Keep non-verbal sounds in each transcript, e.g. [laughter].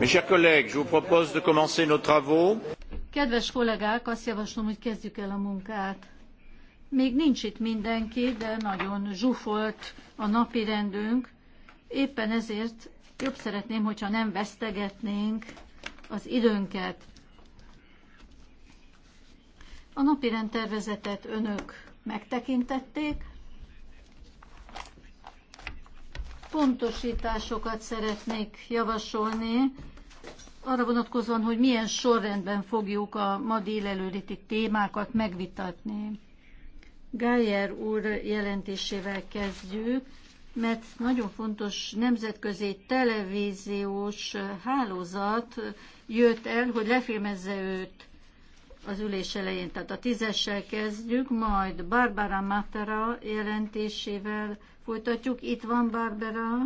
Mes chers collègues, je vous propose de commencer nos travaux. Kedves kollégák, azt javaslom, hogy kezdjük el a munkát. Még nincs itt mindenki, de nagyon zsúfolt a napi rendünk. Éppen ezért jobb szeretném, hogyha nem vesztegetnénk az időnket. A napi tervezetet önök megtekintették, pontosításokat szeretnék javasolni, arra vonatkozóan, hogy milyen sorrendben fogjuk a ma délelőtti témákat megvitatni. Gájer úr jelentésével kezdjük, mert nagyon fontos nemzetközi televíziós hálózat jött el, hogy lefilmezze őt az ülés elején. Tehát a tízessel kezdjük, majd Barbara Matera jelentésével folytatjuk. Itt van Barbara.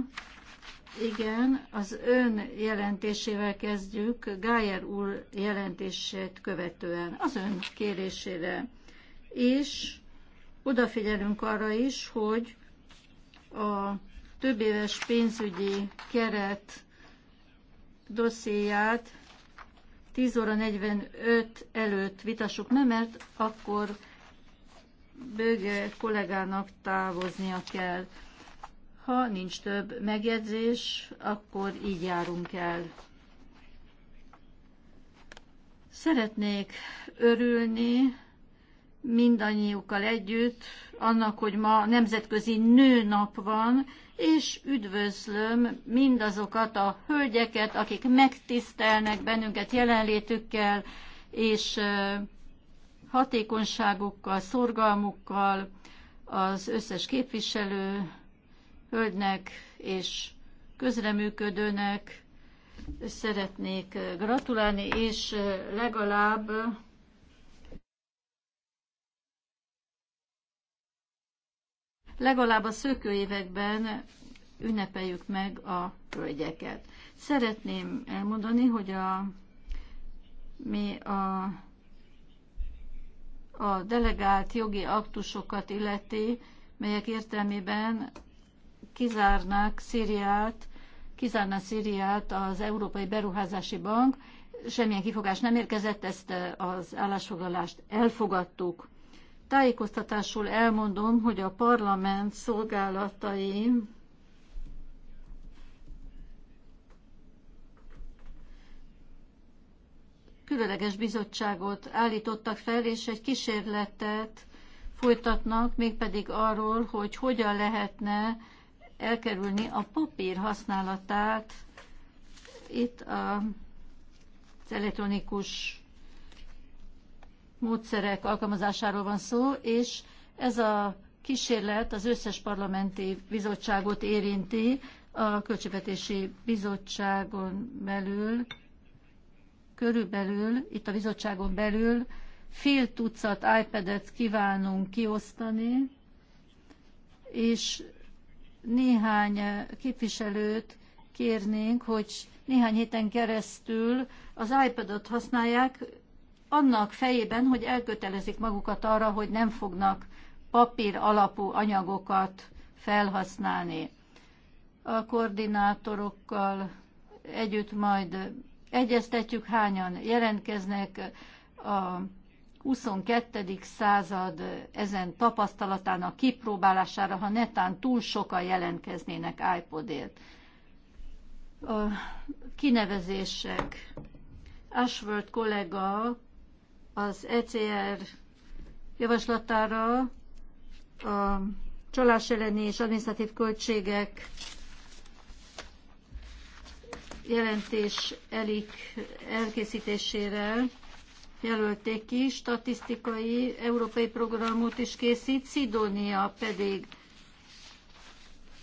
Igen, az ön jelentésével kezdjük, Gájer úr jelentését követően, az ön kérésére. És odafigyelünk arra is, hogy a többéves pénzügyi keret dossziéját 10 óra 45 előtt vitassuk meg, mert akkor bőge kollégának távoznia kell. Ha nincs több megjegyzés, akkor így járunk el. Szeretnék örülni mindannyiukkal együtt annak, hogy ma nemzetközi nőnap van, és üdvözlöm mindazokat a hölgyeket, akik megtisztelnek bennünket jelenlétükkel, és hatékonyságukkal, szorgalmukkal az összes képviselő hölgynek és közreműködőnek szeretnék gratulálni, és legalább legalább a szökőévekben ünnepeljük meg a hölgyeket. Szeretném elmondani, hogy a, mi a, a delegált jogi aktusokat illeti, melyek értelmében kizárnák Szíriát, kizárna Szíriát az Európai Beruházási Bank. Semmilyen kifogás nem érkezett, ezt az állásfoglalást elfogadtuk. Tájékoztatásul elmondom, hogy a parlament szolgálatai különleges bizottságot állítottak fel, és egy kísérletet folytatnak, mégpedig arról, hogy hogyan lehetne elkerülni a papír használatát itt a, az elektronikus módszerek alkalmazásáról van szó, és ez a kísérlet az összes parlamenti bizottságot érinti, a Költségvetési Bizottságon belül, körülbelül, itt a bizottságon belül fél tucat iPad-et kívánunk kiosztani, és néhány képviselőt kérnénk, hogy néhány héten keresztül az iPad-ot használják, annak fejében, hogy elkötelezik magukat arra, hogy nem fognak papír alapú anyagokat felhasználni. A koordinátorokkal együtt majd egyeztetjük, hányan jelentkeznek a 22. század ezen tapasztalatának kipróbálására, ha netán túl sokan jelentkeznének iPodért. A kinevezések. Ashworth kollega az ECR javaslatára a csalás elleni és adminisztratív költségek jelentés elik elkészítésére jelölték ki, statisztikai európai programot is készít, Szidónia pedig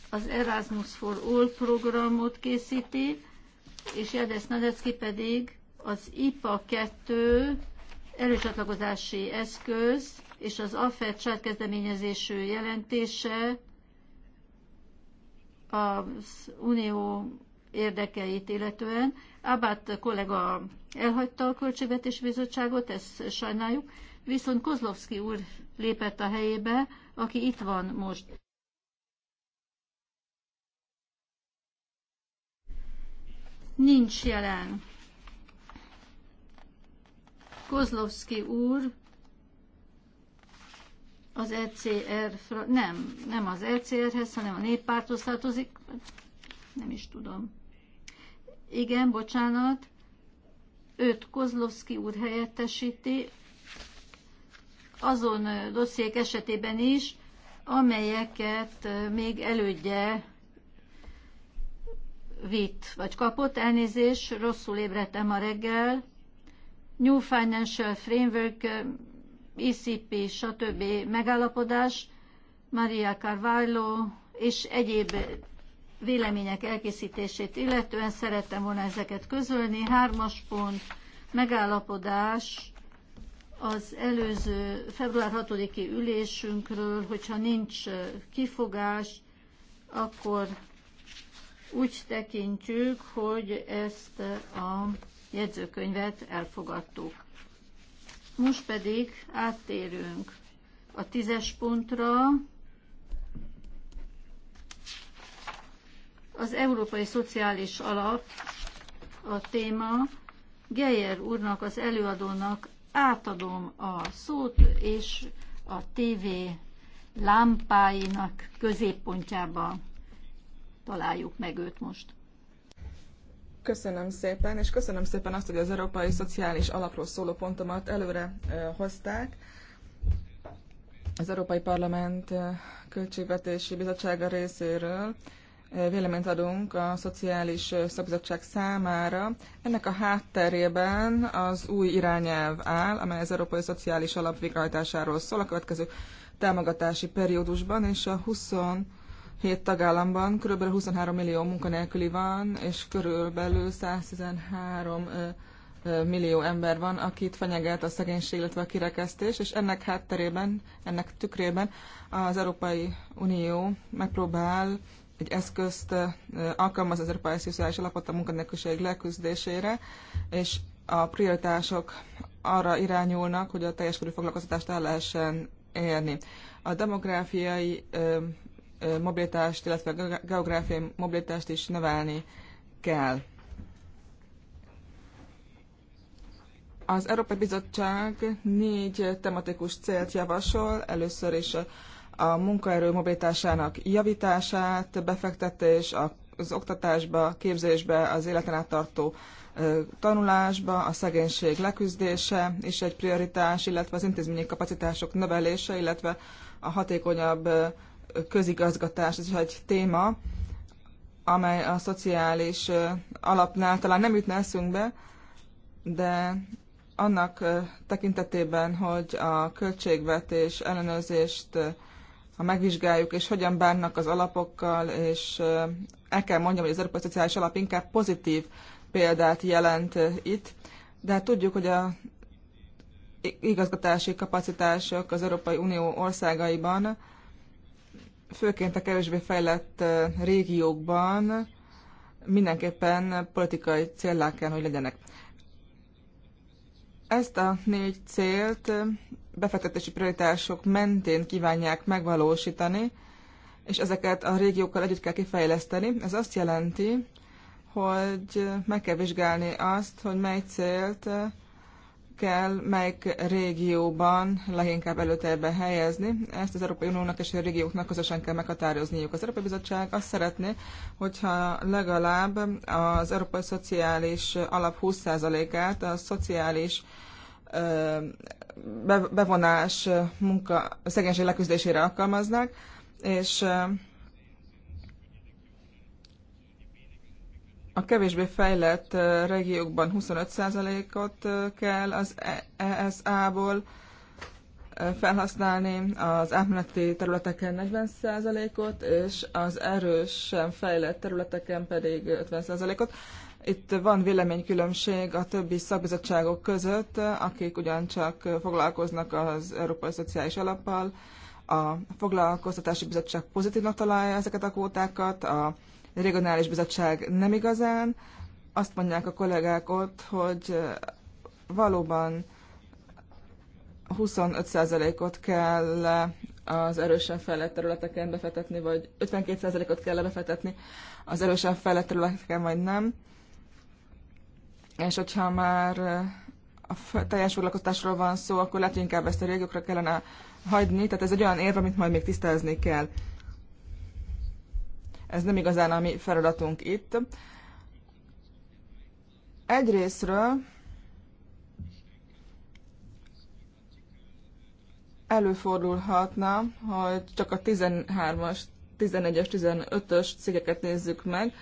az Erasmus for All programot készíti, és Jedes Nadecki pedig az IPA 2 előcsatlakozási eszköz és az AFET saját jelentése az unió érdekeit illetően. Ábát kollega elhagyta a Költségvetési Bizottságot, ezt sajnáljuk, viszont Kozlovszki úr lépett a helyébe, aki itt van most. Nincs jelen. Kozlovszki úr az ECR, nem, nem az ECR-hez, hanem a néppárthoz tartozik, nem is tudom. Igen, bocsánat, őt Kozlovszki úr helyettesíti, azon dossziék esetében is, amelyeket még elődje vitt, vagy kapott elnézés, rosszul ébredtem ma reggel, New Financial Framework, ECP, stb. megállapodás, Maria Carvalho és egyéb vélemények elkészítését illetően szerettem volna ezeket közölni. Hármas pont, megállapodás az előző február 6-i ülésünkről, hogyha nincs kifogás, akkor úgy tekintjük, hogy ezt a jegyzőkönyvet elfogadtuk. Most pedig áttérünk a tízes pontra, az Európai Szociális Alap a téma. Geyer úrnak, az előadónak átadom a szót, és a TV lámpáinak középpontjába találjuk meg őt most. Köszönöm szépen, és köszönöm szépen azt, hogy az Európai Szociális Alapról szóló pontomat előre hozták. Az Európai Parlament Költségvetési Bizottsága részéről véleményt adunk a Szociális Szabizottság számára. Ennek a hátterében az új irányelv áll, amely az Európai Szociális Alap végrehajtásáról szól a következő támogatási periódusban, és a 20 7 tagállamban kb. 23 millió munkanélküli van, és körülbelül 113 millió ember van, akit fenyeget a szegénység, illetve a kirekesztés, és ennek hátterében, ennek tükrében az Európai Unió megpróbál egy eszközt alkalmaz az Európai Szociális Alapot a munkanélküliség leküzdésére, és a prioritások arra irányulnak, hogy a teljes körű foglalkoztatást el lehessen érni. A demográfiai mobilitást, illetve a geográfiai mobilitást is növelni kell. Az Európai Bizottság négy tematikus célt javasol. Először is a munkaerő mobilitásának javítását, befektetés az oktatásba, képzésbe, az életen át tartó tanulásba, a szegénység leküzdése is egy prioritás, illetve az intézményi kapacitások növelése, illetve a hatékonyabb közigazgatás, ez egy téma, amely a szociális alapnál talán nem jutna eszünkbe, de annak tekintetében, hogy a költségvetés ellenőrzést ha megvizsgáljuk, és hogyan bánnak az alapokkal, és el kell mondjam, hogy az Európai Szociális Alap inkább pozitív példát jelent itt, de hát tudjuk, hogy a igazgatási kapacitások az Európai Unió országaiban főként a kevésbé fejlett régiókban mindenképpen politikai céllá kell, hogy legyenek. Ezt a négy célt befektetési prioritások mentén kívánják megvalósítani, és ezeket a régiókkal együtt kell kifejleszteni. Ez azt jelenti, hogy meg kell vizsgálni azt, hogy mely célt kell melyik régióban leginkább előtérbe helyezni. Ezt az Európai Uniónak és a régióknak közösen kell meghatározniuk. Az Európai Bizottság azt szeretné, hogyha legalább az Európai Szociális Alap 20%-át a szociális bevonás munka, szegénység leküzdésére alkalmaznák, és A kevésbé fejlett régiókban 25%-ot kell az ESA-ból e felhasználni, az átmeneti területeken 40%-ot, és az erősen fejlett területeken pedig 50%-ot. Itt van véleménykülönbség a többi szakbizottságok között, akik ugyancsak foglalkoznak az Európai Szociális Alappal. A Foglalkoztatási Bizottság pozitívnak találja ezeket a kvótákat, a regionális bizottság nem igazán. Azt mondják a kollégák ott, hogy valóban 25%-ot kell az erősen fejlett területeken befetetni, vagy 52%-ot kell befetetni az erősen fejlett területeken, vagy nem. És hogyha már a teljes foglalkoztásról van szó, akkor lehet, hogy inkább ezt a régiókra kellene hagyni. Tehát ez egy olyan érv, amit majd még tisztázni kell. Ez nem igazán a mi feladatunk itt. Egyrésztről előfordulhatna, hogy csak a 13-as, 11-es, 15-ös cégeket nézzük meg,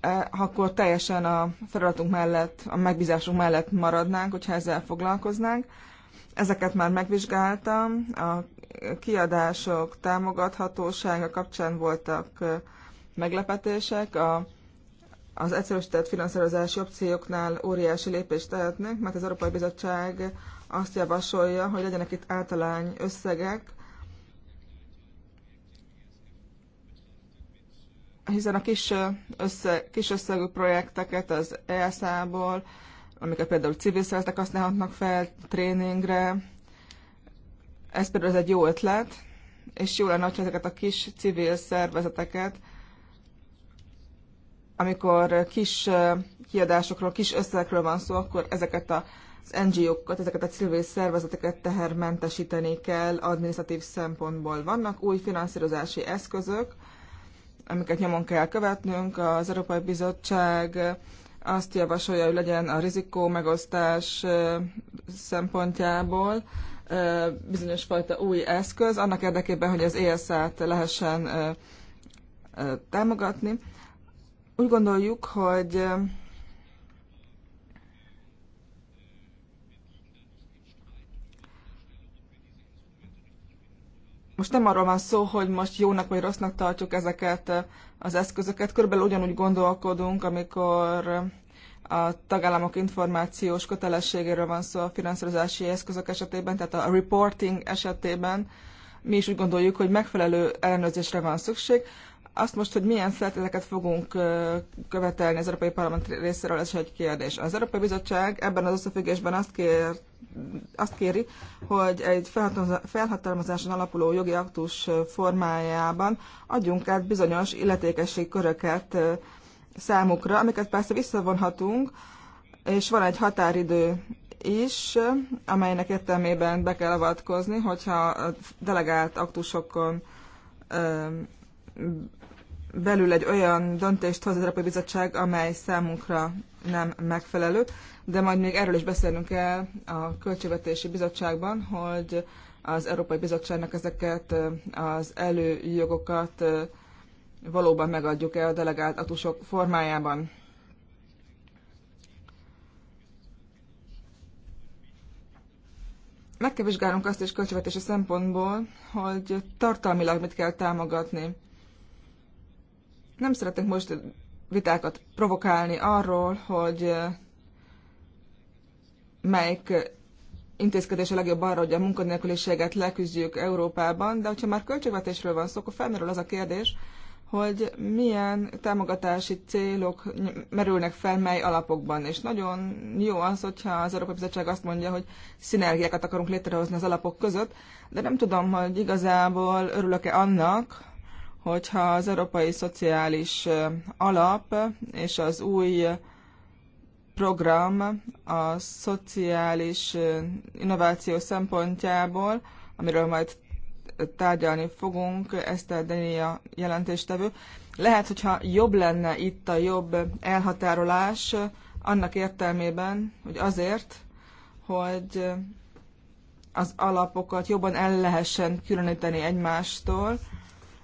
e, akkor teljesen a feladatunk mellett, a megbízásunk mellett maradnánk, hogyha ezzel foglalkoznánk. Ezeket már megvizsgáltam, a kiadások támogathatósága kapcsán voltak meglepetések. A, az egyszerűsített finanszírozási opcióknál óriási lépést tehetnek, mert az Európai Bizottság azt javasolja, hogy legyenek itt általány összegek, hiszen a kis, össze, kis összegű projekteket az esa ból amiket például civil szervezetek használhatnak fel tréningre, ez például ez egy jó ötlet, és jó lenne, hogyha ezeket a kis civil szervezeteket, amikor kis kiadásokról, kis összegekről van szó, akkor ezeket a az NGO-kat, ezeket a civil szervezeteket tehermentesíteni kell administratív szempontból. Vannak új finanszírozási eszközök, amiket nyomon kell követnünk. Az Európai Bizottság azt javasolja, hogy legyen a rizikó megosztás szempontjából bizonyos fajta új eszköz, annak érdekében, hogy az ESZ-t lehessen támogatni. Úgy gondoljuk, hogy most nem arról van szó, hogy most jónak vagy rossznak tartjuk ezeket az eszközöket. Körülbelül ugyanúgy gondolkodunk, amikor a tagállamok információs kötelességéről van szó a finanszírozási eszközök esetében, tehát a reporting esetében mi is úgy gondoljuk, hogy megfelelő ellenőrzésre van szükség. Azt most, hogy milyen feltételeket fogunk követelni az Európai Parlament részéről, ez is egy kérdés. Az Európai Bizottság ebben az összefüggésben azt, kér, azt kéri, hogy egy felhatalmazáson alapuló jogi aktus formájában adjunk át bizonyos illetékességköröket köröket számukra, amiket persze visszavonhatunk, és van egy határidő is, amelynek értelmében be kell avatkozni, hogyha a delegált aktusokon belül egy olyan döntést hoz az Európai Bizottság, amely számunkra nem megfelelő, de majd még erről is beszélnünk el a Költségvetési Bizottságban, hogy az Európai Bizottságnak ezeket az előjogokat valóban megadjuk-e a delegált atusok formájában. Meg kell vizsgálnunk azt is költségvetési szempontból, hogy tartalmilag mit kell támogatni. Nem szeretnék most vitákat provokálni arról, hogy eh, melyik intézkedés a legjobb arra, hogy a munkanélküliséget leküzdjük Európában, de hogyha már költségvetésről van szó, akkor felmerül az a kérdés, hogy milyen támogatási célok merülnek fel mely alapokban. És nagyon jó az, hogyha az Európai Bizottság azt mondja, hogy szinergiákat akarunk létrehozni az alapok között, de nem tudom, hogy igazából örülök-e annak, hogyha az Európai Szociális Alap és az új program a szociális innováció szempontjából, amiről majd tárgyalni fogunk, ezt a jelentéstevő. Lehet, hogyha jobb lenne itt a jobb elhatárolás annak értelmében, hogy azért, hogy az alapokat jobban el lehessen különíteni egymástól,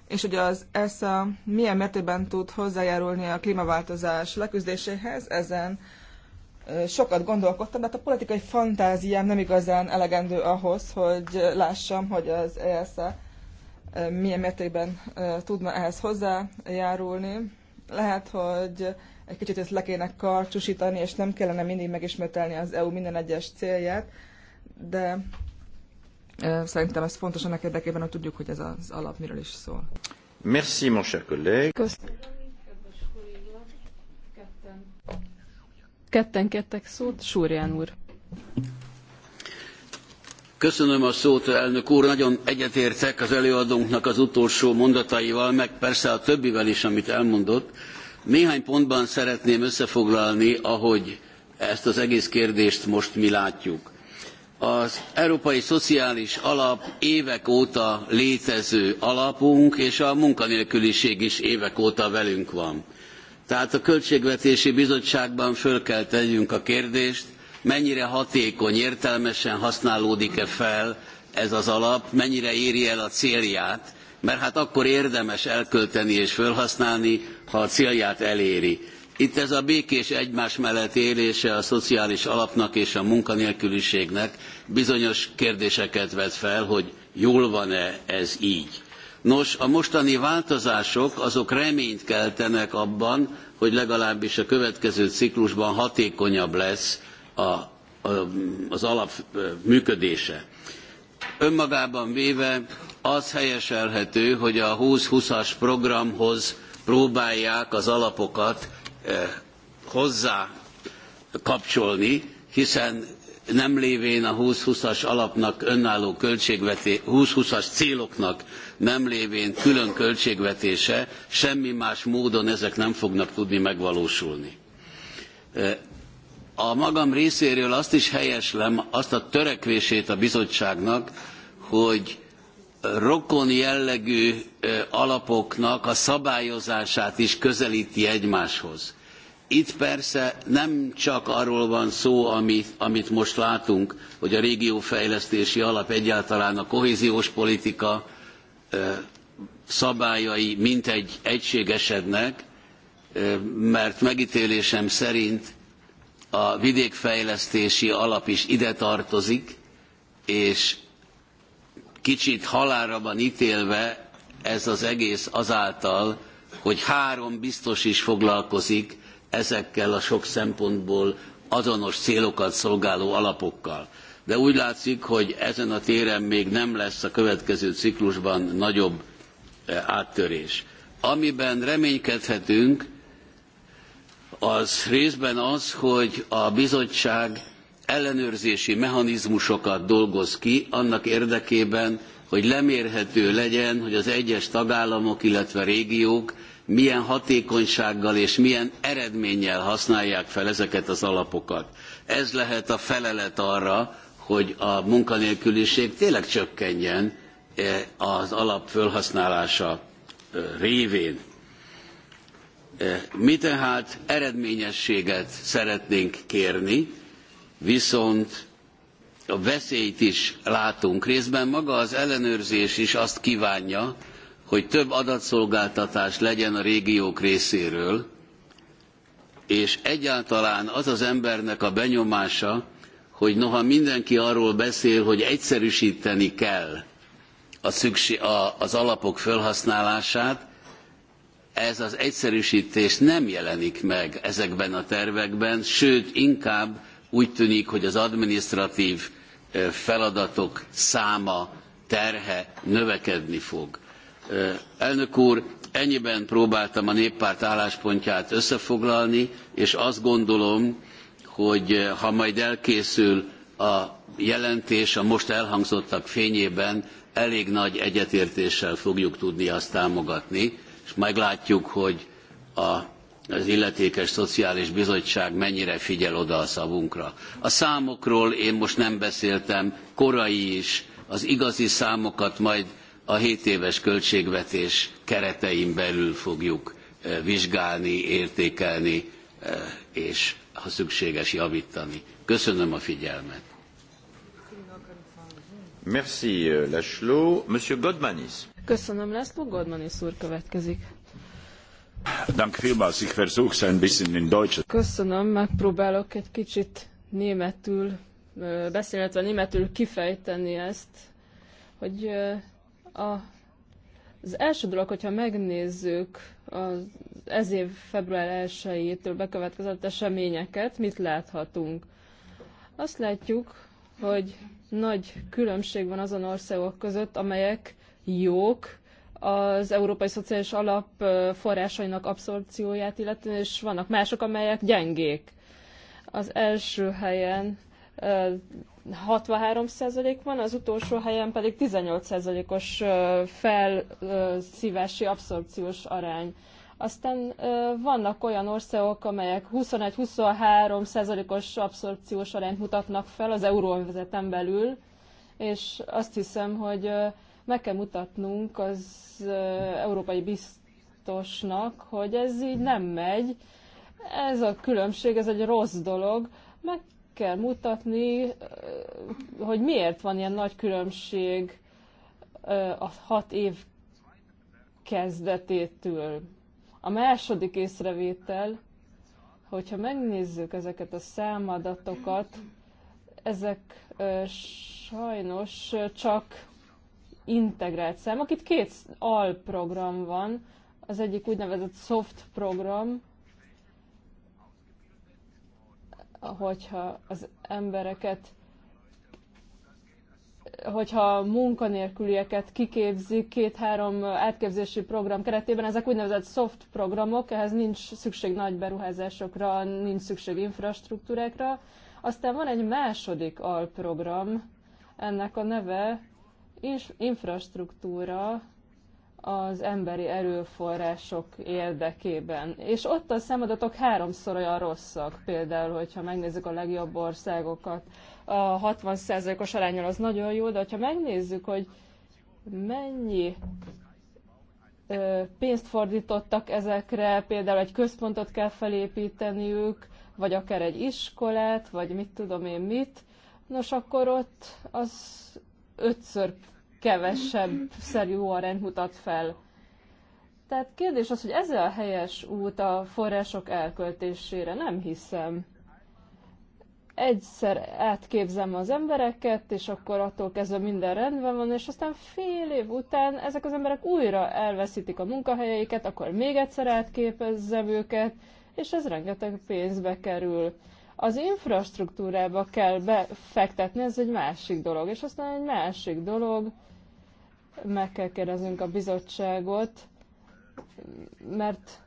és hogy az ESZA milyen mértékben tud hozzájárulni a klímaváltozás leküzdéséhez, ezen sokat gondolkodtam, de hát a politikai fantáziám nem igazán elegendő ahhoz, hogy lássam, hogy az ESA milyen mértékben tudna ehhez hozzájárulni. Lehet, hogy egy kicsit ezt le kéne karcsúsítani, és nem kellene mindig megismételni az EU minden egyes célját, de szerintem ez fontos annak érdekében, hogy tudjuk, hogy ez az alap miről is szól. Merci, mon cher collègue. Köszönöm. Ketten kettek szót, Súrján úr. Köszönöm a szót, elnök úr. Nagyon egyetértek az előadónknak az utolsó mondataival, meg persze a többivel is, amit elmondott. Néhány pontban szeretném összefoglalni, ahogy ezt az egész kérdést most mi látjuk. Az Európai Szociális Alap évek óta létező alapunk, és a munkanélküliség is évek óta velünk van tehát a Költségvetési Bizottságban föl kell tegyünk a kérdést, mennyire hatékony, értelmesen használódik-e fel ez az alap, mennyire éri el a célját, mert hát akkor érdemes elkölteni és fölhasználni, ha a célját eléri. Itt ez a békés egymás mellett élése a szociális alapnak és a munkanélküliségnek bizonyos kérdéseket vet fel, hogy jól van-e ez így. Nos, a mostani változások azok reményt keltenek abban, hogy legalábbis a következő ciklusban hatékonyabb lesz a, a, az alap működése. Önmagában véve az helyeselhető, hogy a 20-20-as programhoz próbálják az alapokat hozzá kapcsolni, hiszen nem lévén a 20 as alapnak önálló költségvetés, 20 as céloknak nem lévén külön költségvetése, semmi más módon ezek nem fognak tudni megvalósulni. A magam részéről azt is helyeslem, azt a törekvését a bizottságnak, hogy rokon jellegű alapoknak a szabályozását is közelíti egymáshoz itt persze nem csak arról van szó, amit, amit most látunk, hogy a régiófejlesztési alap egyáltalán a kohéziós politika szabályai mintegy egységesednek, mert megítélésem szerint a vidékfejlesztési alap is ide tartozik, és kicsit halára van ítélve ez az egész azáltal, hogy három biztos is foglalkozik ezekkel a sok szempontból azonos célokat szolgáló alapokkal. De úgy látszik, hogy ezen a téren még nem lesz a következő ciklusban nagyobb e, áttörés. Amiben reménykedhetünk, az részben az, hogy a bizottság ellenőrzési mechanizmusokat dolgoz ki annak érdekében, hogy lemérhető legyen, hogy az egyes tagállamok, illetve régiók milyen hatékonysággal és milyen eredménnyel használják fel ezeket az alapokat. Ez lehet a felelet arra, hogy a munkanélküliség tényleg csökkenjen eh, az alap fölhasználása eh, révén. Eh, mi tehát eredményességet szeretnénk kérni, viszont a veszélyt is látunk. Részben maga az ellenőrzés is azt kívánja, hogy több adatszolgáltatás legyen a régiók részéről, és egyáltalán az az embernek a benyomása, hogy noha mindenki arról beszél, hogy egyszerűsíteni kell a szükség, a, az alapok felhasználását, ez az egyszerűsítés nem jelenik meg ezekben a tervekben, sőt, inkább úgy tűnik, hogy az adminisztratív eh, feladatok száma, terhe növekedni fog. Elnök úr, ennyiben próbáltam a néppárt álláspontját összefoglalni, és azt gondolom, hogy ha majd elkészül a jelentés a most elhangzottak fényében, elég nagy egyetértéssel fogjuk tudni azt támogatni, és meglátjuk, hogy a az illetékes szociális bizottság mennyire figyel oda a szavunkra. A számokról én most nem beszéltem, korai is, az igazi számokat majd a 7 éves költségvetés keretein belül fogjuk vizsgálni, értékelni, és ha szükséges javítani. Köszönöm a figyelmet. Merci, euh, Leslo. Monsieur Godmanis. Köszönöm, László. Godmanis úr következik. Dank vielmals, ich versuche ein bisschen in Deutsch. Köszönöm, megpróbálok egy kicsit németül beszélni, illetve németül kifejteni ezt, hogy a, az első dolog, hogyha megnézzük az ez év február 1-től bekövetkezett eseményeket, mit láthatunk? Azt látjuk, hogy nagy különbség van azon országok között, amelyek jók, az Európai Szociális Alap forrásainak abszorpcióját illetően, és vannak mások, amelyek gyengék. Az első helyen 63% van, az utolsó helyen pedig 18%-os felszívási abszorpciós arány. Aztán vannak olyan országok, amelyek 21-23%-os abszorpciós arányt mutatnak fel az euróvezeten belül, és azt hiszem, hogy meg kell mutatnunk az európai biztosnak, hogy ez így nem megy. Ez a különbség, ez egy rossz dolog. Meg kell mutatni, hogy miért van ilyen nagy különbség a hat év kezdetétől. A második észrevétel, hogyha megnézzük ezeket a számadatokat, ezek sajnos csak integrált számok. Itt két alprogram van, az egyik úgynevezett soft program, hogyha az embereket hogyha munkanélkülieket kiképzik két-három átképzési program keretében, ezek úgynevezett soft programok, ehhez nincs szükség nagy beruházásokra, nincs szükség infrastruktúrákra. Aztán van egy második alprogram, ennek a neve infrastruktúra az emberi erőforrások érdekében. És ott a számadatok háromszor olyan rosszak, például, hogyha megnézzük a legjobb országokat, a 60%-os arányal az nagyon jó, de hogyha megnézzük, hogy mennyi pénzt fordítottak ezekre, például egy központot kell felépíteniük, vagy akár egy iskolát, vagy mit tudom én mit, nos akkor ott az ötször kevesebb szerű arányt mutat fel. Tehát kérdés az, hogy ez a helyes út a források elköltésére? Nem hiszem. Egyszer átképzem az embereket, és akkor attól kezdve minden rendben van, és aztán fél év után ezek az emberek újra elveszítik a munkahelyeiket, akkor még egyszer átképezzem őket, és ez rengeteg pénzbe kerül. Az infrastruktúrába kell befektetni, ez egy másik dolog, és aztán egy másik dolog, meg kell kérdeznünk a bizottságot, mert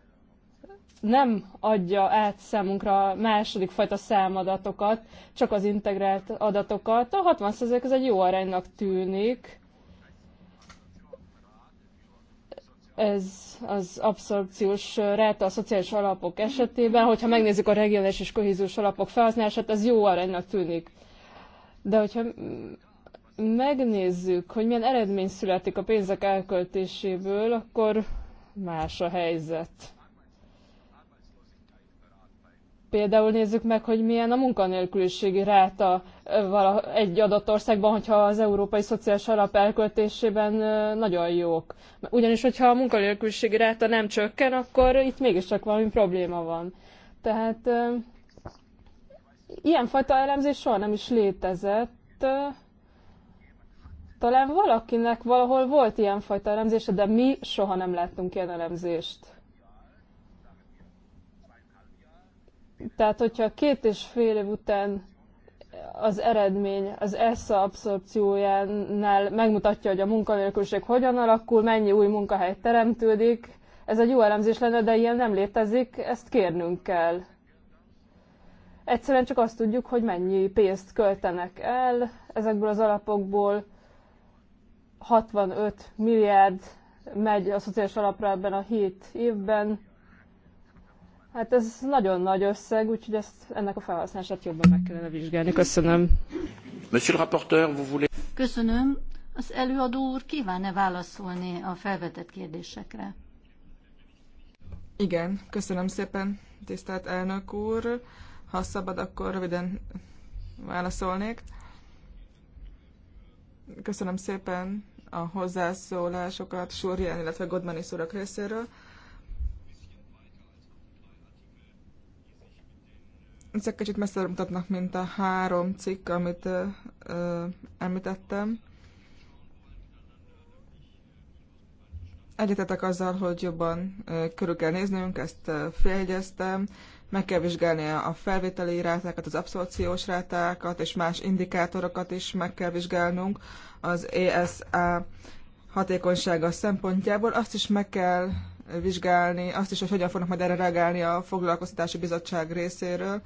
nem adja át számunkra a második fajta számadatokat, csak az integrált adatokat. A 60% az egy jó aránynak tűnik. Ez az abszorpciós ráta a szociális alapok esetében, hogyha megnézzük a regionális és kohéziós alapok felhasználását, ez jó aránynak tűnik. De hogyha megnézzük, hogy milyen eredmény születik a pénzek elköltéséből, akkor más a helyzet. Például nézzük meg, hogy milyen a munkanélküliségi ráta egy adott országban, hogyha az Európai Szociális Alap elköltésében nagyon jók. Ugyanis, hogyha a munkanélküliségi ráta nem csökken, akkor itt mégiscsak valami probléma van. Tehát ilyenfajta elemzés soha nem is létezett, talán valakinek valahol volt ilyen fajta elemzése, de mi soha nem láttunk ilyen elemzést. Tehát, hogyha két és fél év után az eredmény az ESSA abszorpciójánál megmutatja, hogy a munkanélküliség hogyan alakul, mennyi új munkahely teremtődik. Ez egy jó elemzés lenne, de ilyen nem létezik, ezt kérnünk kell. Egyszerűen csak azt tudjuk, hogy mennyi pénzt költenek el ezekből az alapokból, 65 milliárd megy a szociális alapra ebben a 7 évben. Hát ez nagyon nagy összeg, úgyhogy ezt, ennek a felhasználását jobban meg kellene vizsgálni. Köszönöm. Monsieur le rapporteur, vous voulez... Köszönöm. Az előadó úr kíván-e válaszolni a felvetett kérdésekre? Igen, köszönöm szépen, tisztelt elnök úr. Ha szabad, akkor röviden válaszolnék. Köszönöm szépen a hozzászólásokat Súrján, illetve Godmani szurak részéről. Ezek kicsit messzebb mutatnak, mint a három cikk, amit ö, ö, említettem. Egyetetek azzal, hogy jobban ö, körül kell néznünk, ezt féljegyeztem, meg kell vizsgálni a felvételi rátákat, az abszorpciós rátákat, és más indikátorokat is meg kell vizsgálnunk, az ESA hatékonysága szempontjából. Azt is meg kell vizsgálni, azt is, hogy hogyan fognak majd erre reagálni a foglalkoztatási bizottság részéről.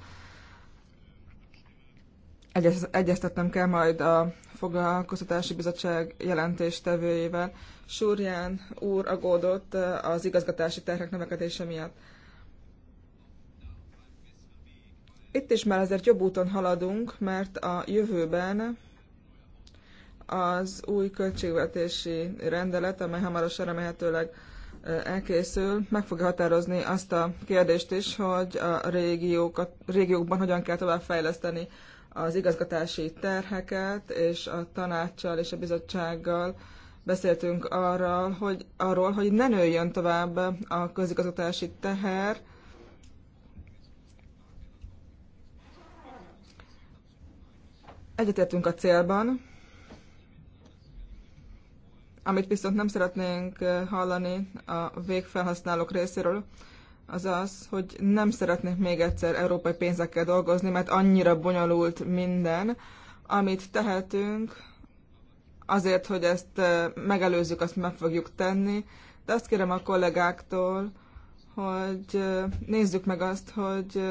Egyeztetnem kell majd a foglalkoztatási bizottság jelentéstevőjével. Súrján úr agódott az igazgatási terhek növekedése miatt. Itt is már azért jobb úton haladunk, mert a jövőben az új költségvetési rendelet, amely hamarosan remélhetőleg elkészül, meg fogja határozni azt a kérdést is, hogy a régiókat, régiókban hogyan kell továbbfejleszteni az igazgatási terheket, és a tanácssal és a bizottsággal beszéltünk arról, hogy, arról, hogy ne nőjön tovább a közigazgatási teher, Egyetértünk a célban, amit viszont nem szeretnénk hallani a végfelhasználók részéről, az az, hogy nem szeretnék még egyszer európai pénzekkel dolgozni, mert annyira bonyolult minden, amit tehetünk, azért, hogy ezt megelőzzük, azt meg fogjuk tenni, de azt kérem a kollégáktól, hogy nézzük meg azt, hogy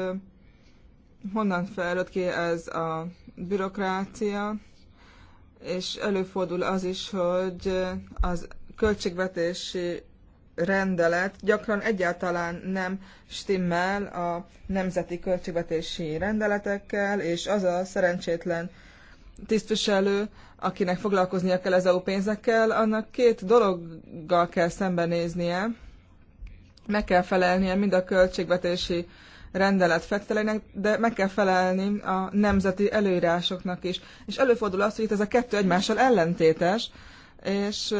honnan fejlőd ki ez a bürokrácia, és előfordul az is, hogy az költségvetési rendelet gyakran egyáltalán nem stimmel a nemzeti költségvetési rendeletekkel, és az a szerencsétlen tisztviselő, akinek foglalkoznia kell az EU pénzekkel, annak két dologgal kell szembenéznie. Meg kell felelnie mind a költségvetési rendelet feltételeinek, de meg kell felelni a nemzeti előírásoknak is. És előfordul az, hogy itt ez a kettő egymással ellentétes, és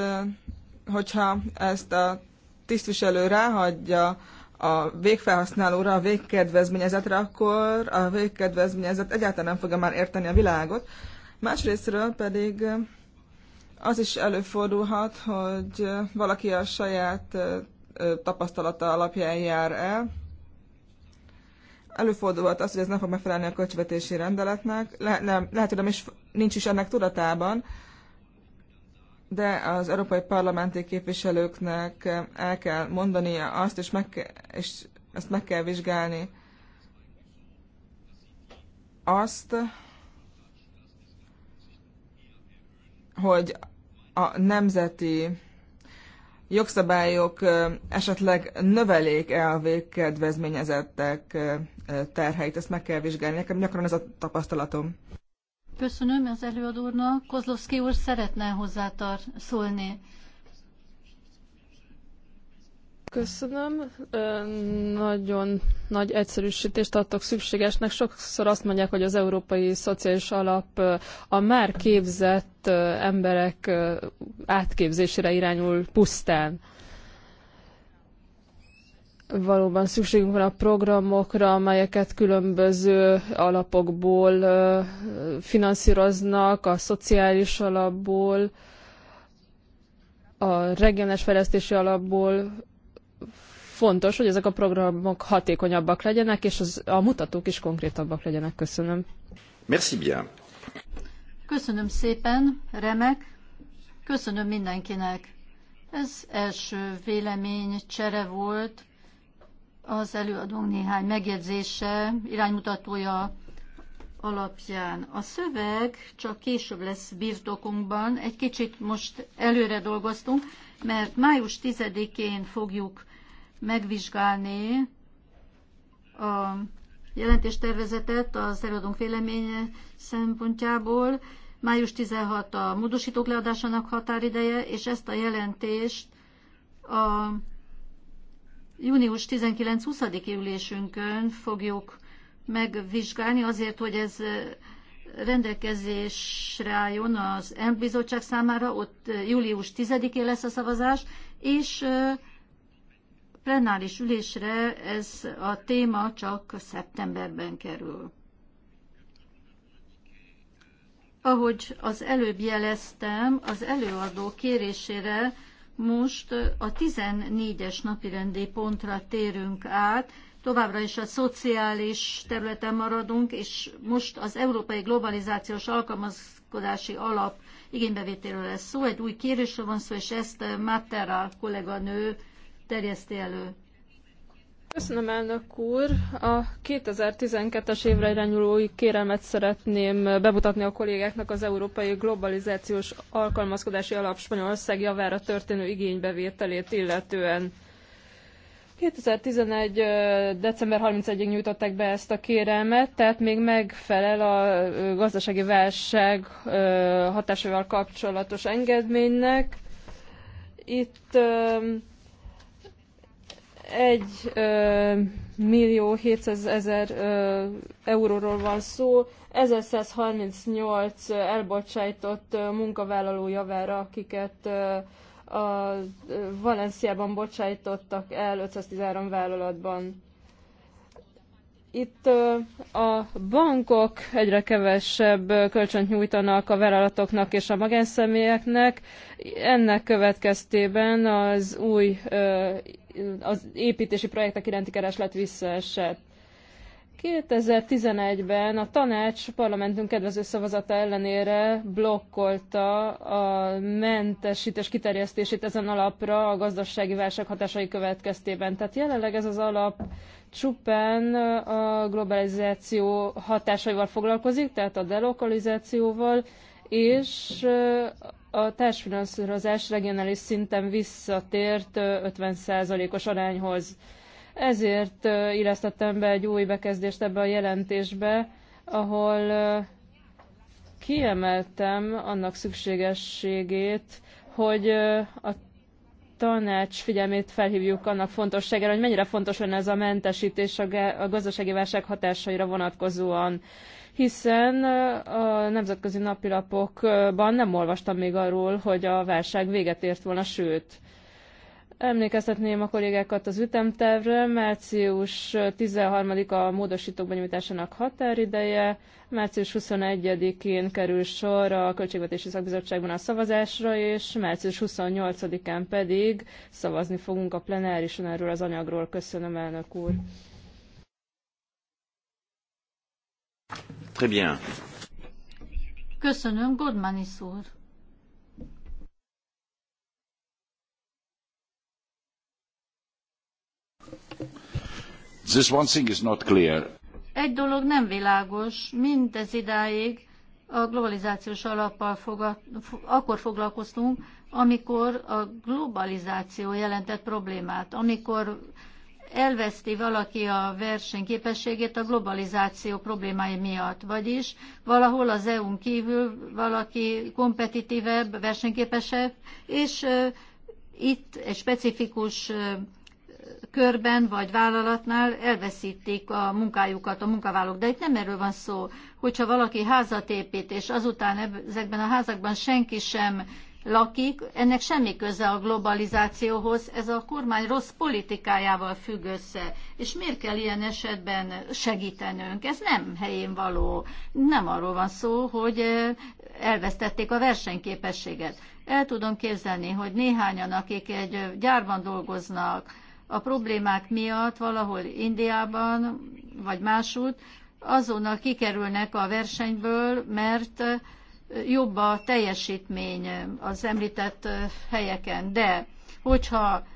hogyha ezt a tisztviselő ráhagyja a végfelhasználóra, a végkedvezményezetre, akkor a végkedvezményezet egyáltalán nem fogja már érteni a világot. Másrésztről pedig az is előfordulhat, hogy valaki a saját tapasztalata alapján jár el, Előfordulhat az, hogy ez nem fog megfelelni a költségvetési rendeletnek, le, nem, lehet, hogy nem is, nincs is ennek tudatában, de az európai parlamenti képviselőknek el kell mondania azt, és, meg, és ezt meg kell vizsgálni azt, hogy a nemzeti jogszabályok esetleg növelék a végkedvezményezettek terheit. Ezt meg kell vizsgálni. Nekem gyakran ez a tapasztalatom. Köszönöm az előadónak. Kozlovszki úr szeretne hozzá szólni. Köszönöm. Nagyon nagy egyszerűsítést tartok szükségesnek. Sokszor azt mondják, hogy az Európai Szociális Alap a már képzett emberek átképzésére irányul pusztán. Valóban szükségünk van a programokra, amelyeket különböző alapokból finanszíroznak, a szociális alapból, a regionális fejlesztési alapból, Fontos, hogy ezek a programok hatékonyabbak legyenek, és az, a mutatók is konkrétabbak legyenek. Köszönöm. Merci bien. Köszönöm szépen, remek. Köszönöm mindenkinek. Ez első véleménycsere volt. Az előadónk néhány megjegyzése, iránymutatója alapján. A szöveg csak később lesz birtokunkban. Egy kicsit most előre dolgoztunk, mert május 10-én fogjuk megvizsgálni a jelentéstervezetet az előadónk véleménye szempontjából. Május 16 a módosítók leadásának határideje, és ezt a jelentést a június 19-20. ülésünkön fogjuk megvizsgálni azért, hogy ez rendelkezésre álljon az bizottság számára, ott július 10-én lesz a szavazás, és plenáris ülésre ez a téma csak szeptemberben kerül. Ahogy az előbb jeleztem, az előadó kérésére most a 14-es napirendi pontra térünk át, továbbra is a szociális területen maradunk, és most az Európai Globalizációs Alkalmazkodási Alap igénybevételről lesz szó, egy új kérésről van szó, és ezt Matera kolléganő terjeszti elő. Köszönöm, elnök úr! A 2012-es évre irányuló kérelmet szeretném bemutatni a kollégáknak az Európai Globalizációs Alkalmazkodási Alap Spanyolország javára történő igénybevételét illetően. 2011. december 31-ig nyújtották be ezt a kérelmet, tehát még megfelel a gazdasági válság hatásával kapcsolatos engedménynek. Itt 1 millió 700 ezer euróról van szó, 1138 elbocsájtott munkavállaló javára, akiket a Valenciában bocsájtottak el 513 vállalatban. Itt a bankok egyre kevesebb kölcsönt nyújtanak a vállalatoknak és a magánszemélyeknek. Ennek következtében az új az építési projektek iránti kereslet visszaesett. 2011-ben a tanács parlamentünk kedvező szavazata ellenére blokkolta a mentesítés kiterjesztését ezen alapra a gazdasági válság hatásai következtében. Tehát jelenleg ez az alap csupán a globalizáció hatásaival foglalkozik, tehát a delokalizációval, és a társfinanszírozás regionális szinten visszatért 50%-os arányhoz. Ezért illesztettem be egy új bekezdést ebbe a jelentésbe, ahol kiemeltem annak szükségességét, hogy a tanács figyelmét felhívjuk annak fontosságára, hogy mennyire fontos lenne ez a mentesítés a gazdasági válság hatásaira vonatkozóan hiszen a nemzetközi napilapokban nem olvastam még arról, hogy a válság véget ért volna, sőt, Emlékeztetném a kollégákat az ütemtervre. Március 13-a a módosítók benyújtásának határideje. Március 21-én kerül sor a Költségvetési Szakbizottságban a szavazásra, és március 28-án pedig szavazni fogunk a plenárison erről az anyagról. Köszönöm, elnök úr. Très bien. Köszönöm, Godmanis úr. This one thing is not clear. Egy dolog nem világos, mindez idáig a globalizációs alappal fogad, akkor foglalkoztunk, amikor a globalizáció jelentett problémát, amikor elveszti valaki a versenyképességét a globalizáció problémái miatt, vagyis valahol az EU-n kívül valaki kompetitívebb, versenyképesebb, és itt egy specifikus körben vagy vállalatnál elveszítik a munkájukat a munkavállalók. De itt nem erről van szó, hogyha valaki házat épít, és azután ezekben a házakban senki sem lakik, ennek semmi köze a globalizációhoz, ez a kormány rossz politikájával függ össze. És miért kell ilyen esetben segítenünk? Ez nem helyén való. Nem arról van szó, hogy eh, elvesztették a versenyképességet. El tudom képzelni, hogy néhányan, akik egy eh, gyárban dolgoznak, a problémák miatt valahol Indiában vagy másút azonnal kikerülnek a versenyből, mert jobb a teljesítmény az említett helyeken. De hogyha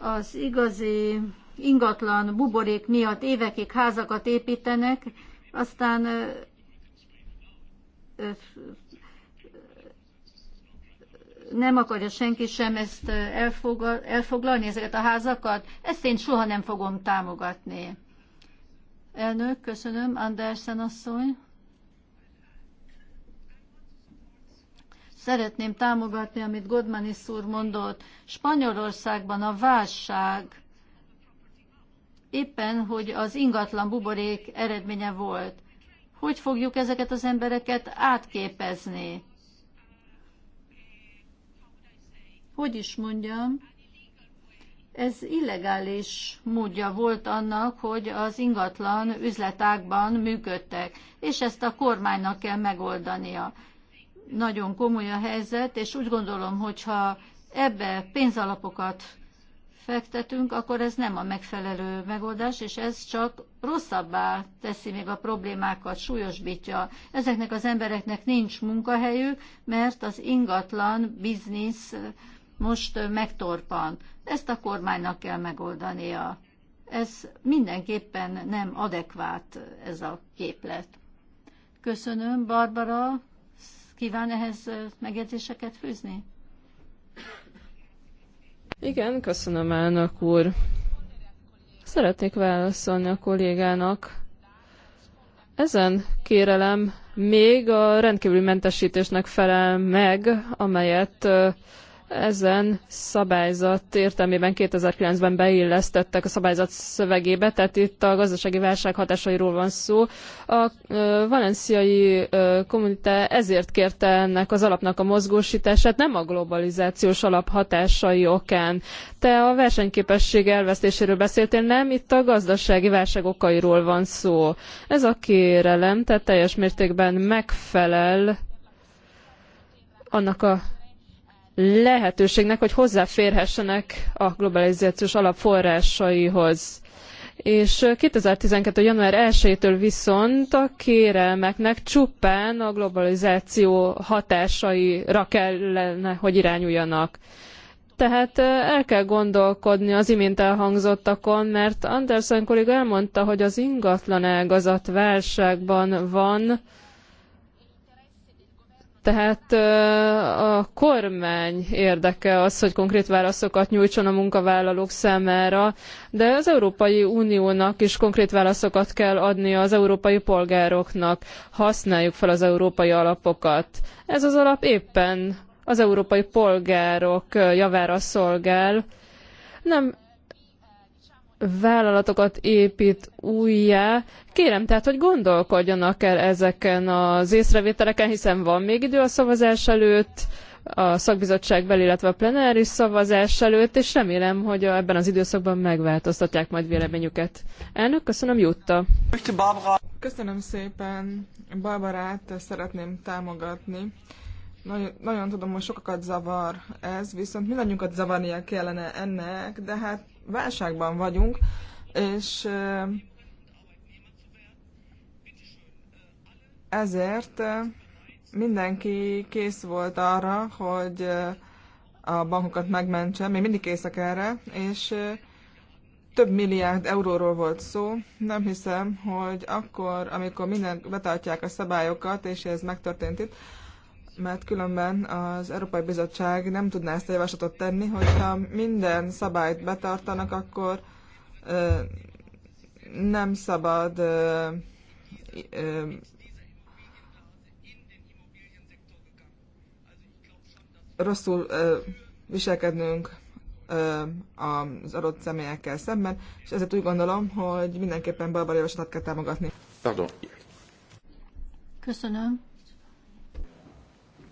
az igazi ingatlan buborék miatt évekig házakat építenek, aztán nem akarja senki sem ezt elfoglalni, ezeket a házakat, ezt én soha nem fogom támogatni. Elnök, köszönöm. Andersen asszony. Szeretném támogatni, amit Godmanis úr mondott. Spanyolországban a válság éppen, hogy az ingatlan buborék eredménye volt. Hogy fogjuk ezeket az embereket átképezni? hogy is mondjam, ez illegális módja volt annak, hogy az ingatlan üzletákban működtek, és ezt a kormánynak kell megoldania. Nagyon komoly a helyzet, és úgy gondolom, hogyha ebbe pénzalapokat fektetünk, akkor ez nem a megfelelő megoldás, és ez csak rosszabbá teszi még a problémákat, súlyosbítja. Ezeknek az embereknek nincs munkahelyük, mert az ingatlan biznisz most megtorpan. Ezt a kormánynak kell megoldania. Ez mindenképpen nem adekvát ez a képlet. Köszönöm, Barbara. Kíván ehhez megjegyzéseket fűzni? Igen, köszönöm, elnök úr. Szeretnék válaszolni a kollégának. Ezen kérelem még a rendkívüli mentesítésnek felel meg, amelyet ezen szabályzat értelmében 2009-ben beillesztettek a szabályzat szövegébe, tehát itt a gazdasági válság hatásairól van szó. A valenciai kommunitá ezért kérte ennek az alapnak a mozgósítását, nem a globalizációs alap hatásai okán. Te a versenyképesség elvesztéséről beszéltél, nem, itt a gazdasági válság okairól van szó. Ez a kérelem, tehát teljes mértékben megfelel annak a lehetőségnek, hogy hozzáférhessenek a globalizációs alap forrásaihoz. És 2012. január 1-től viszont a kérelmeknek csupán a globalizáció hatásaira kellene, hogy irányuljanak. Tehát el kell gondolkodni az imént elhangzottakon, mert Anderson kolléga elmondta, hogy az ingatlan ágazat válságban van, tehát a kormány érdeke az, hogy konkrét válaszokat nyújtson a munkavállalók számára, de az Európai Uniónak is konkrét válaszokat kell adnia az európai polgároknak. Használjuk fel az európai alapokat. Ez az alap éppen az európai polgárok javára szolgál. Nem vállalatokat épít újjá. Kérem tehát, hogy gondolkodjanak el ezeken az észrevételeken, hiszen van még idő a szavazás előtt, a bel, illetve a plenáris szavazás előtt, és remélem, hogy ebben az időszakban megváltoztatják majd véleményüket. Elnök, köszönöm, Jutta. Köszönöm szépen. Barbarát szeretném támogatni. Nagyon, nagyon tudom, hogy sokakat zavar ez, viszont mindannyiunkat zavarnia kellene ennek, de hát válságban vagyunk, és ezért mindenki kész volt arra, hogy a bankokat megmentse, még mindig készek erre, és több milliárd euróról volt szó. Nem hiszem, hogy akkor, amikor minden betartják a szabályokat, és ez megtörtént itt, mert különben az Európai Bizottság nem tudná ezt a javaslatot tenni, hogyha minden szabályt betartanak, akkor ö, nem szabad ö, ö, rosszul ö, viselkednünk ö, az adott személyekkel szemben, és ezért úgy gondolom, hogy mindenképpen balbari javaslatot kell támogatni. Pardon. Köszönöm.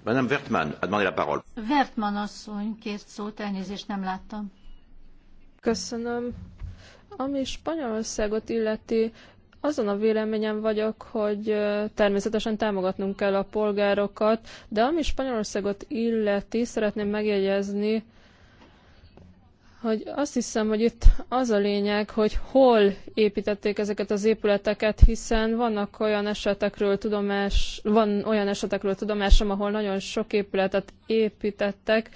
Madame Wertmann a demandé la parole. Wertmann asszony kért szót, elnézést nem láttam. Köszönöm. Ami Spanyolországot illeti, azon a véleményem vagyok, hogy természetesen támogatnunk kell a polgárokat, de ami Spanyolországot illeti, szeretném megjegyezni, hogy azt hiszem, hogy itt az a lényeg, hogy hol építették ezeket az épületeket, hiszen vannak olyan esetekről tudomás, van olyan esetekről tudomásom, ahol nagyon sok épületet építettek,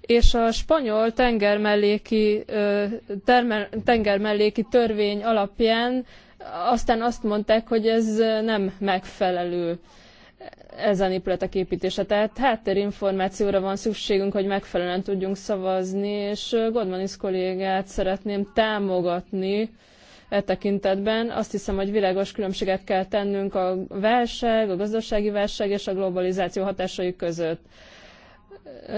és a spanyol tengermelléki, termel, tengermelléki törvény alapján aztán azt mondták, hogy ez nem megfelelő ezen épületek építése. Tehát háttérinformációra van szükségünk, hogy megfelelően tudjunk szavazni, és Godmanis kollégát szeretném támogatni e tekintetben. Azt hiszem, hogy világos különbséget kell tennünk a válság, a gazdasági válság és a globalizáció hatásai között.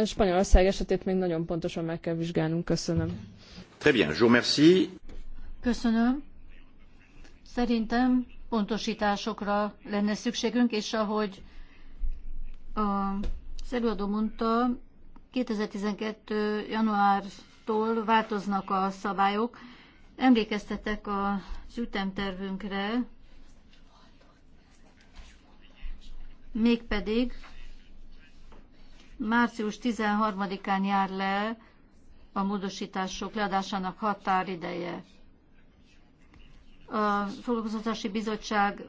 Spanyolország esetét még nagyon pontosan meg kell vizsgálnunk. Köszönöm. Très bien, je vous remercie. Köszönöm. Szerintem pontosításokra lenne szükségünk, és ahogy a előadó mondta, 2012. januártól változnak a szabályok. Emlékeztetek az ütemtervünkre, mégpedig március 13-án jár le a módosítások leadásának határideje a Foglalkoztatási Bizottság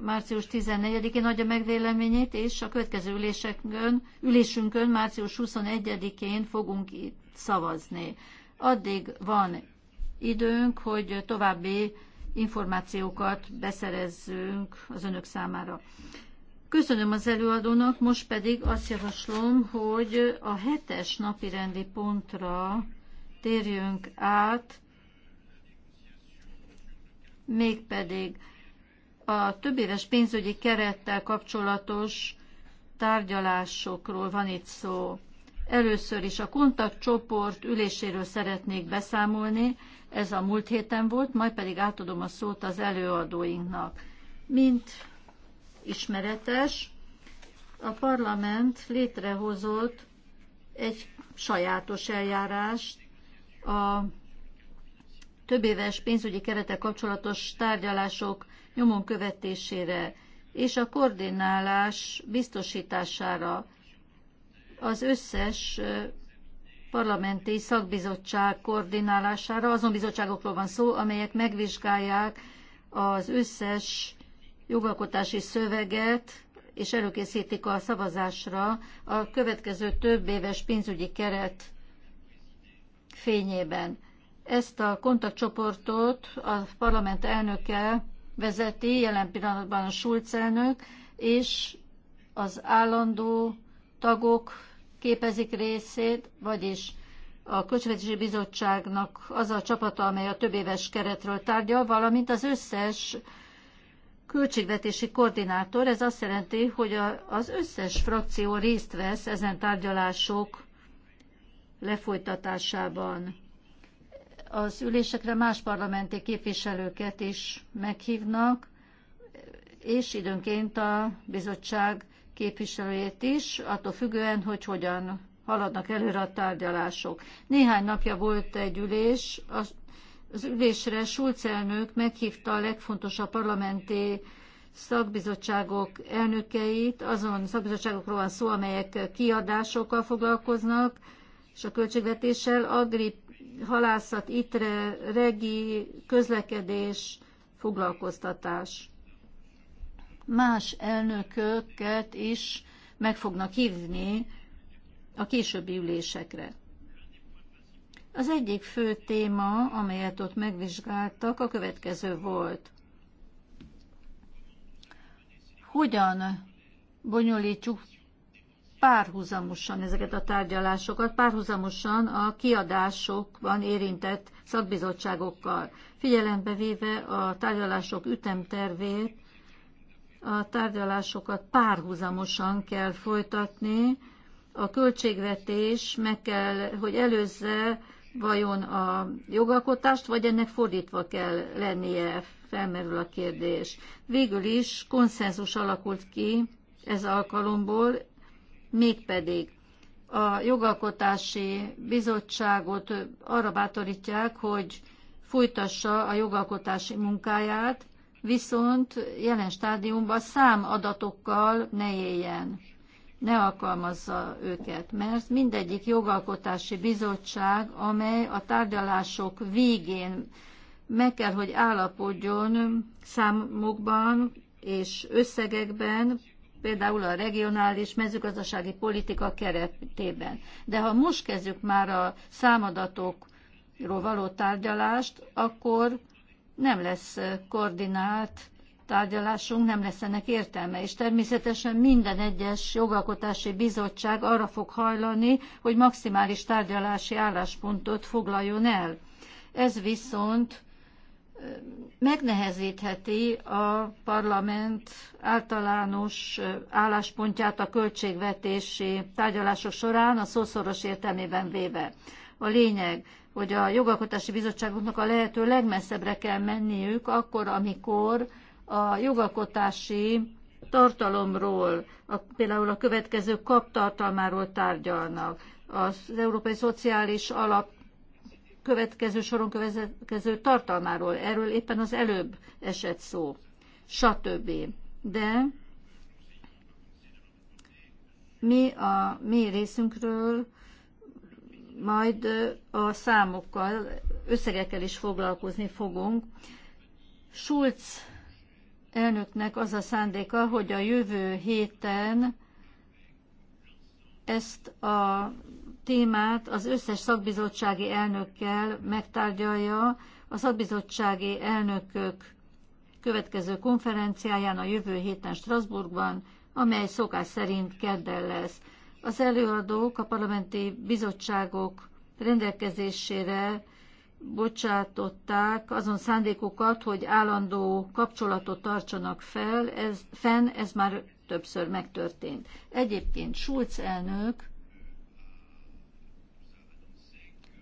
március 14-én adja meg véleményét, és a következő ülésekön ülésünkön március 21-én fogunk itt szavazni. Addig van időnk, hogy további információkat beszerezzünk az önök számára. Köszönöm az előadónak, most pedig azt javaslom, hogy a hetes napi rendi pontra térjünk át, mégpedig a éves pénzügyi kerettel kapcsolatos tárgyalásokról van itt szó. Először is a kontaktcsoport üléséről szeretnék beszámolni, ez a múlt héten volt, majd pedig átadom a szót az előadóinknak. Mint ismeretes, a parlament létrehozott egy sajátos eljárást a Többéves pénzügyi kerete kapcsolatos tárgyalások nyomon követésére és a koordinálás biztosítására az összes parlamenti szakbizottság koordinálására, azon bizottságokról van szó, amelyek megvizsgálják az összes jogalkotási szöveget, és előkészítik a szavazásra a következő több éves pénzügyi keret fényében. Ezt a kontaktcsoportot a parlament elnöke vezeti, jelen pillanatban a Schulz elnök, és az állandó tagok képezik részét, vagyis a Költségvetési Bizottságnak az a csapata, amely a többéves keretről tárgyal, valamint az összes költségvetési koordinátor. Ez azt jelenti, hogy a, az összes frakció részt vesz ezen tárgyalások lefolytatásában az ülésekre más parlamenti képviselőket is meghívnak, és időnként a bizottság képviselőjét is, attól függően, hogy hogyan haladnak előre a tárgyalások. Néhány napja volt egy ülés, az, az ülésre Schulz elnök meghívta a legfontosabb parlamenti szakbizottságok elnökeit, azon szakbizottságokról van szó, amelyek kiadásokkal foglalkoznak, és a költségvetéssel Agrip halászat, itre, regi, közlekedés, foglalkoztatás. Más elnököket is meg fognak hívni a későbbi ülésekre. Az egyik fő téma, amelyet ott megvizsgáltak, a következő volt. Hogyan bonyolítjuk párhuzamosan ezeket a tárgyalásokat, párhuzamosan a kiadásokban érintett szakbizottságokkal. Figyelembe véve a tárgyalások ütemtervét, a tárgyalásokat párhuzamosan kell folytatni, a költségvetés meg kell, hogy előzze vajon a jogalkotást, vagy ennek fordítva kell lennie, felmerül a kérdés. Végül is konszenzus alakult ki ez alkalomból, mégpedig a jogalkotási bizottságot arra bátorítják, hogy folytassa a jogalkotási munkáját, viszont jelen stádiumban számadatokkal ne éljen, ne alkalmazza őket, mert mindegyik jogalkotási bizottság, amely a tárgyalások végén meg kell, hogy állapodjon számokban és összegekben, például a regionális mezőgazdasági politika keretében. De ha most kezdjük már a számadatokról való tárgyalást, akkor nem lesz koordinált tárgyalásunk, nem lesz ennek értelme. És természetesen minden egyes jogalkotási bizottság arra fog hajlani, hogy maximális tárgyalási álláspontot foglaljon el. Ez viszont megnehezítheti a parlament általános álláspontját a költségvetési tárgyalások során, a szószoros értelmében véve. A lényeg, hogy a jogalkotási bizottságoknak a lehető legmesszebbre kell menniük, akkor, amikor a jogalkotási tartalomról, a, például a következő kaptartalmáról tárgyalnak, az Európai Szociális Alap következő soron következő tartalmáról, erről éppen az előbb esett szó, stb. De mi a mi részünkről majd a számokkal, összegekkel is foglalkozni fogunk. Schulz elnöknek az a szándéka, hogy a jövő héten ezt a témát az összes szakbizottsági elnökkel megtárgyalja a szakbizottsági elnökök következő konferenciáján a jövő héten Strasbourgban, amely szokás szerint kedden lesz. Az előadók a parlamenti bizottságok rendelkezésére bocsátották azon szándékokat, hogy állandó kapcsolatot tartsanak fel, ez, fenn, ez már többször megtörtént. Egyébként Schulz elnök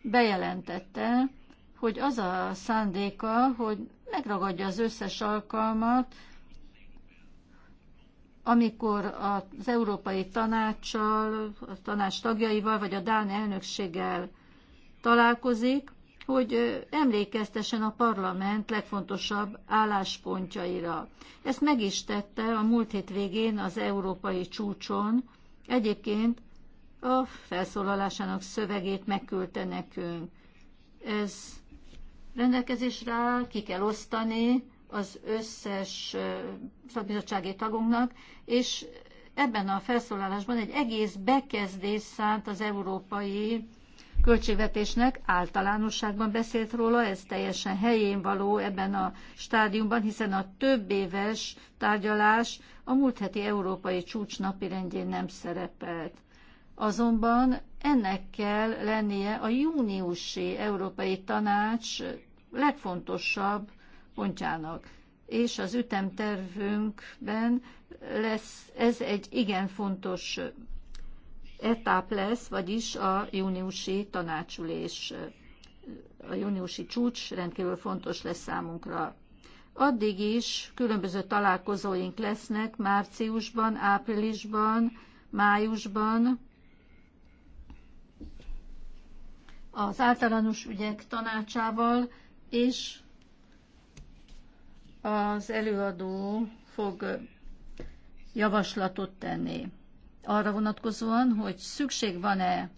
bejelentette, hogy az a szándéka, hogy megragadja az összes alkalmat, amikor az Európai Tanácssal, a tanács tagjaival, vagy a Dán elnökséggel találkozik, hogy emlékeztessen a parlament legfontosabb álláspontjaira. Ezt meg is tette a múlt hét végén az európai csúcson. Egyébként a felszólalásának szövegét megküldte nekünk. Ez rendelkezésre áll, ki kell osztani az összes szakbizottsági tagunknak, és ebben a felszólalásban egy egész bekezdés szánt az európai költségvetésnek, általánosságban beszélt róla, ez teljesen helyén való ebben a stádiumban, hiszen a több éves tárgyalás a múlt heti európai csúcs napirendjén nem szerepelt. Azonban ennek kell lennie a júniusi Európai Tanács legfontosabb pontjának. És az ütemtervünkben lesz ez egy igen fontos etap lesz, vagyis a júniusi tanácsulés, a júniusi csúcs rendkívül fontos lesz számunkra. Addig is különböző találkozóink lesznek márciusban, áprilisban, májusban, az általános ügyek tanácsával, és az előadó fog javaslatot tenni arra vonatkozóan, hogy szükség van-e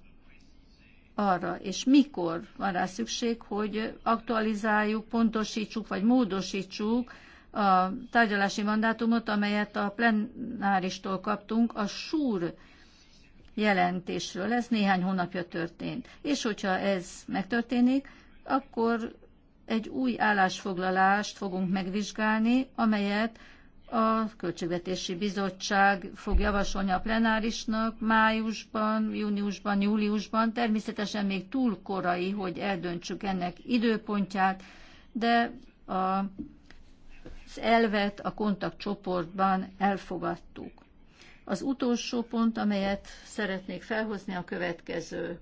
arra, és mikor van rá szükség, hogy aktualizáljuk, pontosítsuk vagy módosítsuk a tárgyalási mandátumot, amelyet a plenáristól kaptunk a súr sure jelentésről. Ez néhány hónapja történt. És hogyha ez megtörténik, akkor egy új állásfoglalást fogunk megvizsgálni, amelyet a Költségvetési Bizottság fog javasolni a plenárisnak májusban, júniusban, júliusban. Természetesen még túl korai, hogy eldöntsük ennek időpontját, de a, az elvet a kontaktcsoportban elfogadtuk. Az utolsó pont, amelyet szeretnék felhozni, a következő.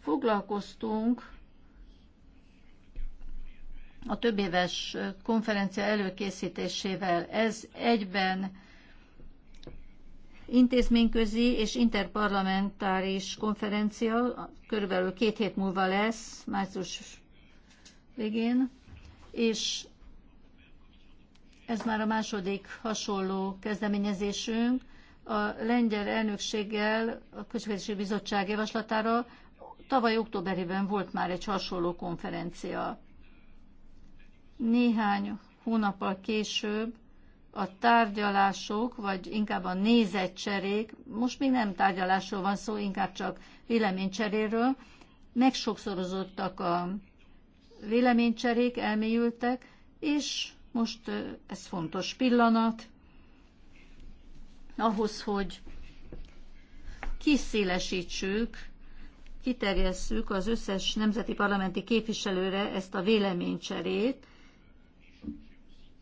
Foglalkoztunk a többéves konferencia előkészítésével. Ez egyben intézményközi és interparlamentáris konferencia, körülbelül két hét múlva lesz, március végén, és ez már a második hasonló kezdeményezésünk a lengyel elnökséggel, a Közvetési Bizottság javaslatára tavaly októberében volt már egy hasonló konferencia. Néhány hónappal később a tárgyalások, vagy inkább a nézetcserék, most még nem tárgyalásról van szó, inkább csak véleménycseréről, megsokszorozottak a véleménycserék, elmélyültek, és most ez fontos pillanat, ahhoz, hogy kiszélesítsük, kiterjesszük az összes nemzeti parlamenti képviselőre ezt a véleménycserét,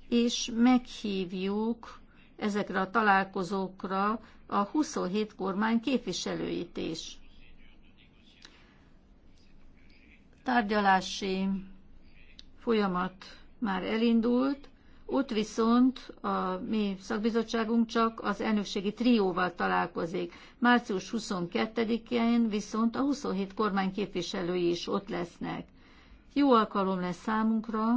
és meghívjuk ezekre a találkozókra a 27 kormány képviselőit is. Tárgyalási folyamat már elindult, ott viszont a mi szakbizottságunk csak az elnökségi trióval találkozik. Március 22-én viszont a 27 kormány képviselői is ott lesznek. Jó alkalom lesz számunkra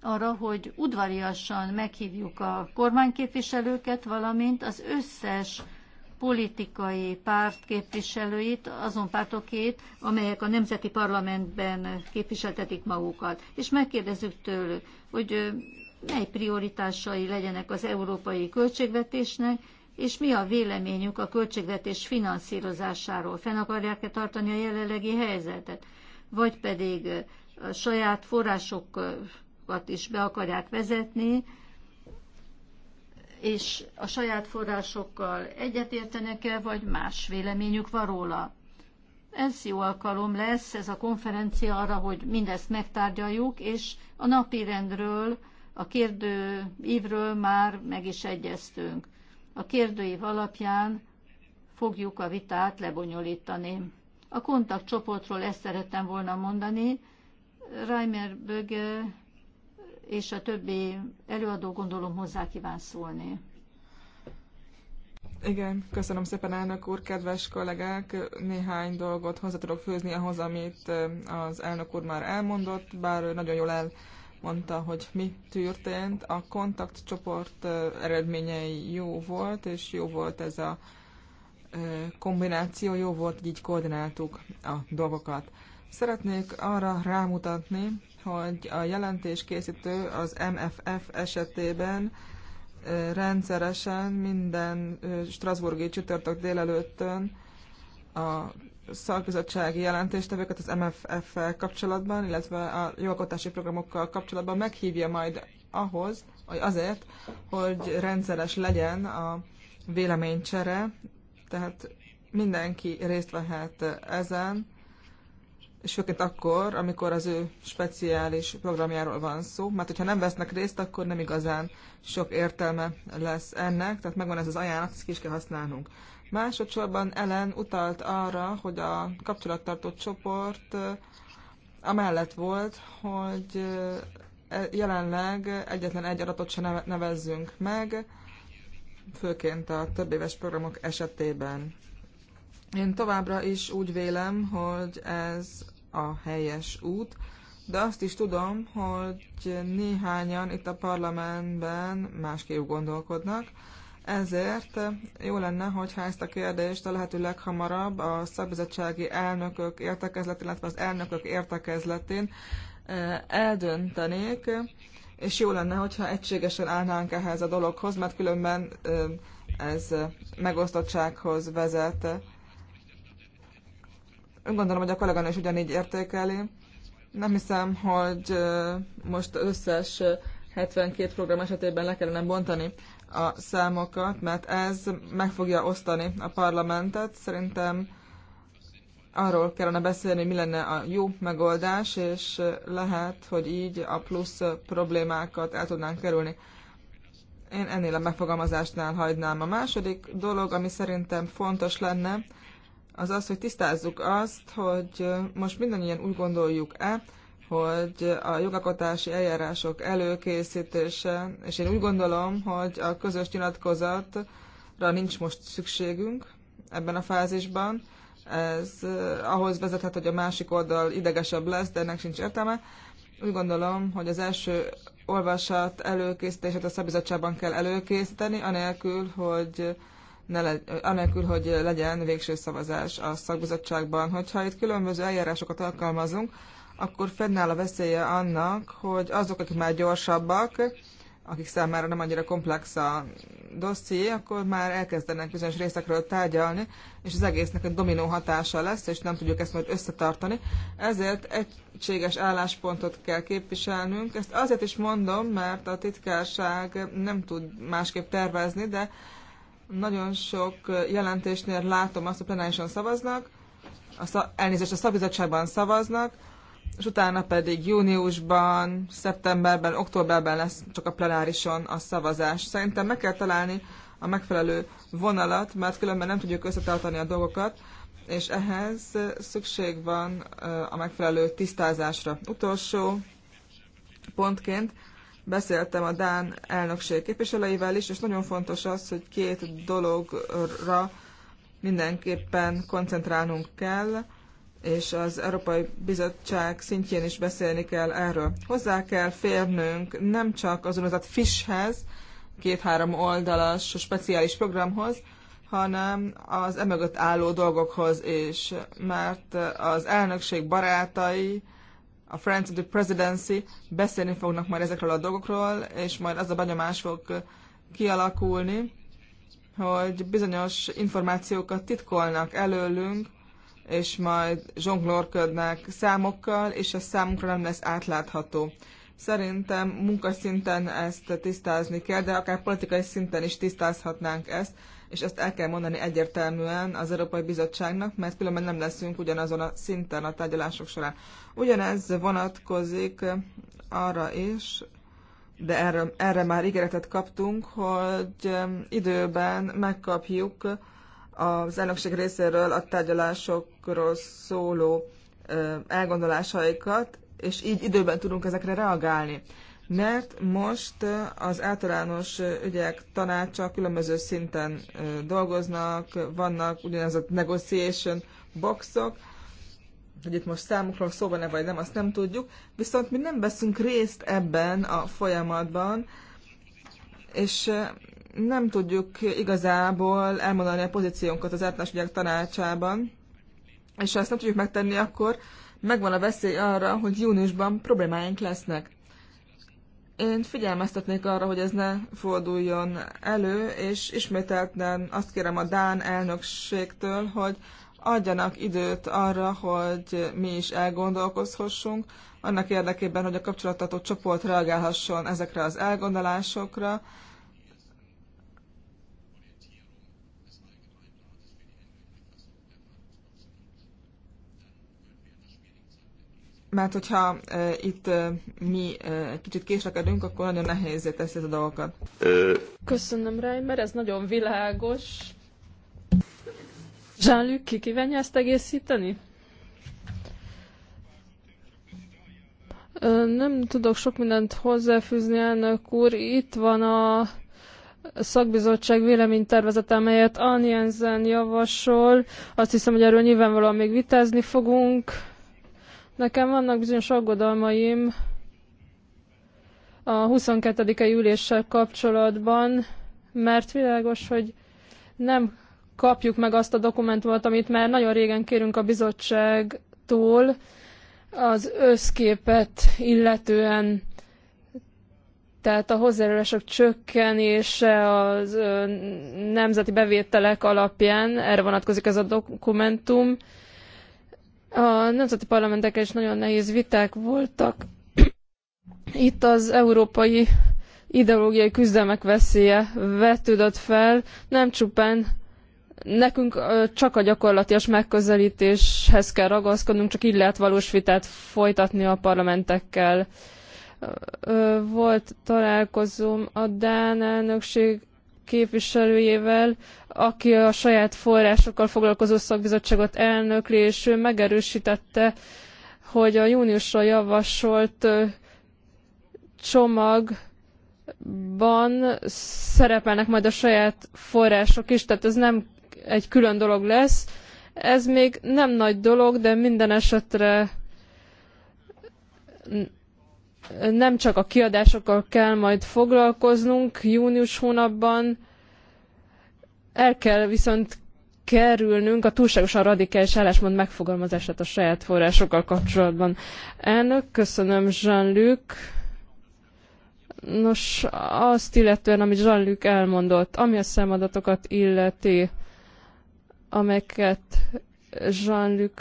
arra, hogy udvariasan meghívjuk a kormányképviselőket, valamint az összes politikai párt képviselőit, azon pártokét, amelyek a nemzeti parlamentben képviseltetik magukat. És megkérdezzük tőlük, hogy mely prioritásai legyenek az európai költségvetésnek, és mi a véleményük a költségvetés finanszírozásáról? Fenn akarják-e tartani a jelenlegi helyzetet? Vagy pedig a saját forrásokat is be akarják vezetni, és a saját forrásokkal egyetértenek-e, vagy más véleményük van róla. Ez jó alkalom lesz, ez a konferencia arra, hogy mindezt megtárgyaljuk, és a napi rendről, a kérdő évről már meg is egyeztünk. A kérdőív alapján fogjuk a vitát lebonyolítani. A kontaktcsoportról ezt szerettem volna mondani. Reimer Böge és a többi előadó gondolom hozzá kíván szólni. Igen, köszönöm szépen elnök úr, kedves kollégák, néhány dolgot hozzá tudok főzni ahhoz, amit eh, az elnök úr már elmondott, bár ő nagyon jól elmondta, hogy mi történt. A kontaktcsoport eh, eredményei jó volt, és jó volt ez a eh, kombináció, jó volt, így koordináltuk a dolgokat. Szeretnék arra rámutatni, hogy a jelentéskészítő az MFF esetében rendszeresen minden Strasburgi csütörtök délelőttön a szakbizottsági jelentéstevőket az MFF-fel kapcsolatban, illetve a jogalkotási programokkal kapcsolatban meghívja majd ahhoz, vagy azért, hogy rendszeres legyen a véleménycsere, tehát mindenki részt vehet ezen, és főként akkor, amikor az ő speciális programjáról van szó, mert hogyha nem vesznek részt, akkor nem igazán sok értelme lesz ennek, tehát megvan ez az ajánlat, ezt ki is kell használnunk. Másodszorban Ellen utalt arra, hogy a kapcsolattartó csoport amellett volt, hogy e, jelenleg egyetlen egy adatot se nevezzünk meg, főként a több éves programok esetében. Én továbbra is úgy vélem, hogy ez a helyes út, de azt is tudom, hogy néhányan itt a parlamentben másképp gondolkodnak, ezért jó lenne, hogyha ezt a kérdést a lehető leghamarabb a szakbizottsági elnökök értekezletén, illetve az elnökök értekezletén eh, eldöntenék, és jó lenne, hogyha egységesen állnánk ehhez a dologhoz, mert különben eh, ez megosztottsághoz vezet Gondolom, hogy a kolléganő is ugyanígy értékeli. Nem hiszem, hogy most összes 72 program esetében le kellene bontani a számokat, mert ez meg fogja osztani a parlamentet. Szerintem arról kellene beszélni, hogy mi lenne a jó megoldás, és lehet, hogy így a plusz problémákat el tudnánk kerülni. Én ennél a megfogalmazásnál hagynám. A második dolog, ami szerintem fontos lenne, az az, hogy tisztázzuk azt, hogy most mindannyian úgy gondoljuk-e, hogy a jogakotási eljárások előkészítése, és én úgy gondolom, hogy a közös nyilatkozatra nincs most szükségünk ebben a fázisban. Ez eh, ahhoz vezethet, hogy a másik oldal idegesebb lesz, de ennek sincs értelme. Úgy gondolom, hogy az első olvasat előkészítését a szabizottságban kell előkészíteni, anélkül, hogy ne le, anélkül, hogy legyen végső szavazás a szakbizottságban. Hogyha itt különböző eljárásokat alkalmazunk, akkor fennáll a veszélye annak, hogy azok, akik már gyorsabbak, akik számára nem annyira komplex a dosszié, akkor már elkezdenek bizonyos részekről tárgyalni, és az egésznek egy dominó hatása lesz, és nem tudjuk ezt majd összetartani. Ezért egységes álláspontot kell képviselnünk. Ezt azért is mondom, mert a titkárság nem tud másképp tervezni, de nagyon sok jelentésnél látom azt, hogy plenárisan szavaznak, a szav, elnézést a szabizottságban szavaznak, és utána pedig júniusban, szeptemberben, októberben lesz csak a plenárison a szavazás. Szerintem meg kell találni a megfelelő vonalat, mert különben nem tudjuk összetartani a dolgokat, és ehhez szükség van a megfelelő tisztázásra. Utolsó pontként beszéltem a Dán elnökség képviselőivel is, és nagyon fontos az, hogy két dologra mindenképpen koncentrálnunk kell, és az Európai Bizottság szintjén is beszélni kell erről. Hozzá kell férnünk nem csak az úgynevezett FISH-hez, két-három oldalas speciális programhoz, hanem az emögött álló dolgokhoz is, mert az elnökség barátai, a Friends of the Presidency beszélni fognak majd ezekről a dolgokról, és majd az a benyomás fog kialakulni, hogy bizonyos információkat titkolnak előlünk, és majd zsonglorködnek számokkal, és a számunkra nem lesz átlátható. Szerintem munkaszinten ezt tisztázni kell, de akár politikai szinten is tisztázhatnánk ezt, és ezt el kell mondani egyértelműen az Európai Bizottságnak, mert különben nem leszünk ugyanazon a szinten a tárgyalások során. Ugyanez vonatkozik arra is, de erre, erre már ígéretet kaptunk, hogy időben megkapjuk az elnökség részéről a tárgyalásokról szóló elgondolásaikat, és így időben tudunk ezekre reagálni mert most az általános ügyek tanácsa különböző szinten dolgoznak, vannak ugyanez a negotiation boxok, hogy itt most számukról szó van-e vagy nem, azt nem tudjuk, viszont mi nem veszünk részt ebben a folyamatban, és nem tudjuk igazából elmondani a pozíciónkat az általános ügyek tanácsában, és ha ezt nem tudjuk megtenni, akkor megvan a veszély arra, hogy júniusban problémáink lesznek. Én figyelmeztetnék arra, hogy ez ne forduljon elő, és ismételten azt kérem a Dán elnökségtől, hogy adjanak időt arra, hogy mi is elgondolkozhassunk, annak érdekében, hogy a kapcsolatot csoport reagálhasson ezekre az elgondolásokra, mert hogyha itt mi egy kicsit késlekedünk, akkor nagyon nehézé teszi ez a dolgokat. Köszönöm, Reimer, ez nagyon világos. Jean-Luc, ki kívánja ezt egészíteni? Nem tudok sok mindent hozzáfűzni, elnök úr. Itt van a szakbizottság véleménytervezete, amelyet Ann javasol. Azt hiszem, hogy erről nyilvánvalóan még vitázni fogunk Nekem vannak bizonyos aggodalmaim a 22. üléssel kapcsolatban, mert világos, hogy nem kapjuk meg azt a dokumentumot, amit már nagyon régen kérünk a bizottságtól az összképet illetően tehát a hozzájárulások csökkenése az nemzeti bevételek alapján, erre vonatkozik ez a dokumentum, a nemzeti parlamentekkel is nagyon nehéz viták voltak. Itt az európai ideológiai küzdelmek veszélye vetődött fel, nem csupán nekünk csak a gyakorlatias megközelítéshez kell ragaszkodnunk, csak így lehet valós vitát folytatni a parlamentekkel. Volt találkozom a Dán elnökség képviselőjével, aki a saját forrásokkal foglalkozó szakbizottságot elnökli, és ő megerősítette, hogy a júniusra javasolt csomagban szerepelnek majd a saját források is, tehát ez nem egy külön dolog lesz. Ez még nem nagy dolog, de minden esetre nem csak a kiadásokkal kell majd foglalkoznunk június hónapban, el kell viszont kerülnünk a túlságosan radikális álláspont megfogalmazását a saját forrásokkal kapcsolatban. Elnök, köszönöm Jean-Luc. Nos, azt illetően, amit Jean-Luc elmondott, ami a számadatokat illeti, amelyeket Jean-Luc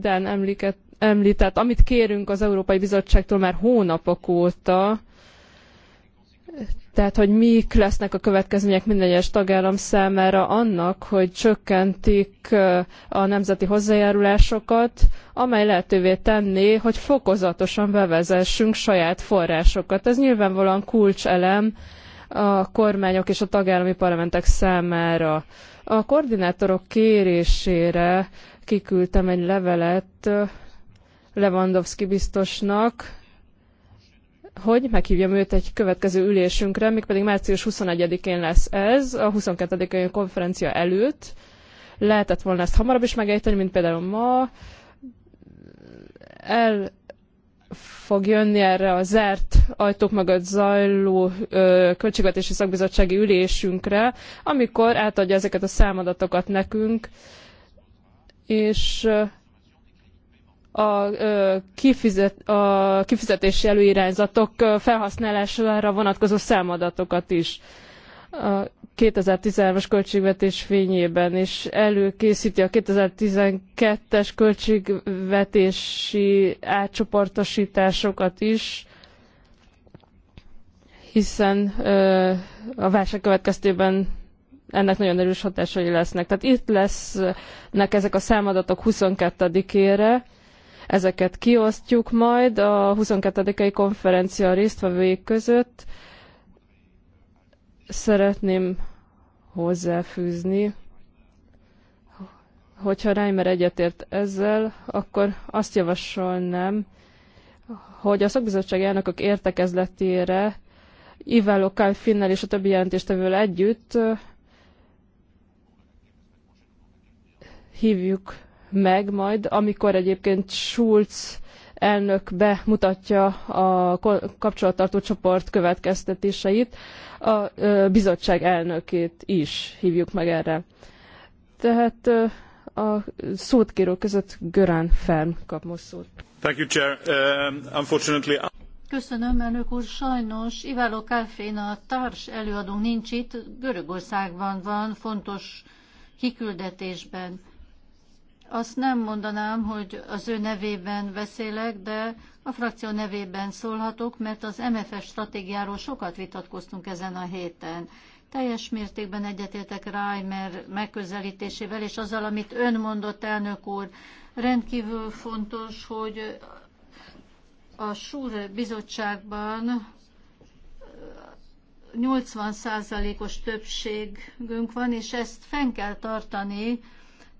dán említett, említett, amit kérünk az Európai Bizottságtól már hónapok óta, tehát, hogy mik lesznek a következmények minden egyes tagállam számára annak, hogy csökkentik a nemzeti hozzájárulásokat, amely lehetővé tenné, hogy fokozatosan bevezessünk saját forrásokat. Ez nyilvánvalóan kulcselem a kormányok és a tagállami parlamentek számára. A koordinátorok kérésére kiküldtem egy levelet Lewandowski biztosnak, hogy meghívjam őt egy következő ülésünkre, mégpedig március 21-én lesz ez, a 22-i konferencia előtt. Lehetett volna ezt hamarabb is megejteni, mint például ma. El fog jönni erre a zárt ajtók mögött zajló ö, költségvetési szakbizottsági ülésünkre, amikor átadja ezeket a számadatokat nekünk, és a, kifizet, a kifizetési előirányzatok felhasználására vonatkozó számadatokat is a 2013-as költségvetés fényében, és előkészíti a 2012-es költségvetési átcsoportosításokat is, hiszen ö, a válság következtében ennek nagyon erős hatásai lesznek. Tehát itt lesznek ezek a számadatok 22-ére, Ezeket kiosztjuk majd a 22. konferencia résztvevői között. Szeretném hozzáfűzni, hogyha Reimer egyetért ezzel, akkor azt javasolnám, hogy a szakbizottság elnökök értekezletére Iváló Kalfinnel és a többi jelentéstevővel együtt hívjuk meg majd, amikor egyébként Schulz elnök bemutatja a kapcsolattartó csoport következtetéseit, a bizottság elnökét is hívjuk meg erre. Tehát a szót kérő között Görán Fern kap most szót. Thank you, Chair. Um, unfortunately... Köszönöm, elnök úr. Sajnos Iváló Kálfén a társ előadónk nincs itt, Görögországban van, fontos kiküldetésben. Azt nem mondanám, hogy az ő nevében beszélek, de a frakció nevében szólhatok, mert az MFS stratégiáról sokat vitatkoztunk ezen a héten. Teljes mértékben egyetértek Reimer megközelítésével, és azzal, amit ön mondott, elnök úr, rendkívül fontos, hogy a SUR bizottságban 80%-os többségünk van, és ezt fenn kell tartani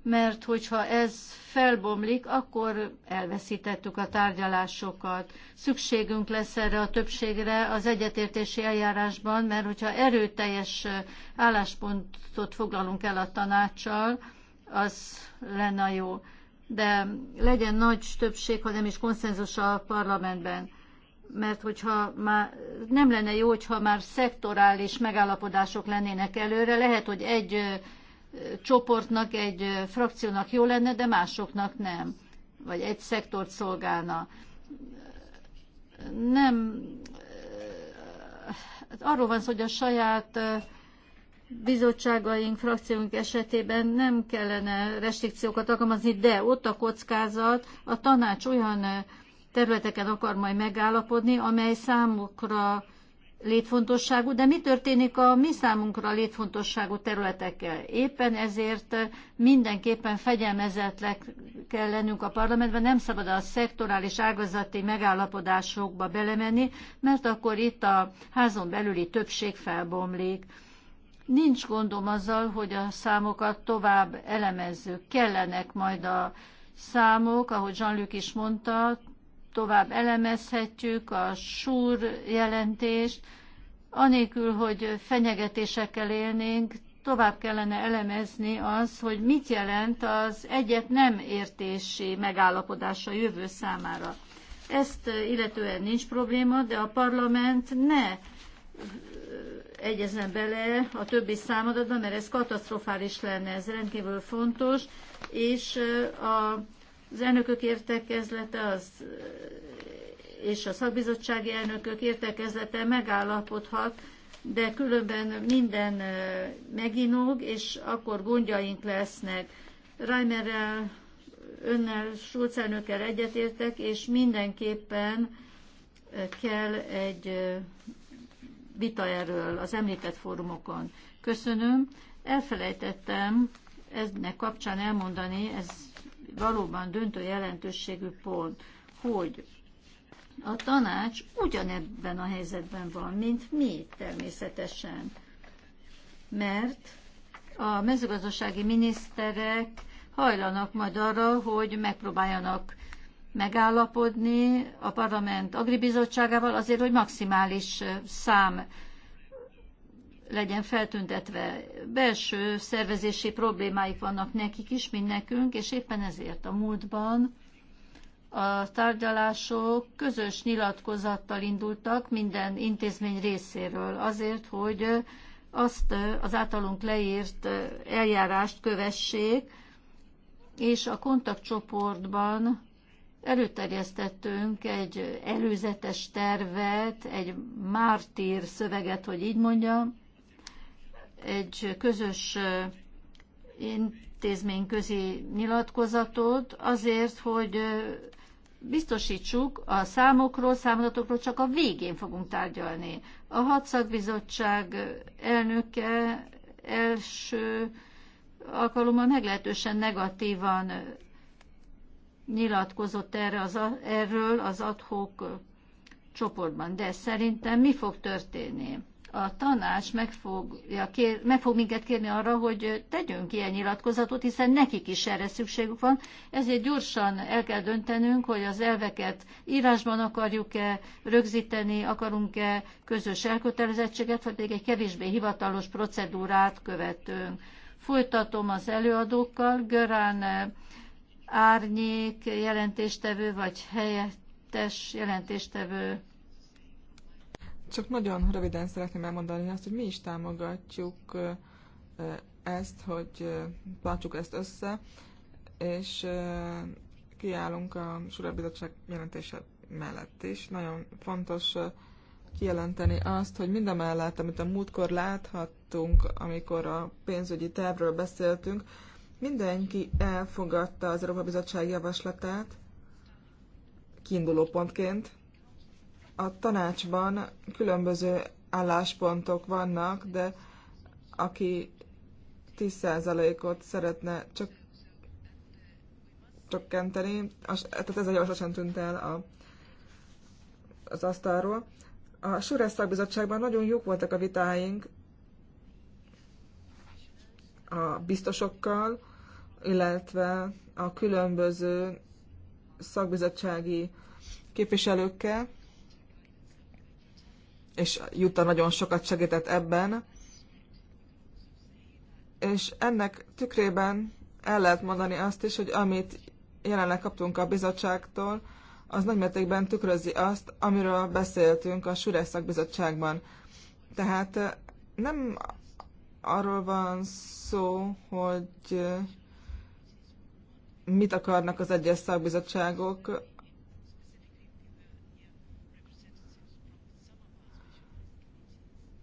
mert hogyha ez felbomlik, akkor elveszítettük a tárgyalásokat. Szükségünk lesz erre a többségre az egyetértési eljárásban, mert hogyha erőteljes álláspontot foglalunk el a tanácssal, az lenne jó. De legyen nagy többség, ha nem is konszenzus a parlamentben mert hogyha már nem lenne jó, hogyha már szektorális megállapodások lennének előre, lehet, hogy egy csoportnak, egy frakciónak jó lenne, de másoknak nem, vagy egy szektort szolgálna. Nem, hát arról van szó, hogy a saját bizottságaink, frakciónk esetében nem kellene restrikciókat alkalmazni, de ott a kockázat, a tanács olyan területeken akar majd megállapodni, amely számukra létfontosságú, de mi történik a mi számunkra létfontosságú területekkel? Éppen ezért mindenképpen fegyelmezetlek kell lennünk a parlamentben, nem szabad a szektorális ágazati megállapodásokba belemenni, mert akkor itt a házon belüli többség felbomlik. Nincs gondom azzal, hogy a számokat tovább elemezzük. Kellenek majd a számok, ahogy Jean-Luc is mondta, tovább elemezhetjük a súr jelentést, anélkül, hogy fenyegetésekkel élnénk, tovább kellene elemezni az, hogy mit jelent az egyet nem értési megállapodása jövő számára. Ezt illetően nincs probléma, de a parlament ne egyezzen bele a többi számadatba, mert ez katasztrofális lenne, ez rendkívül fontos, és a az elnökök értekezlete az, és a szakbizottsági elnökök értekezlete megállapodhat, de különben minden meginog, és akkor gondjaink lesznek. Reimerrel, önnel, Schulz elnökkel egyetértek, és mindenképpen kell egy vita erről az említett fórumokon. Köszönöm. Elfelejtettem ennek kapcsán elmondani, ez valóban döntő jelentőségű pont, hogy a tanács ugyanebben a helyzetben van, mint mi természetesen. Mert a mezőgazdasági miniszterek hajlanak majd arra, hogy megpróbáljanak megállapodni a parlament agribizottságával azért, hogy maximális szám legyen feltüntetve. Belső szervezési problémáik vannak nekik is, mint nekünk, és éppen ezért a múltban a tárgyalások közös nyilatkozattal indultak minden intézmény részéről azért, hogy azt az általunk leírt eljárást kövessék, és a kontaktcsoportban előterjesztettünk egy előzetes tervet, egy mártír szöveget, hogy így mondjam, egy közös intézmény közi nyilatkozatot azért, hogy biztosítsuk, a számokról, számadatokról csak a végén fogunk tárgyalni. A hadszakbizottság elnöke első alkalommal meglehetősen negatívan nyilatkozott erre az, erről az adhok csoportban. De szerintem mi fog történni? a tanács meg, fogja kér, meg fog minket kérni arra, hogy tegyünk ilyen nyilatkozatot, hiszen nekik is erre szükségük van. Ezért gyorsan el kell döntenünk, hogy az elveket írásban akarjuk-e rögzíteni, akarunk-e közös elkötelezettséget, vagy pedig egy kevésbé hivatalos procedúrát követünk. Folytatom az előadókkal. Görán árnyék jelentéstevő, vagy helyettes jelentéstevő csak nagyon röviden szeretném elmondani azt, hogy mi is támogatjuk ezt, hogy tartsuk ezt össze, és kiállunk a Sura jelentése mellett is. Nagyon fontos kijelenteni azt, hogy mindamellett, amit a múltkor láthattunk, amikor a pénzügyi tervről beszéltünk, mindenki elfogadta az Európa Bizottság javaslatát kiinduló pontként, a tanácsban különböző álláspontok vannak, de aki 10%-ot szeretne csak csökkenteni, tehát ez a javaslat sem tűnt el a, az asztalról. A Suresz szakbizottságban nagyon jók voltak a vitáink a biztosokkal, illetve a különböző szakbizottsági képviselőkkel és jutta nagyon sokat segített ebben. És ennek tükrében el lehet mondani azt is, hogy amit jelenleg kaptunk a bizottságtól, az nagymértékben tükrözi azt, amiről beszéltünk a Sures szakbizottságban. Tehát eh, nem arról van szó, hogy eh, mit akarnak az egyes szakbizottságok,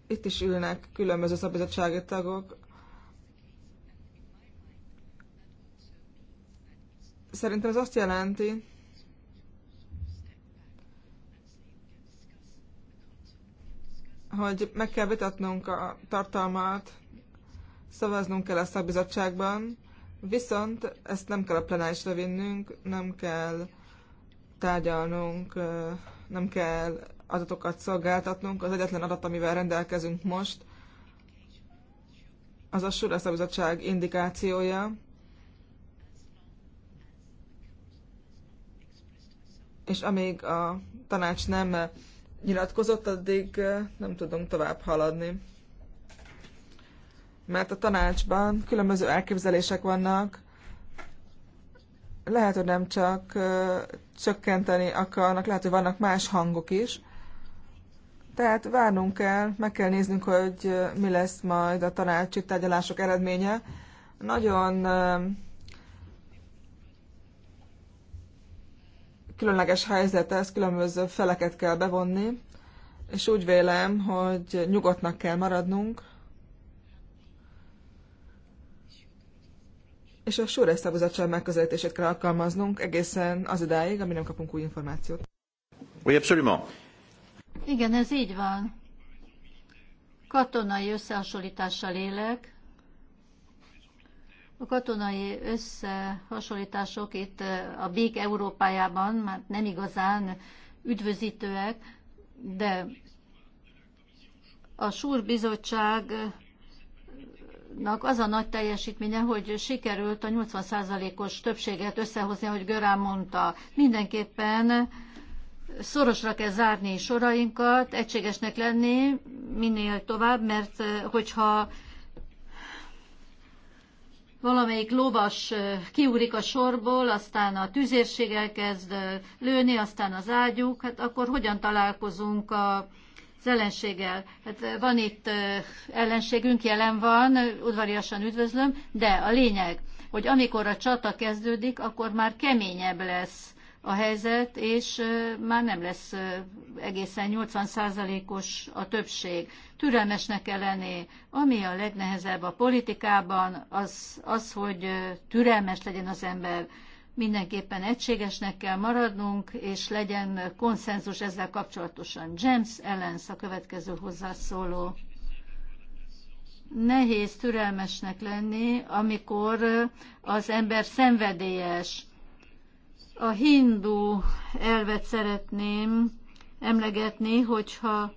itt is ülnek különböző szabizottsági tagok. Szerintem ez azt jelenti, hogy meg kell vitatnunk a tartalmat, szavaznunk kell a szakbizottságban, viszont ezt nem kell a plenárisra vinnünk, nem kell tárgyalnunk, nem kell adatokat szolgáltatnunk. Az egyetlen adat, amivel rendelkezünk most, az a Súrászabizottság indikációja, és amíg a tanács nem nyilatkozott, addig nem tudunk tovább haladni. Mert a tanácsban különböző elképzelések vannak, lehet, hogy nem csak csökkenteni akarnak, lehet, hogy vannak más hangok is, tehát várnunk kell, meg kell néznünk, hogy mi lesz majd a tanácsi tárgyalások eredménye. Nagyon különleges helyzet ez, különböző feleket kell bevonni, és úgy vélem, hogy nyugodtnak kell maradnunk, és a súrés szabadság megközelítését kell alkalmaznunk egészen az idáig, amíg nem kapunk új információt. Oui, absolument. Igen, ez így van. Katonai összehasonlítással élek. A katonai összehasonlítások itt eh, a Bék Európájában már nem igazán üdvözítőek, de a Súr Bizottságnak az a nagy teljesítménye, hogy sikerült a 80%-os többséget összehozni, ahogy Görán mondta. Mindenképpen szorosra kell zárni sorainkat, egységesnek lenni minél tovább, mert hogyha valamelyik lovas kiúrik a sorból, aztán a tüzérség elkezd lőni, aztán az ágyuk, hát akkor hogyan találkozunk a az ellenséggel. Hát van itt ellenségünk, jelen van, udvariasan üdvözlöm, de a lényeg, hogy amikor a csata kezdődik, akkor már keményebb lesz a helyzet, és már nem lesz egészen 80%-os a többség. Türelmesnek kell lenni. Ami a legnehezebb a politikában, az, az, hogy türelmes legyen az ember. Mindenképpen egységesnek kell maradnunk, és legyen konszenzus ezzel kapcsolatosan. James Ellens a következő hozzászóló nehéz türelmesnek lenni, amikor az ember szenvedélyes, a hindu elvet szeretném emlegetni, hogyha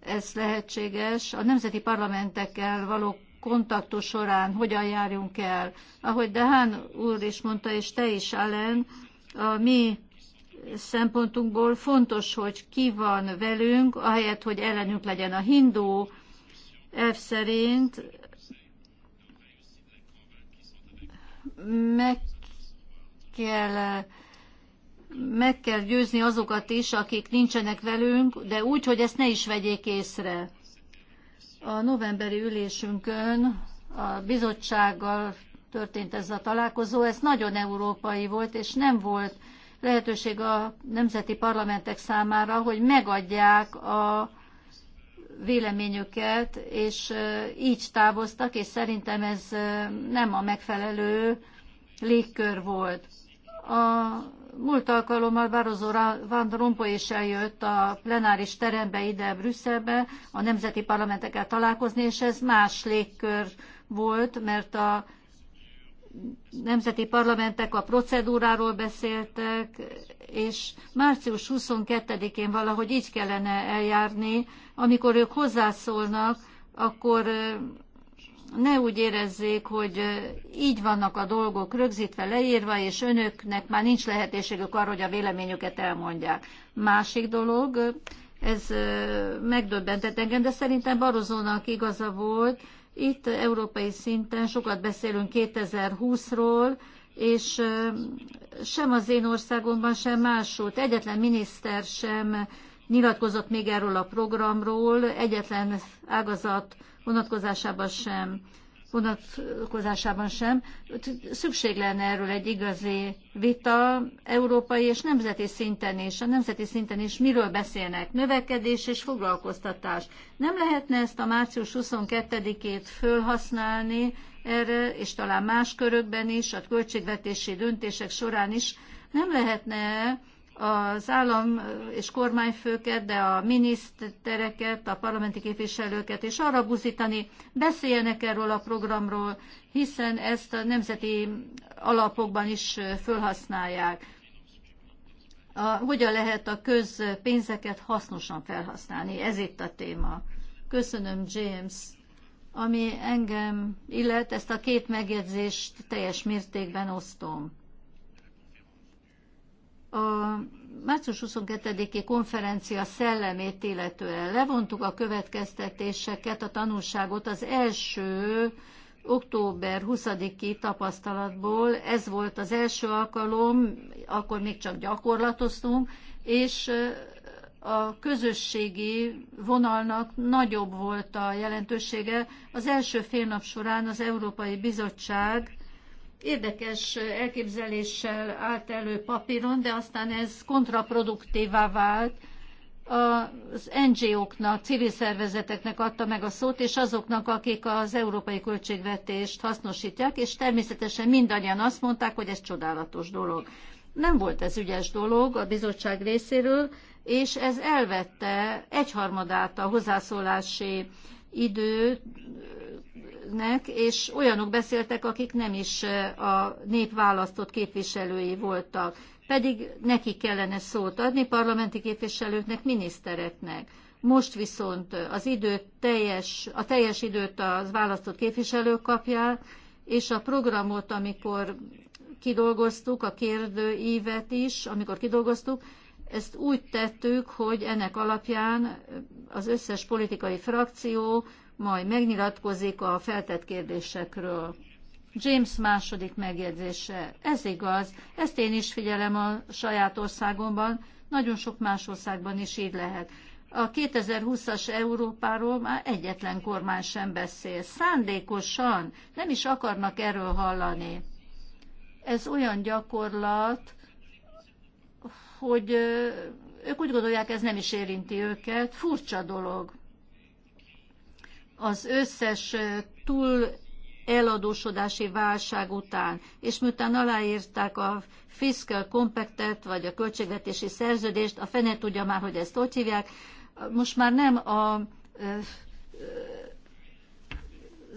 ez lehetséges, a nemzeti parlamentekkel való kontaktus során hogyan járjunk el. Ahogy Dehán úr is mondta, és te is, Allen, a mi szempontunkból fontos, hogy ki van velünk, ahelyett, hogy ellenünk legyen a hindú elv szerint, meg kell meg kell győzni azokat is, akik nincsenek velünk, de úgy, hogy ezt ne is vegyék észre. A novemberi ülésünkön a bizottsággal történt ez a találkozó, ez nagyon európai volt, és nem volt lehetőség a nemzeti parlamentek számára, hogy megadják a véleményüket, és így távoztak, és szerintem ez nem a megfelelő légkör volt. A múlt alkalommal Barroso Van Rompuy is eljött a plenáris terembe ide Brüsszelbe a nemzeti parlamentekkel találkozni, és ez más légkör volt, mert a nemzeti parlamentek a procedúráról beszéltek, és március 22-én valahogy így kellene eljárni, amikor ők hozzászólnak, akkor ne úgy érezzék, hogy így vannak a dolgok rögzítve, leírva, és önöknek már nincs lehetőségük arra, hogy a véleményüket elmondják. Másik dolog, ez megdöbbentett engem, de szerintem Barozónak igaza volt, itt európai szinten sokat beszélünk 2020-ról, és sem az én országomban, sem máshol. Egyetlen miniszter sem nyilatkozott még erről a programról, egyetlen ágazat vonatkozásában sem, vonatkozásában sem. Szükség lenne erről egy igazi vita európai és nemzeti szinten is. A nemzeti szinten is miről beszélnek? Növekedés és foglalkoztatás. Nem lehetne ezt a március 22-ét fölhasználni erre, és talán más körökben is, a költségvetési döntések során is. Nem lehetne az állam és kormányfőket, de a minisztereket, a parlamenti képviselőket, és arra buzítani, beszéljenek erről a programról, hiszen ezt a nemzeti alapokban is felhasználják. A, hogyan lehet a közpénzeket hasznosan felhasználni? Ez itt a téma. Köszönöm, James. Ami engem illet, ezt a két megjegyzést teljes mértékben osztom a március 22-i konferencia szellemét illetően levontuk a következtetéseket, a tanulságot az első október 20-i tapasztalatból. Ez volt az első alkalom, akkor még csak gyakorlatoztunk, és a közösségi vonalnak nagyobb volt a jelentősége. Az első fél nap során az Európai Bizottság érdekes elképzeléssel állt elő papíron, de aztán ez kontraproduktívá vált. Az NGO-knak, civil szervezeteknek adta meg a szót, és azoknak, akik az európai költségvetést hasznosítják, és természetesen mindannyian azt mondták, hogy ez csodálatos dolog. Nem volt ez ügyes dolog a bizottság részéről, és ez elvette egyharmadát a hozzászólási idő beszélnek, és olyanok beszéltek, akik nem is a nép választott képviselői voltak. Pedig neki kellene szót adni, parlamenti képviselőknek, minisztereknek. Most viszont az időt teljes, a teljes időt az választott képviselő kapja és a programot, amikor kidolgoztuk, a kérdőívet is, amikor kidolgoztuk, ezt úgy tettük, hogy ennek alapján az összes politikai frakció majd megnyilatkozik a feltett kérdésekről. James második megjegyzése. Ez igaz, ezt én is figyelem a saját országomban, nagyon sok más országban is így lehet. A 2020-as Európáról már egyetlen kormány sem beszél. Szándékosan nem is akarnak erről hallani. Ez olyan gyakorlat, hogy ők úgy gondolják, ez nem is érinti őket. Furcsa dolog az összes túl eladósodási válság után, és miután aláírták a fiscal compactet, vagy a költségvetési szerződést, a fene tudja már, hogy ezt ott hívják, most már nem a ö, ö,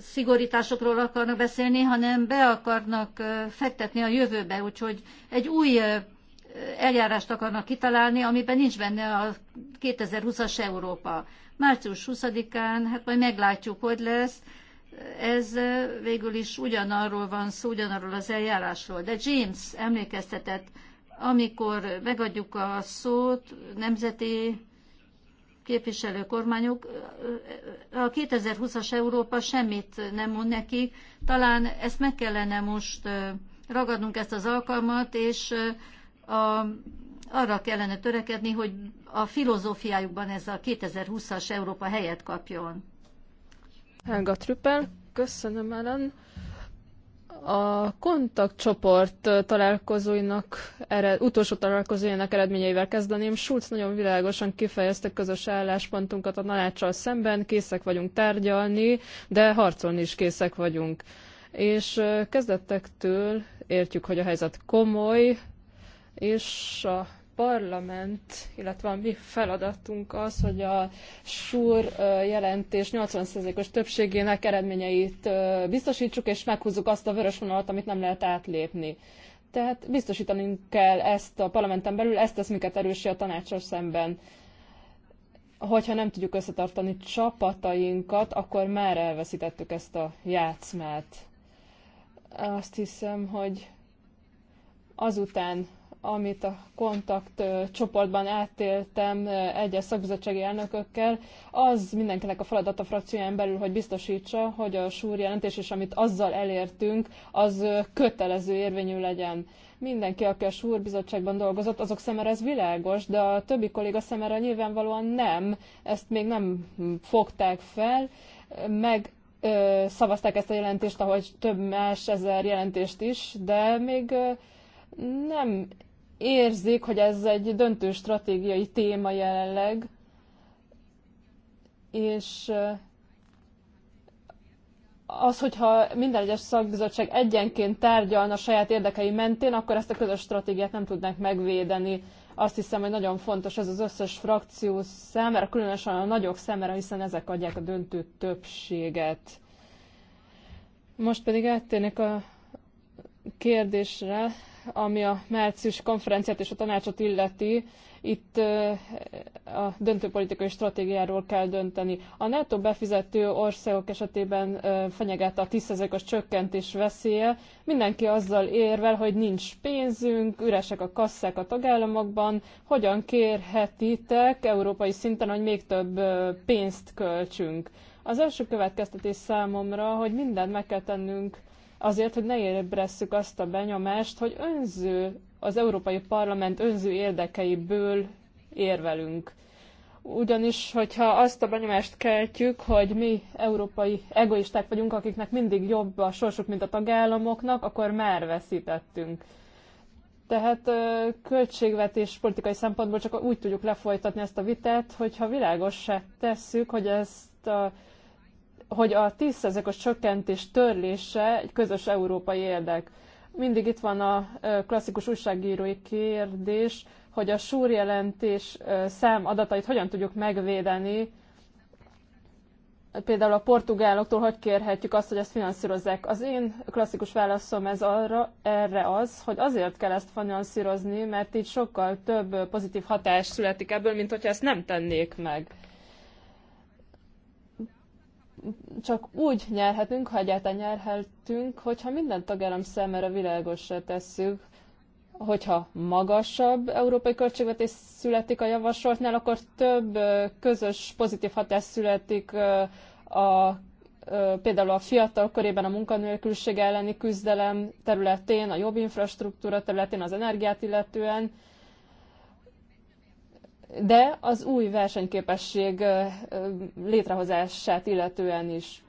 szigorításokról akarnak beszélni, hanem be akarnak fektetni a jövőbe, úgyhogy egy új eljárást akarnak kitalálni, amiben nincs benne a 2020-as Európa. Március 20-án, hát majd meglátjuk, hogy lesz. Ez eh, végül is ugyanarról van szó, ugyanarról az eljárásról. De James emlékeztetett, amikor megadjuk a szót nemzeti képviselő kormányok, eh, a 2020-as Európa semmit nem mond nekik. Talán ezt meg kellene most eh, ragadnunk ezt az alkalmat, és a arra kellene törekedni, hogy a filozófiájukban ez a 2020-as Európa helyet kapjon. Helga Trüppel, köszönöm Ellen. A kontaktcsoport találkozóinak, ered, utolsó találkozójának eredményeivel kezdeném. Schulz nagyon világosan kifejezte közös álláspontunkat a tanácssal szemben, készek vagyunk tárgyalni, de harcolni is készek vagyunk. És kezdettektől értjük, hogy a helyzet komoly, és a parlament, illetve a mi feladatunk az, hogy a SUR jelentés 80%-os többségének eredményeit biztosítsuk, és meghúzzuk azt a vörös vonalat, amit nem lehet átlépni. Tehát biztosítani kell ezt a parlamenten belül, ezt tesz minket erősi a tanácsos szemben. Hogyha nem tudjuk összetartani csapatainkat, akkor már elveszítettük ezt a játszmát. Azt hiszem, hogy azután, amit a kontakt csoportban átéltem egyes szakbizottsági elnökökkel, az mindenkinek a feladata frakcióján belül, hogy biztosítsa, hogy a súr jelentés és amit azzal elértünk, az kötelező érvényű legyen. Mindenki, aki a súr bizottságban dolgozott, azok szemére ez világos, de a többi kolléga szemére nyilvánvalóan nem. Ezt még nem fogták fel, meg ö, szavazták ezt a jelentést, ahogy több más ezer jelentést is, de még ö, nem érzik, hogy ez egy döntő stratégiai téma jelenleg, és eh, az, hogyha minden egyes szakbizottság egyenként tárgyalna saját érdekei mentén, akkor ezt a közös stratégiát nem tudnánk megvédeni. Azt hiszem, hogy nagyon fontos ez az összes frakció számára, különösen a nagyok számára, hiszen ezek adják a döntő többséget. Most pedig áttérnék a kérdésre, ami a március konferenciát és a tanácsot illeti, itt a döntőpolitikai stratégiáról kell dönteni. A NATO befizető országok esetében fenyeget a 10%-os csökkentés veszélye. Mindenki azzal érvel, hogy nincs pénzünk, üresek a kasszák a tagállamokban. Hogyan kérhetitek európai szinten, hogy még több pénzt költsünk? Az első következtetés számomra, hogy mindent meg kell tennünk azért, hogy ne ébresszük azt a benyomást, hogy önző, az Európai Parlament önző érdekeiből érvelünk. Ugyanis, hogyha azt a benyomást keltjük, hogy mi európai egoisták vagyunk, akiknek mindig jobb a sorsuk, mint a tagállamoknak, akkor már veszítettünk. Tehát költségvetés politikai szempontból csak úgy tudjuk lefolytatni ezt a vitát, hogyha világossá tesszük, hogy ezt a hogy a 10%-os csökkentés törlése egy közös európai érdek. Mindig itt van a klasszikus újságírói kérdés, hogy a súrjelentés szám adatait hogyan tudjuk megvédeni, például a portugáloktól hogy kérhetjük azt, hogy ezt finanszírozzák. Az én klasszikus válaszom ez arra, erre az, hogy azért kell ezt finanszírozni, mert így sokkal több pozitív hatás születik ebből, mint hogyha ezt nem tennék meg csak úgy nyerhetünk, ha egyáltalán nyerhetünk, hogyha minden tagállam számára világosra tesszük, hogyha magasabb európai költségvetés születik a javasoltnál, akkor több közös pozitív hatás születik a például a fiatal körében a munkanélküliség elleni küzdelem területén, a jobb infrastruktúra területén, az energiát illetően, de az új versenyképesség létrehozását illetően is.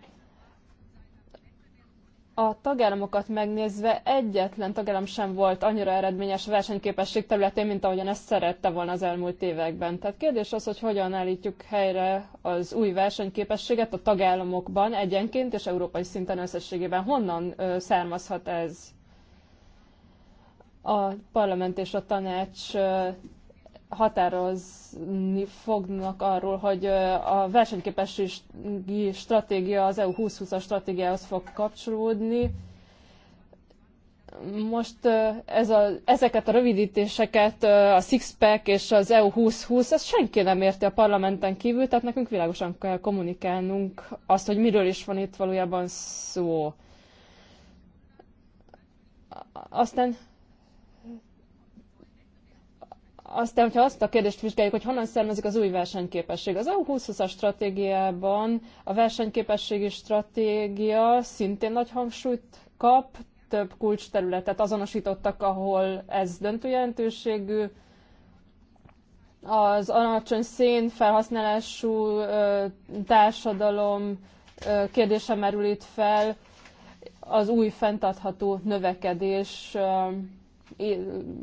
A tagállamokat megnézve egyetlen tagállam sem volt annyira eredményes a versenyképesség területén, mint ahogyan ezt szerette volna az elmúlt években. Tehát kérdés az, hogy hogyan állítjuk helyre az új versenyképességet a tagállamokban egyenként és európai szinten összességében. Honnan származhat ez? A parlament és a tanács határozni fognak arról, hogy a versenyképességi stratégia az EU 2020-as stratégiához fog kapcsolódni. Most ez a, ezeket a rövidítéseket, a Sixpack és az EU 2020, ezt senki nem érti a parlamenten kívül, tehát nekünk világosan kell kommunikálnunk azt, hogy miről is van itt valójában szó. Aztán aztán, hogyha azt a kérdést vizsgáljuk, hogy honnan származik az új versenyképesség. Az EU 2020-as stratégiában a versenyképességi stratégia szintén nagy hangsúlyt kap, több kulcsterületet azonosítottak, ahol ez döntő jelentőségű. Az alacsony szén felhasználású társadalom kérdése merül itt fel, az új fenntartható növekedés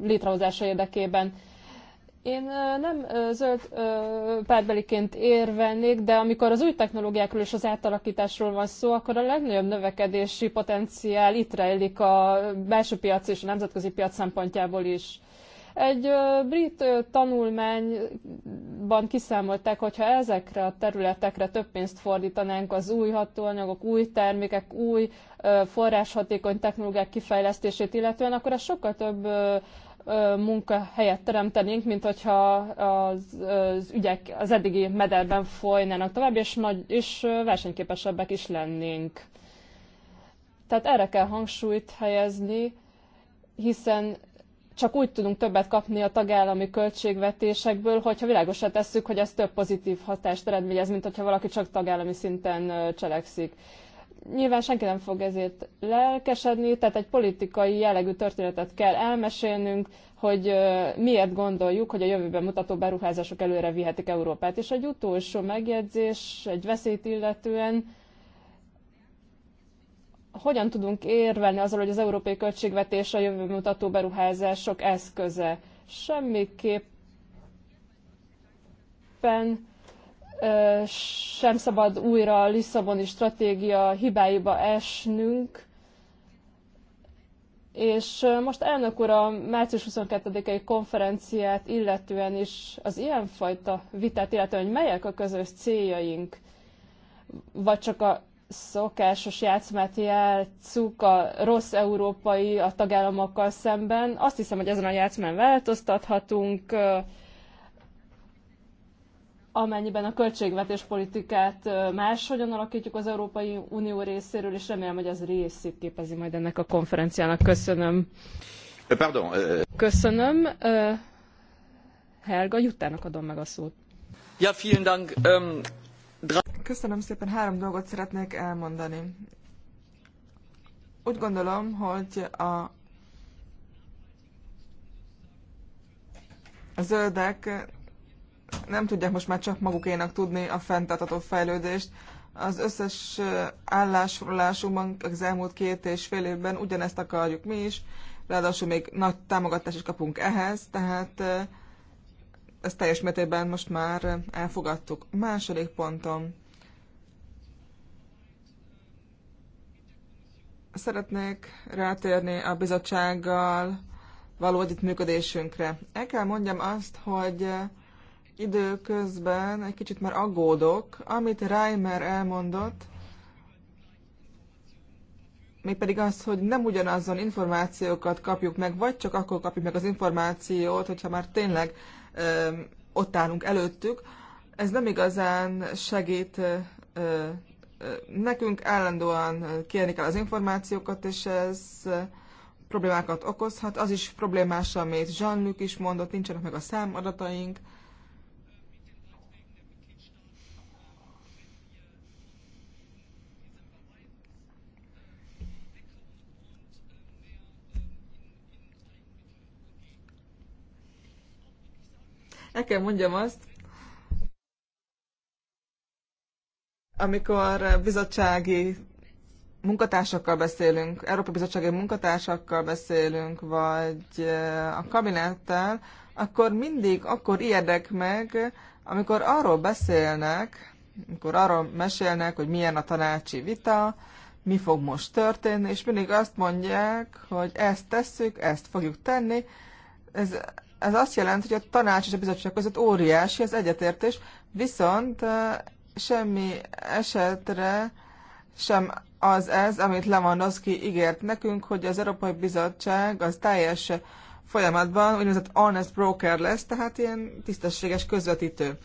létrehozása érdekében. Én nem zöld párbeliként érvelnék, de amikor az új technológiákról és az átalakításról van szó, akkor a legnagyobb növekedési potenciál itt rejlik a belső piac és a nemzetközi piac szempontjából is. Egy brit tanulmányban kiszámolták, hogyha ezekre a területekre több pénzt fordítanánk az új hatóanyagok, új termékek, új forráshatékony technológiák kifejlesztését illetően, akkor ez sokkal több munkahelyet teremtenénk, mint hogyha az, az ügyek az eddigi mederben folynának tovább, és, nagy, és versenyképesebbek is lennénk. Tehát erre kell hangsúlyt helyezni, hiszen csak úgy tudunk többet kapni a tagállami költségvetésekből, hogyha világosra tesszük, hogy ez több pozitív hatást eredményez, mint hogyha valaki csak tagállami szinten cselekszik. Nyilván senki nem fog ezért lelkesedni, tehát egy politikai jellegű történetet kell elmesélnünk, hogy miért gondoljuk, hogy a jövőben mutató beruházások előre vihetik Európát. És egy utolsó megjegyzés, egy veszélyt illetően, hogyan tudunk érvelni azzal, hogy az európai költségvetés a jövő mutató beruházások eszköze? Semmiképpen sem szabad újra a Lisszaboni stratégia hibáiba esnünk, és most elnök úr a március 22-i konferenciát illetően is az ilyenfajta vitát illetően, hogy melyek a közös céljaink, vagy csak a szokásos játszmát játszuk a rossz európai a tagállamokkal szemben. Azt hiszem, hogy ezen a játszmán változtathatunk, amennyiben a költségvetéspolitikát máshogyan alakítjuk az Európai Unió részéről, és remélem, hogy ez részét képezi majd ennek a konferenciának. Köszönöm. Pardon. Köszönöm. Helga Juttának adom meg a szót. Ja, vielen Dank. Ähm, Köszönöm szépen. Három dolgot szeretnék elmondani. Úgy gondolom, hogy a a zöldek nem tudják most már csak magukénak tudni a fenntartató fejlődést. Az összes állásfoglalásunkban az elmúlt két és fél évben ugyanezt akarjuk mi is, ráadásul még nagy támogatást is kapunk ehhez, tehát ezt teljes mértékben most már elfogadtuk. Második pontom. Szeretnék rátérni a bizottsággal való együttműködésünkre. El kell mondjam azt, hogy időközben egy kicsit már aggódok, amit Reimer elmondott, mégpedig az, hogy nem ugyanazon információkat kapjuk meg, vagy csak akkor kapjuk meg az információt, hogyha már tényleg ö, ott állunk előttük, ez nem igazán segít ö, ö, nekünk, állandóan kérni kell az információkat, és ez problémákat okozhat. Az is problémás, amit Jean-Luc is mondott, nincsenek meg a számadataink, El kell mondjam azt, amikor bizottsági munkatársakkal beszélünk, Európai Bizottsági munkatársakkal beszélünk, vagy eh, a kabinettel, akkor mindig akkor ijedek meg, amikor arról beszélnek, amikor arról mesélnek, hogy milyen a tanácsi vita, mi fog most történni, és mindig azt mondják, hogy ezt tesszük, ezt fogjuk tenni. Ez ez azt jelenti, hogy a tanács és a bizottság között óriási az egyetértés, viszont semmi esetre sem az ez, amit Lewandowski ígért nekünk, hogy az Európai Bizottság az teljes folyamatban úgynevezett honest broker lesz, tehát ilyen tisztességes közvetítő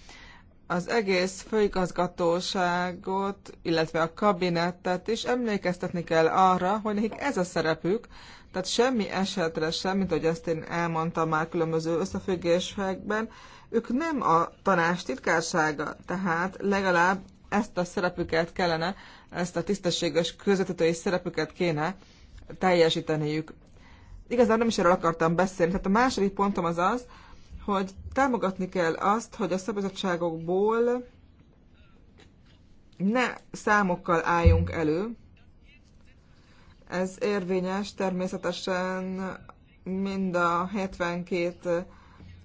az egész főigazgatóságot, illetve a kabinettet is emlékeztetni kell arra, hogy nekik ez a szerepük, tehát semmi esetre sem, mint ahogy ezt én elmondtam már különböző összefüggésekben, ők nem a tanács titkársága, tehát legalább ezt a szerepüket kellene, ezt a tisztességes közvetítői szerepüket kéne teljesíteniük. Igazán nem is erről akartam beszélni, tehát a második pontom az az, hogy támogatni kell azt, hogy a szabadságokból ne számokkal álljunk elő. Ez érvényes természetesen mind a 72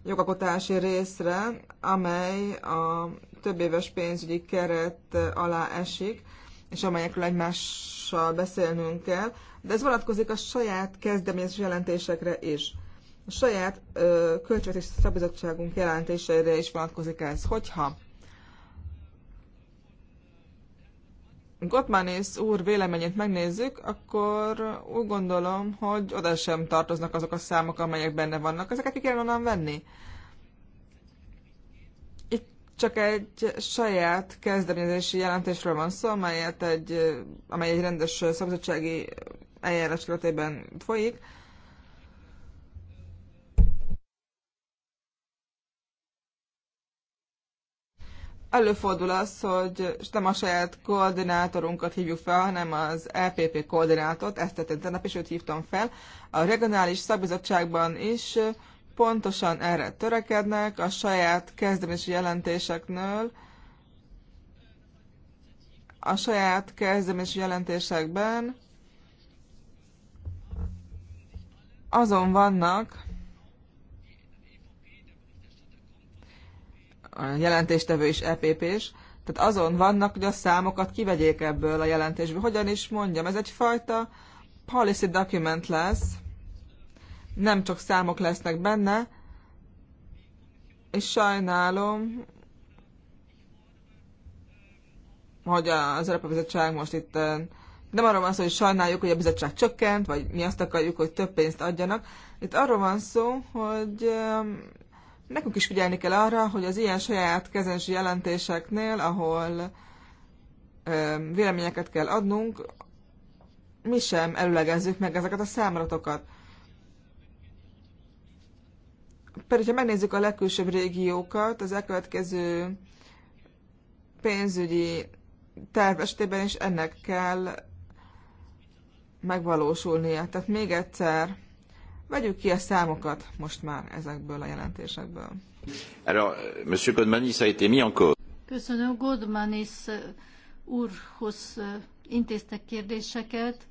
jogakotási részre, amely a több éves pénzügyi keret alá esik, és amelyekről egymással beszélnünk kell, de ez vonatkozik a saját kezdeményezés jelentésekre is. A saját ö, költségvetési szabizottságunk jelentéseire is vonatkozik ez. Hogyha Gottmanis úr véleményét megnézzük, akkor úgy gondolom, hogy oda sem tartoznak azok a számok, amelyek benne vannak. Ezeket ki kell onnan venni. Itt csak egy saját kezdeményezési jelentésről van szó, amelyet egy, amely egy rendes szabadsági eljárás keretében folyik. előfordul az, hogy nem a saját koordinátorunkat hívjuk fel, hanem az LPP e koordinátort, ezt tettem tegnap, és őt hívtam fel. A regionális szakbizottságban is pontosan erre törekednek, a saját kezdeményezési jelentéseknél, a saját kezdeményezési jelentésekben azon vannak, a jelentéstevő is EPP-s, tehát azon vannak, hogy a számokat kivegyék ebből a jelentésből. Hogyan is mondjam, ez egyfajta policy document lesz, nem csak számok lesznek benne, és sajnálom, hogy az Európai Bizottság most itt nem arról van szó, hogy sajnáljuk, hogy a bizottság csökkent, vagy mi azt akarjuk, hogy több pénzt adjanak. Itt arról van szó, hogy Nekünk is figyelni kell arra, hogy az ilyen saját kezensi jelentéseknél, ahol véleményeket kell adnunk, mi sem előlegezzük meg ezeket a számlatokat. Pedig, ha megnézzük a legkülsőbb régiókat, az elkövetkező pénzügyi terv esetében is ennek kell megvalósulnia. Tehát még egyszer Vegyük ki a számokat most már ezekből a jelentésekből. Alors, Monsieur Godmanis a été mis en cause. Köszönöm, Godmanis eh, úrhoz eh, intéztek kérdéseket.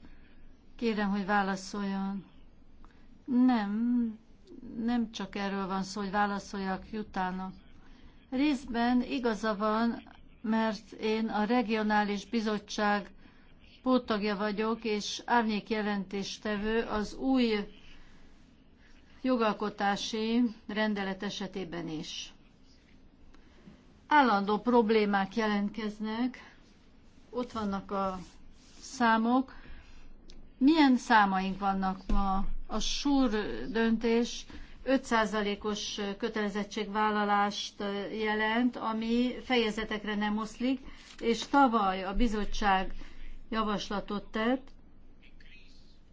Kérem, hogy válaszoljon. Nem, nem csak erről van szó, hogy válaszoljak utána. Részben igaza van, mert én a regionális bizottság póttagja vagyok, és árnyék jelentéstevő az új jogalkotási rendelet esetében is. Állandó problémák jelentkeznek, ott vannak a számok. Milyen számaink vannak ma? A SUR döntés 5%-os kötelezettségvállalást jelent, ami fejezetekre nem oszlik, és tavaly a bizottság javaslatot tett,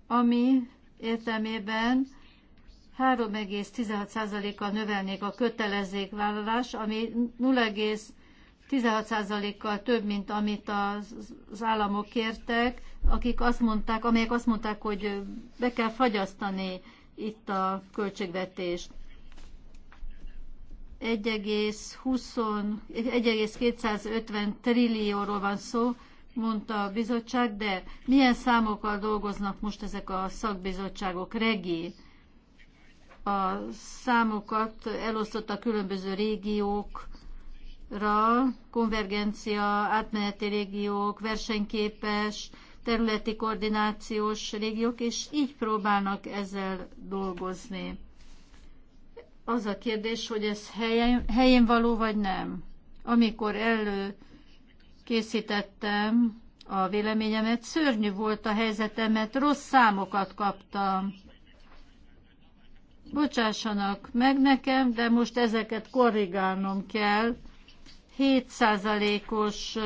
ami értelmében 3,16%-kal növelnék a kötelezékvállalás, ami 0,16%-kal több, mint amit az államok kértek, akik azt mondták, amelyek azt mondták, hogy be kell fagyasztani itt a költségvetést. 1,250 trillióról van szó, mondta a bizottság, de milyen számokkal dolgoznak most ezek a szakbizottságok? Regi, a számokat elosztotta különböző régiókra, konvergencia, átmeneti régiók, versenyképes, területi koordinációs régiók, és így próbálnak ezzel dolgozni. Az a kérdés, hogy ez helyen, helyén való vagy nem. Amikor elő készítettem a véleményemet, szörnyű volt a helyzetem, mert rossz számokat kaptam Bocsássanak meg nekem, de most ezeket korrigálnom kell. 7%-os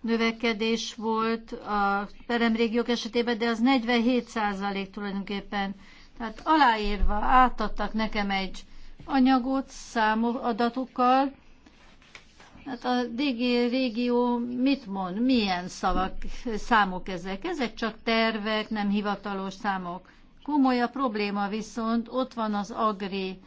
növekedés volt a peremrégiók esetében, de az 47% tulajdonképpen. Tehát aláírva átadtak nekem egy anyagot számok adatokkal. Hát a DG régió mit mond? Milyen szavak, számok ezek? Ezek csak tervek, nem hivatalos számok. Komoly a probléma viszont, ott van az agri.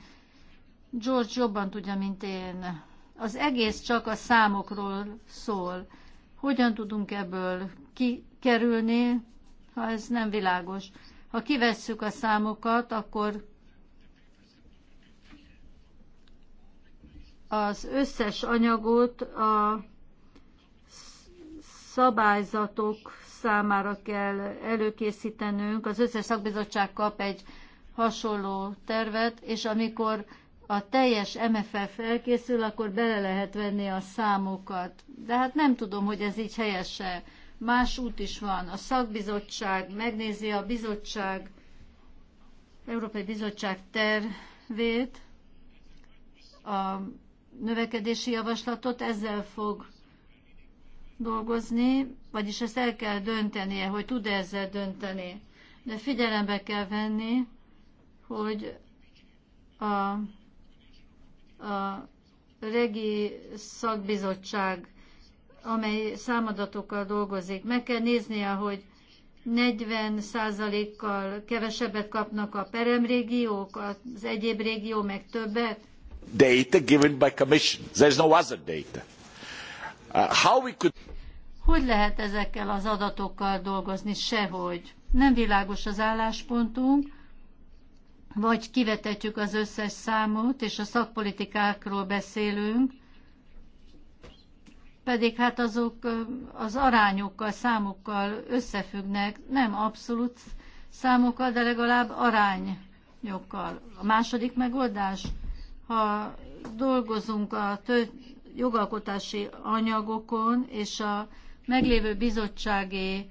George jobban tudja, mint én. Az egész csak a számokról szól. Hogyan tudunk ebből kikerülni, ha ez nem világos. Ha kivesszük a számokat, akkor az összes anyagot a szabályzatok számára kell előkészítenünk. Az összes szakbizottság kap egy hasonló tervet, és amikor a teljes MFF elkészül, akkor bele lehet venni a számokat. De hát nem tudom, hogy ez így helyese. Más út is van. A szakbizottság megnézi a bizottság, Európai Bizottság tervét, a növekedési javaslatot, ezzel fog dolgozni, vagyis ezt el kell döntenie, hogy tud -e ezzel dönteni. De figyelembe kell venni, hogy a, a regi szakbizottság, amely számadatokkal dolgozik, meg kell néznie, hogy 40%-kal kevesebbet kapnak a peremrégiók, az egyéb régió meg többet? Data given by commission. There's no other data. Uh, how we could... Hogy lehet ezekkel az adatokkal dolgozni? Sehogy. Nem világos az álláspontunk, vagy kivetetjük az összes számot, és a szakpolitikákról beszélünk, pedig hát azok az arányokkal, számokkal összefüggnek, nem abszolút számokkal, de legalább arányokkal. A második megoldás, ha dolgozunk a jogalkotási anyagokon és a meglévő bizottsági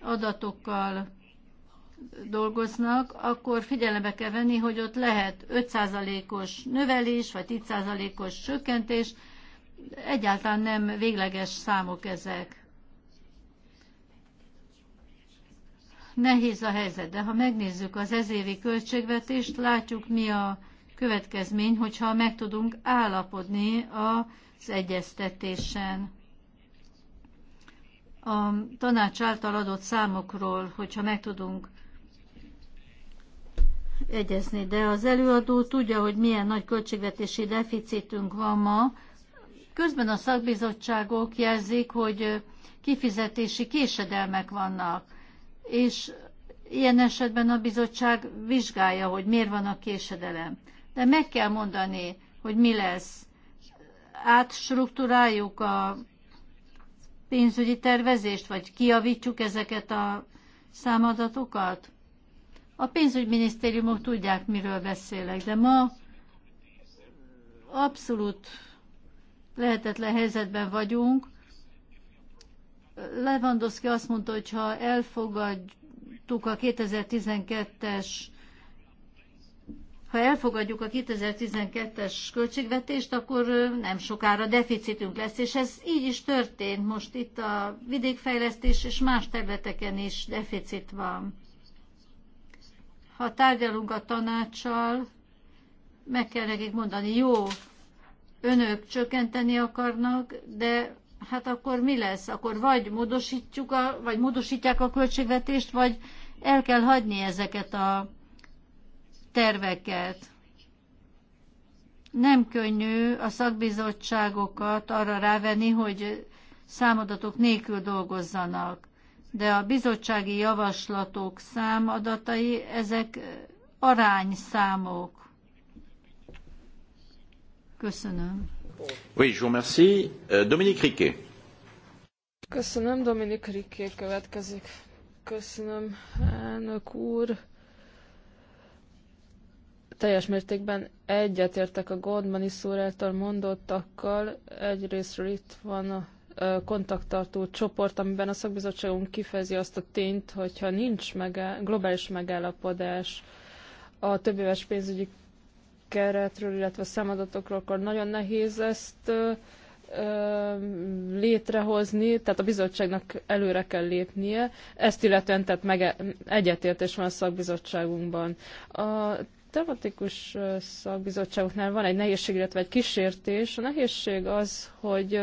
adatokkal dolgoznak, akkor figyelembe kell venni, hogy ott lehet 5%-os növelés, vagy 10%-os csökkentés, egyáltalán nem végleges számok ezek. Nehéz a helyzet, de ha megnézzük az ezévi költségvetést, látjuk mi a következmény, hogyha meg tudunk állapodni az egyeztetésen a tanács által adott számokról, hogyha meg tudunk egyezni. De az előadó tudja, hogy milyen nagy költségvetési deficitünk van ma. Közben a szakbizottságok jelzik, hogy kifizetési késedelmek vannak, és ilyen esetben a bizottság vizsgálja, hogy miért van a késedelem. De meg kell mondani, hogy mi lesz. Átstruktúráljuk a pénzügyi tervezést, vagy kiavítsuk ezeket a számadatokat? A pénzügyminisztériumok tudják, miről beszélek, de ma abszolút lehetetlen helyzetben vagyunk. Lewandowski azt mondta, hogy ha elfogadtuk a 2012-es ha elfogadjuk a 2012-es költségvetést, akkor nem sokára deficitünk lesz, és ez így is történt. Most itt a vidékfejlesztés és más területeken is deficit van. Ha tárgyalunk a tanácssal, meg kell nekik mondani, jó, önök csökkenteni akarnak, de hát akkor mi lesz? Akkor vagy módosítjuk a, vagy módosítják a költségvetést, vagy el kell hagyni ezeket a terveket. Nem könnyű a szakbizottságokat arra rávenni, hogy számadatok nélkül dolgozzanak, de a bizottsági javaslatok számadatai, ezek arányszámok. Köszönöm. Oui, je vous remercie. Euh, Dominique Riquet. Köszönöm, Dominik Riké következik. Köszönöm, elnök úr teljes mértékben egyetértek a Goldman is által mondottakkal. Egyrészt itt van a kontakttartó csoport, amiben a szakbizottságunk kifejezi azt a tényt, hogyha nincs mege- globális megállapodás a éves pénzügyi keretről, illetve számadatokról, akkor nagyon nehéz ezt ö, ö, létrehozni, tehát a bizottságnak előre kell lépnie, ezt illetően tehát mege- egyetértés van a szakbizottságunkban. A tematikus szakbizottságoknál van egy nehézség, illetve egy kísértés. A nehézség az, hogy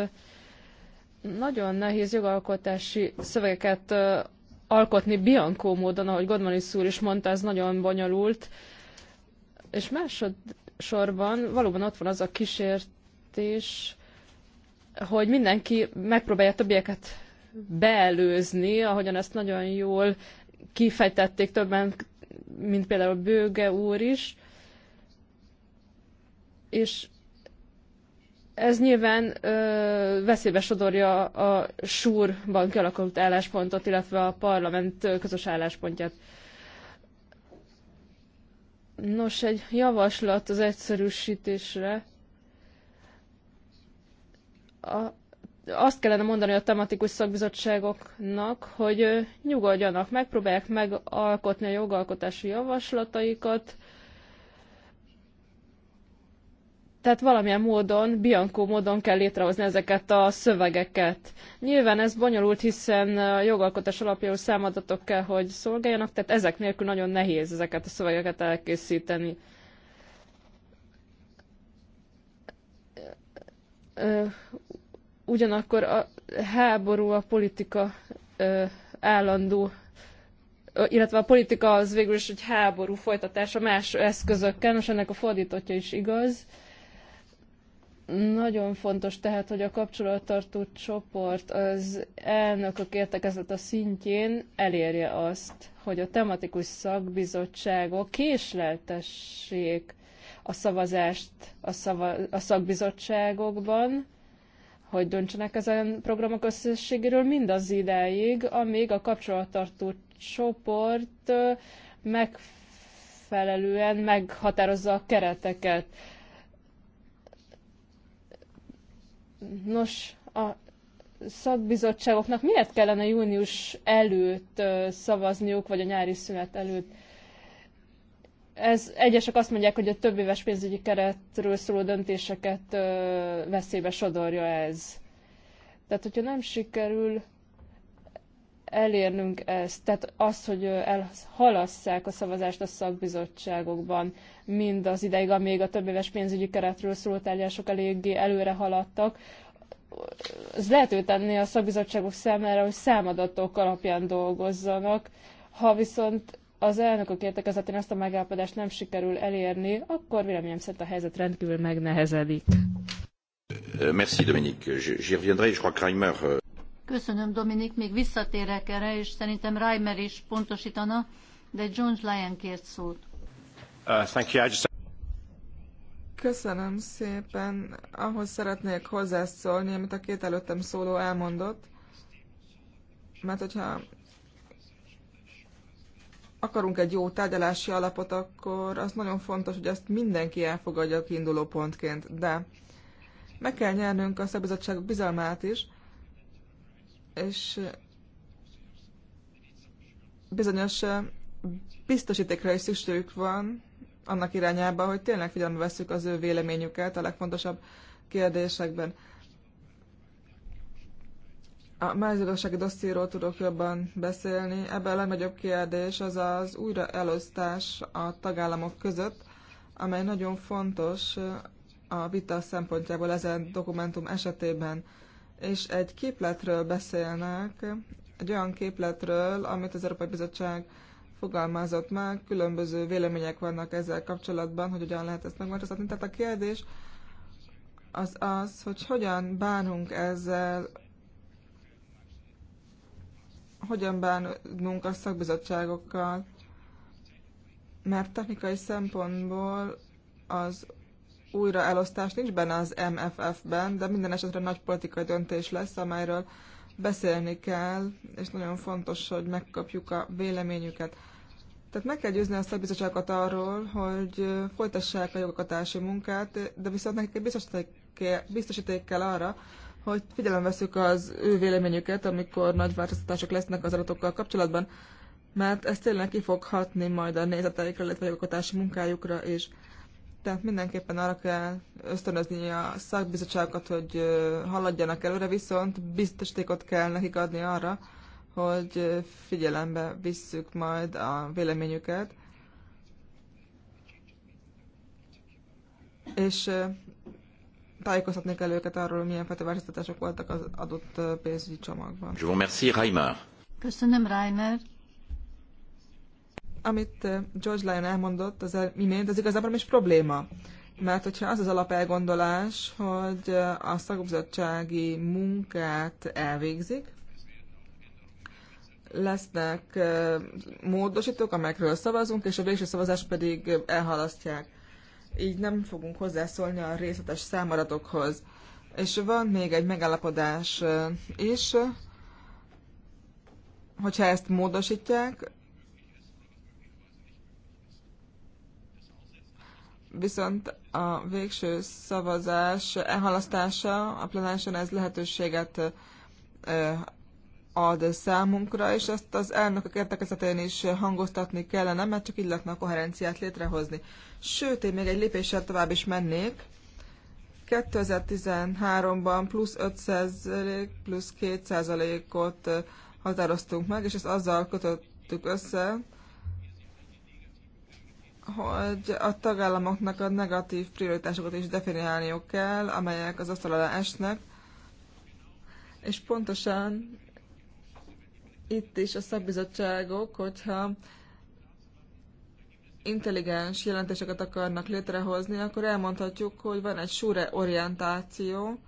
nagyon nehéz jogalkotási szövegeket alkotni biankó módon, ahogy Godmanis úr is mondta, ez nagyon bonyolult. És másodszorban valóban ott van az a kísértés, hogy mindenki megpróbálja többieket beelőzni, ahogyan ezt nagyon jól kifejtették többen mint például Bőge úr is, és ez nyilván ö, veszélybe sodorja a súrban kialakult álláspontot, illetve a parlament közös álláspontját. Nos, egy javaslat az egyszerűsítésre. A azt kellene mondani a tematikus szakbizottságoknak, hogy nyugodjanak, megpróbálják megalkotni a jogalkotási javaslataikat, tehát valamilyen módon, biankó módon kell létrehozni ezeket a szövegeket. Nyilván ez bonyolult, hiszen a jogalkotás alapjául számadatok kell, hogy szolgáljanak, tehát ezek nélkül nagyon nehéz ezeket a szövegeket elkészíteni ugyanakkor a háború, a politika állandó, illetve a politika az végül is egy háború folytatása más eszközökkel, most ennek a fordítotja is igaz. Nagyon fontos tehát, hogy a kapcsolattartó csoport az elnökök a szintjén elérje azt, hogy a tematikus szakbizottságok késleltessék a szavazást a, szava- a szakbizottságokban, hogy döntsenek ezen programok összességéről mindaz ideig, amíg a kapcsolattartó csoport megfelelően meghatározza a kereteket. Nos, a szakbizottságoknak miért kellene június előtt szavazniuk, vagy a nyári szünet előtt? ez, egyesek azt mondják, hogy a több éves pénzügyi keretről szóló döntéseket ö, veszélybe sodorja ez. Tehát, hogyha nem sikerül elérnünk ezt, tehát az, hogy elhalasszák a szavazást a szakbizottságokban, mind az ideig, amíg a több éves pénzügyi keretről szóló tárgyalások eléggé előre haladtak, ez lehető tenni a szakbizottságok számára, hogy számadatok alapján dolgozzanak. Ha viszont az elnökök értekezetén ezt a megállapodást nem sikerül elérni, akkor véleményem szerint a helyzet rendkívül megnehezedik. Merci Dominik. J'y reviendrai, je crois Reimer... Euh, Köszönöm, Dominik. Még visszatérek erre, és szerintem Reimer is pontosítana, de Jones Lyon kért szót. Uh, thank you. I just... Köszönöm szépen. Ahhoz szeretnék hozzászólni, amit a két előttem szóló elmondott. Mert hogyha akarunk egy jó tárgyalási alapot, akkor az nagyon fontos, hogy ezt mindenki elfogadja kiinduló pontként. De meg kell nyernünk a szabizottságok bizalmát is, és bizonyos eh, biztosítékra is szükségük van annak irányába, hogy tényleg figyelembe veszük az ő véleményüket a legfontosabb kérdésekben a mezőgazdasági dosszíról tudok jobban beszélni. Ebben a legnagyobb kérdés az az újraelosztás a tagállamok között, amely nagyon fontos a vita szempontjából ezen dokumentum esetében. És egy képletről beszélnek, egy olyan képletről, amit az Európai Bizottság fogalmazott meg, különböző vélemények vannak ezzel kapcsolatban, hogy hogyan lehet ezt megváltoztatni. Tehát a kérdés az az, hogy hogyan bánunk ezzel hogyan bánunk a szakbizottságokkal, mert technikai szempontból az újraelosztás nincs benne az MFF-ben, de minden esetre nagy politikai döntés lesz, amelyről beszélni kell, és nagyon fontos, hogy megkapjuk a véleményüket. Tehát meg kell győzni a szakbizottságokat arról, hogy folytassák a jogokatási munkát, de viszont nekik biztosíték, biztosíték kell arra, hogy figyelemveszük az ő véleményüket, amikor nagy változtatások lesznek az adatokkal kapcsolatban, mert ez tényleg ki fog hatni majd a nézeteikre, illetve jogokatási munkájukra, és tehát mindenképpen arra kell ösztönözni a szakbizottságokat, hogy haladjanak előre, viszont biztosítékot kell nekik adni arra, hogy figyelembe visszük majd a véleményüket. És tájékoztatni kell őket arról, hogy milyen fajta voltak az adott pénzügyi csomagban. Je vous remercie, Reimer. Köszönöm, Reimer. Amit George Lyon elmondott az imént, az igazából nem is probléma. Mert hogyha az az alapelgondolás, hogy a szakbizottsági munkát elvégzik, lesznek módosítók, amelyekről szavazunk, és a végső szavazás pedig elhalasztják így nem fogunk hozzászólni a részletes számadatokhoz. És van még egy megállapodás is, hogyha ezt módosítják, viszont a végső szavazás elhalasztása a plenárison ez lehetőséget ad számunkra, és ezt az elnökök értekezetén is hangoztatni kellene, mert csak így lehetne a koherenciát létrehozni. Sőt, én még egy lépéssel tovább is mennék. 2013-ban plusz 5% plusz 2%-ot határoztunk meg, és ezt azzal kötöttük össze, hogy a tagállamoknak a negatív prioritásokat is definiálniuk kell, amelyek az asztal alá esnek, és pontosan itt is a szakbizottságok, hogyha intelligens jelentéseket akarnak létrehozni, akkor elmondhatjuk, hogy van egy súre orientáció,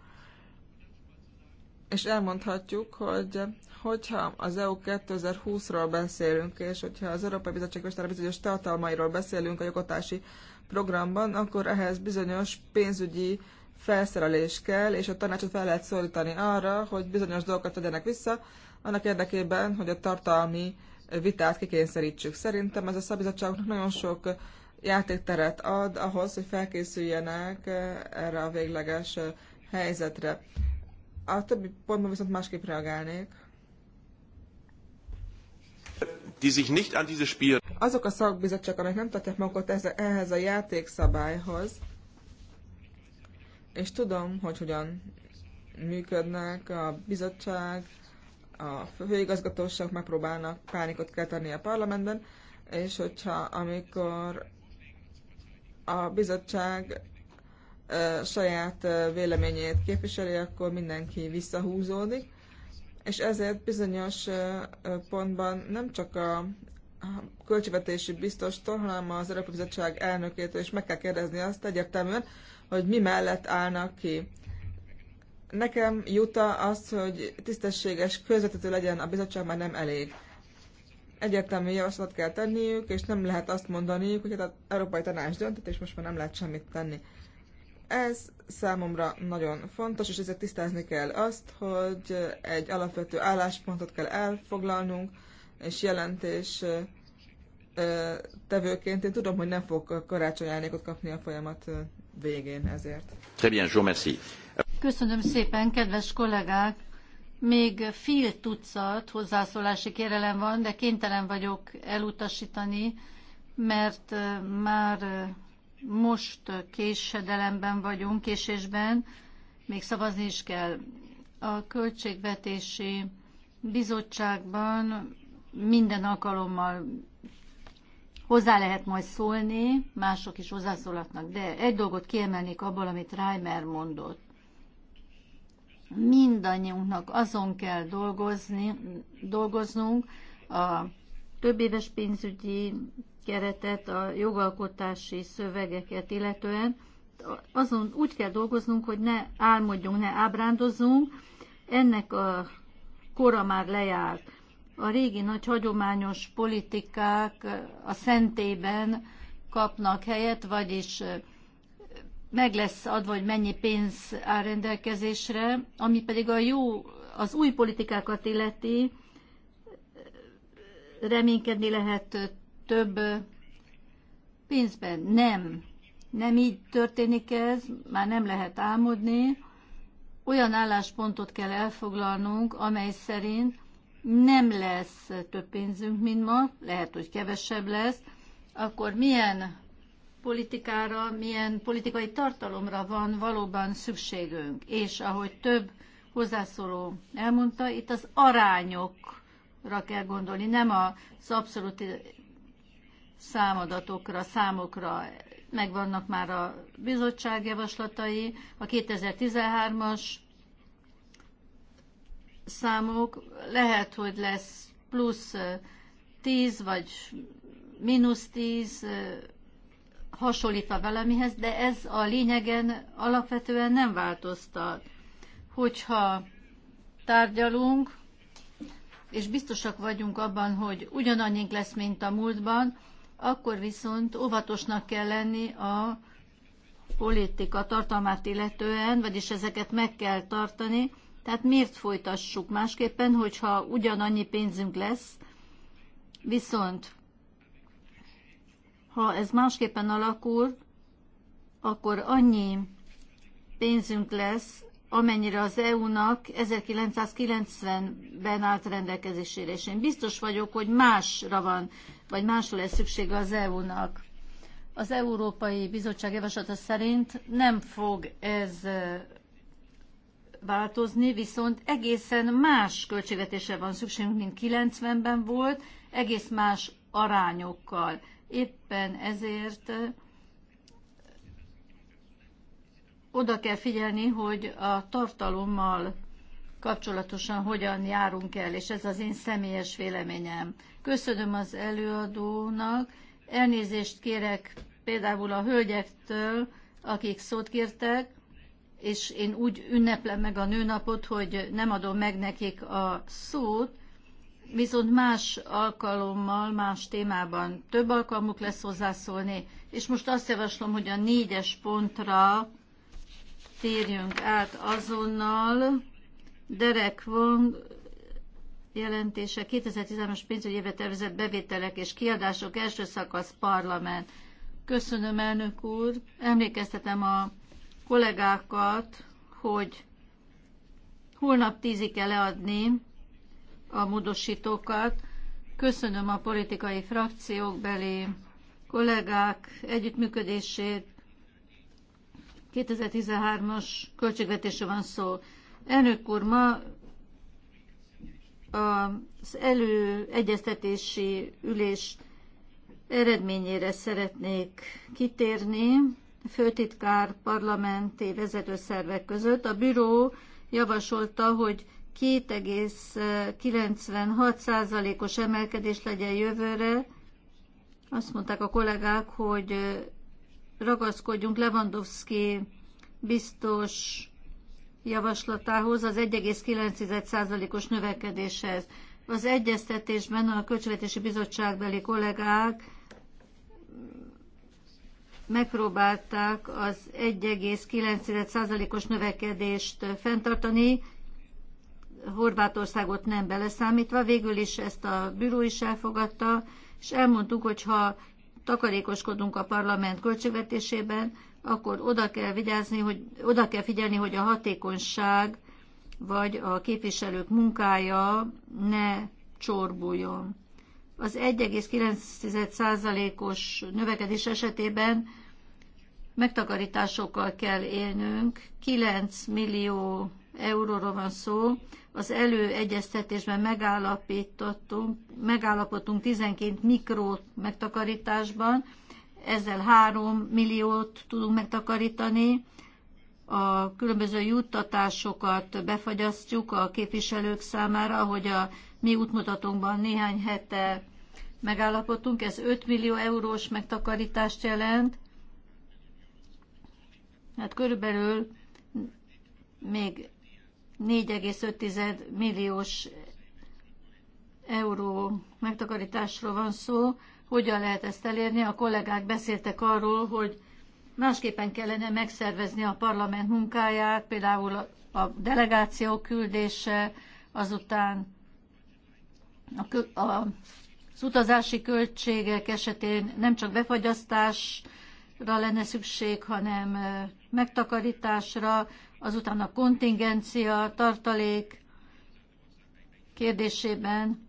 és elmondhatjuk, hogy hogyha az EU 2020-ról beszélünk, és hogyha az Európai Bizottság Köstára bizonyos tartalmairól beszélünk a jogotási programban, akkor ehhez bizonyos pénzügyi felszerelés kell, és a tanácsot fel lehet szólítani arra, hogy bizonyos dolgokat vegyenek vissza, annak érdekében, hogy a tartalmi vitát kikényszerítsük. Szerintem ez a szabizottságoknak nagyon sok játékteret ad ahhoz, hogy felkészüljenek eh, erre a végleges eh, helyzetre. A többi pontban viszont másképp reagálnék. Die sich nicht an diese Spiel... Azok a szakbizottságok, amelyek nem tartják magukat ehhez a játékszabályhoz, és tudom, hogy hogyan működnek a bizottság, a főigazgatóság megpróbálnak pánikot kelteni a parlamentben, és hogyha amikor a bizottság saját véleményét képviseli, akkor mindenki visszahúzódik, és ezért bizonyos pontban nem csak a költségvetési biztostól, hanem az Európai Bizottság elnökétől is meg kell kérdezni azt egyértelműen, hogy mi mellett állnak ki. Nekem juta az, hogy tisztességes közvetítő legyen a bizottság, már nem elég. Egyértelmű javaslatot kell tenniük, és nem lehet azt mondaniuk, hogy hát az Európai Tanács döntött, és most már nem lehet semmit tenni. Ez számomra nagyon fontos, és ezért tisztázni kell azt, hogy egy alapvető álláspontot kell elfoglalnunk, és jelentés tevőként én tudom, hogy nem fog karácsony kapni a folyamat végén ezért. Très bien, je vous remercie. Köszönöm szépen, kedves kollégák! Még fél tucat hozzászólási kérelem van, de kénytelen vagyok elutasítani, mert már most késedelemben vagyunk, késésben, még szavazni is kell. A Költségvetési Bizottságban minden alkalommal hozzá lehet majd szólni, mások is hozzászólatnak, de egy dolgot kiemelnék abból, amit Reimer mondott mindannyiunknak azon kell dolgozni, dolgoznunk a több éves pénzügyi keretet, a jogalkotási szövegeket illetően, azon úgy kell dolgoznunk, hogy ne álmodjunk, ne ábrándozzunk, ennek a kora már lejárt. A régi nagy hagyományos politikák a szentében kapnak helyet, vagyis meg lesz adva, hogy mennyi pénz áll rendelkezésre, ami pedig a jó, az új politikákat illeti, reménykedni lehet több pénzben. Nem. Nem így történik ez, már nem lehet álmodni. Olyan álláspontot kell elfoglalnunk, amely szerint nem lesz több pénzünk, mint ma, lehet, hogy kevesebb lesz, akkor milyen politikára, milyen politikai tartalomra van valóban szükségünk. És ahogy több hozzászóló elmondta, itt az arányokra kell gondolni, nem az abszolút számadatokra, számokra. Megvannak már a bizottság javaslatai, a 2013-as számok, lehet, hogy lesz plusz 10 vagy mínusz 10 a velemihez, de ez a lényegen alapvetően nem változtat. Hogyha tárgyalunk, és biztosak vagyunk abban, hogy ugyanannyink lesz, mint a múltban, akkor viszont óvatosnak kell lenni a politika tartalmát illetően, vagyis ezeket meg kell tartani, tehát miért folytassuk másképpen, hogyha ugyanannyi pénzünk lesz, viszont ha ez másképpen alakul, akkor annyi pénzünk lesz, amennyire az EU-nak 1990-ben állt rendelkezésére. És én biztos vagyok, hogy másra van, vagy másra lesz szüksége az EU-nak. Az Európai Bizottság javaslata szerint nem fog ez változni, viszont egészen más költségvetésre van szükségünk, mint 90-ben volt, egész más arányokkal. Éppen ezért oda kell figyelni, hogy a tartalommal kapcsolatosan hogyan járunk el, és ez az én személyes véleményem. Köszönöm az előadónak, elnézést kérek például a hölgyektől, akik szót kértek, és én úgy ünneplem meg a nőnapot, hogy nem adom meg nekik a szót, viszont más alkalommal, más témában több alkalmuk lesz hozzászólni, és most azt javaslom, hogy a négyes pontra térjünk át azonnal. Derek Wong jelentése 2013-as pénzügyi éve tervezett bevételek és kiadások első szakasz parlament. Köszönöm, elnök úr. Emlékeztetem a kollégákat, hogy holnap tízig kell leadni a módosítókat. Köszönöm a politikai frakciók belé kollégák együttműködését. 2013-as költségvetésre van szó. Elnök úr, ma az előegyeztetési ülés eredményére szeretnék kitérni. Főtitkár parlamenti vezetőszervek között a büró javasolta, hogy 2,96%-os emelkedés legyen jövőre. Azt mondták a kollégák, hogy ragaszkodjunk Lewandowski biztos javaslatához, az 1,9%-os növekedéshez. Az egyeztetésben a Költségvetési Bizottságbeli kollégák megpróbálták az 1,9%-os növekedést fenntartani, Horvátországot nem beleszámítva, végül is ezt a büró is elfogadta, és elmondtuk, hogy ha takarékoskodunk a parlament költségvetésében, akkor oda kell, vigyázni, hogy, oda kell figyelni, hogy a hatékonyság vagy a képviselők munkája ne csorbuljon. Az 1,9%-os növekedés esetében megtakarításokkal kell élnünk, 9 millió euróról van szó, az előegyeztetésben megállapítottunk, megállapodtunk 12 mikró megtakarításban, ezzel 3 milliót tudunk megtakarítani, a különböző juttatásokat befagyasztjuk a képviselők számára, ahogy a mi útmutatónkban néhány hete megállapodtunk, ez 5 millió eurós megtakarítást jelent, hát körülbelül még 4,5 milliós euró megtakarításról van szó. Hogyan lehet ezt elérni? A kollégák beszéltek arról, hogy másképpen kellene megszervezni a parlament munkáját, például a delegáció küldése, azután a, a, az utazási költségek esetén nem csak befagyasztásra lenne szükség, hanem megtakarításra, azután a kontingencia, tartalék kérdésében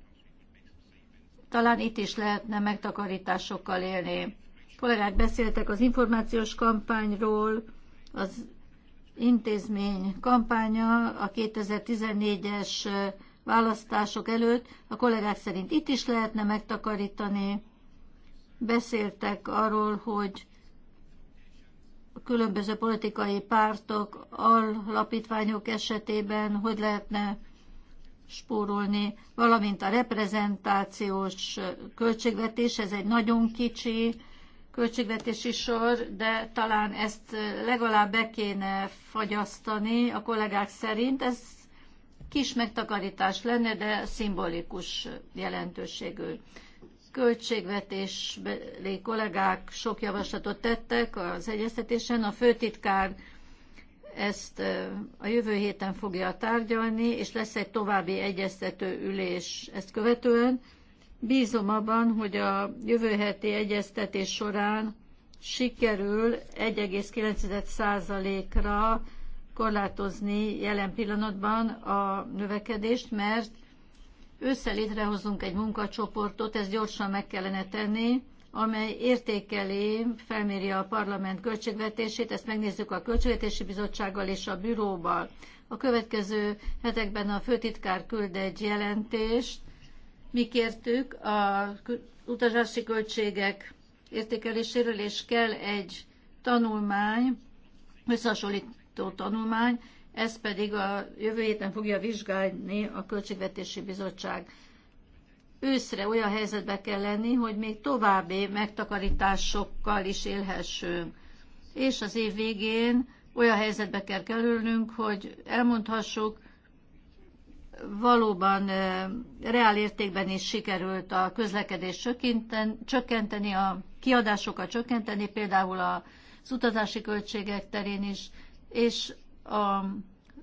talán itt is lehetne megtakarításokkal élni. Kollégák beszéltek az információs kampányról, az intézmény kampánya a 2014-es választások előtt. A kollégák szerint itt is lehetne megtakarítani. Beszéltek arról, hogy különböző politikai pártok, alapítványok esetében hogy lehetne spórolni, valamint a reprezentációs költségvetés, ez egy nagyon kicsi költségvetési sor, de talán ezt legalább be kéne fagyasztani a kollégák szerint. Ez kis megtakarítás lenne, de szimbolikus jelentőségű költségvetésbeli kollégák sok javaslatot tettek az egyeztetésen. A főtitkár ezt a jövő héten fogja tárgyalni, és lesz egy további egyeztető ülés ezt követően. Bízom abban, hogy a jövő heti egyeztetés során sikerül 1,9%-ra korlátozni jelen pillanatban a növekedést, mert össze létrehozunk egy munkacsoportot, ezt gyorsan meg kellene tenni, amely értékeli, felméri a parlament költségvetését, ezt megnézzük a Költségvetési Bizottsággal és a Büróval. A következő hetekben a főtitkár küld egy jelentést, mi kértük a utazási költségek értékeléséről, és kell egy tanulmány, összehasonlító tanulmány, ez pedig a jövő héten fogja vizsgálni a Költségvetési Bizottság. Őszre olyan helyzetbe kell lenni, hogy még további megtakarításokkal is élhessünk. És az év végén olyan helyzetbe kell kerülnünk, hogy elmondhassuk, valóban reál értékben is sikerült a közlekedést csökkenteni, a kiadásokat csökkenteni, például az utazási költségek terén is, és a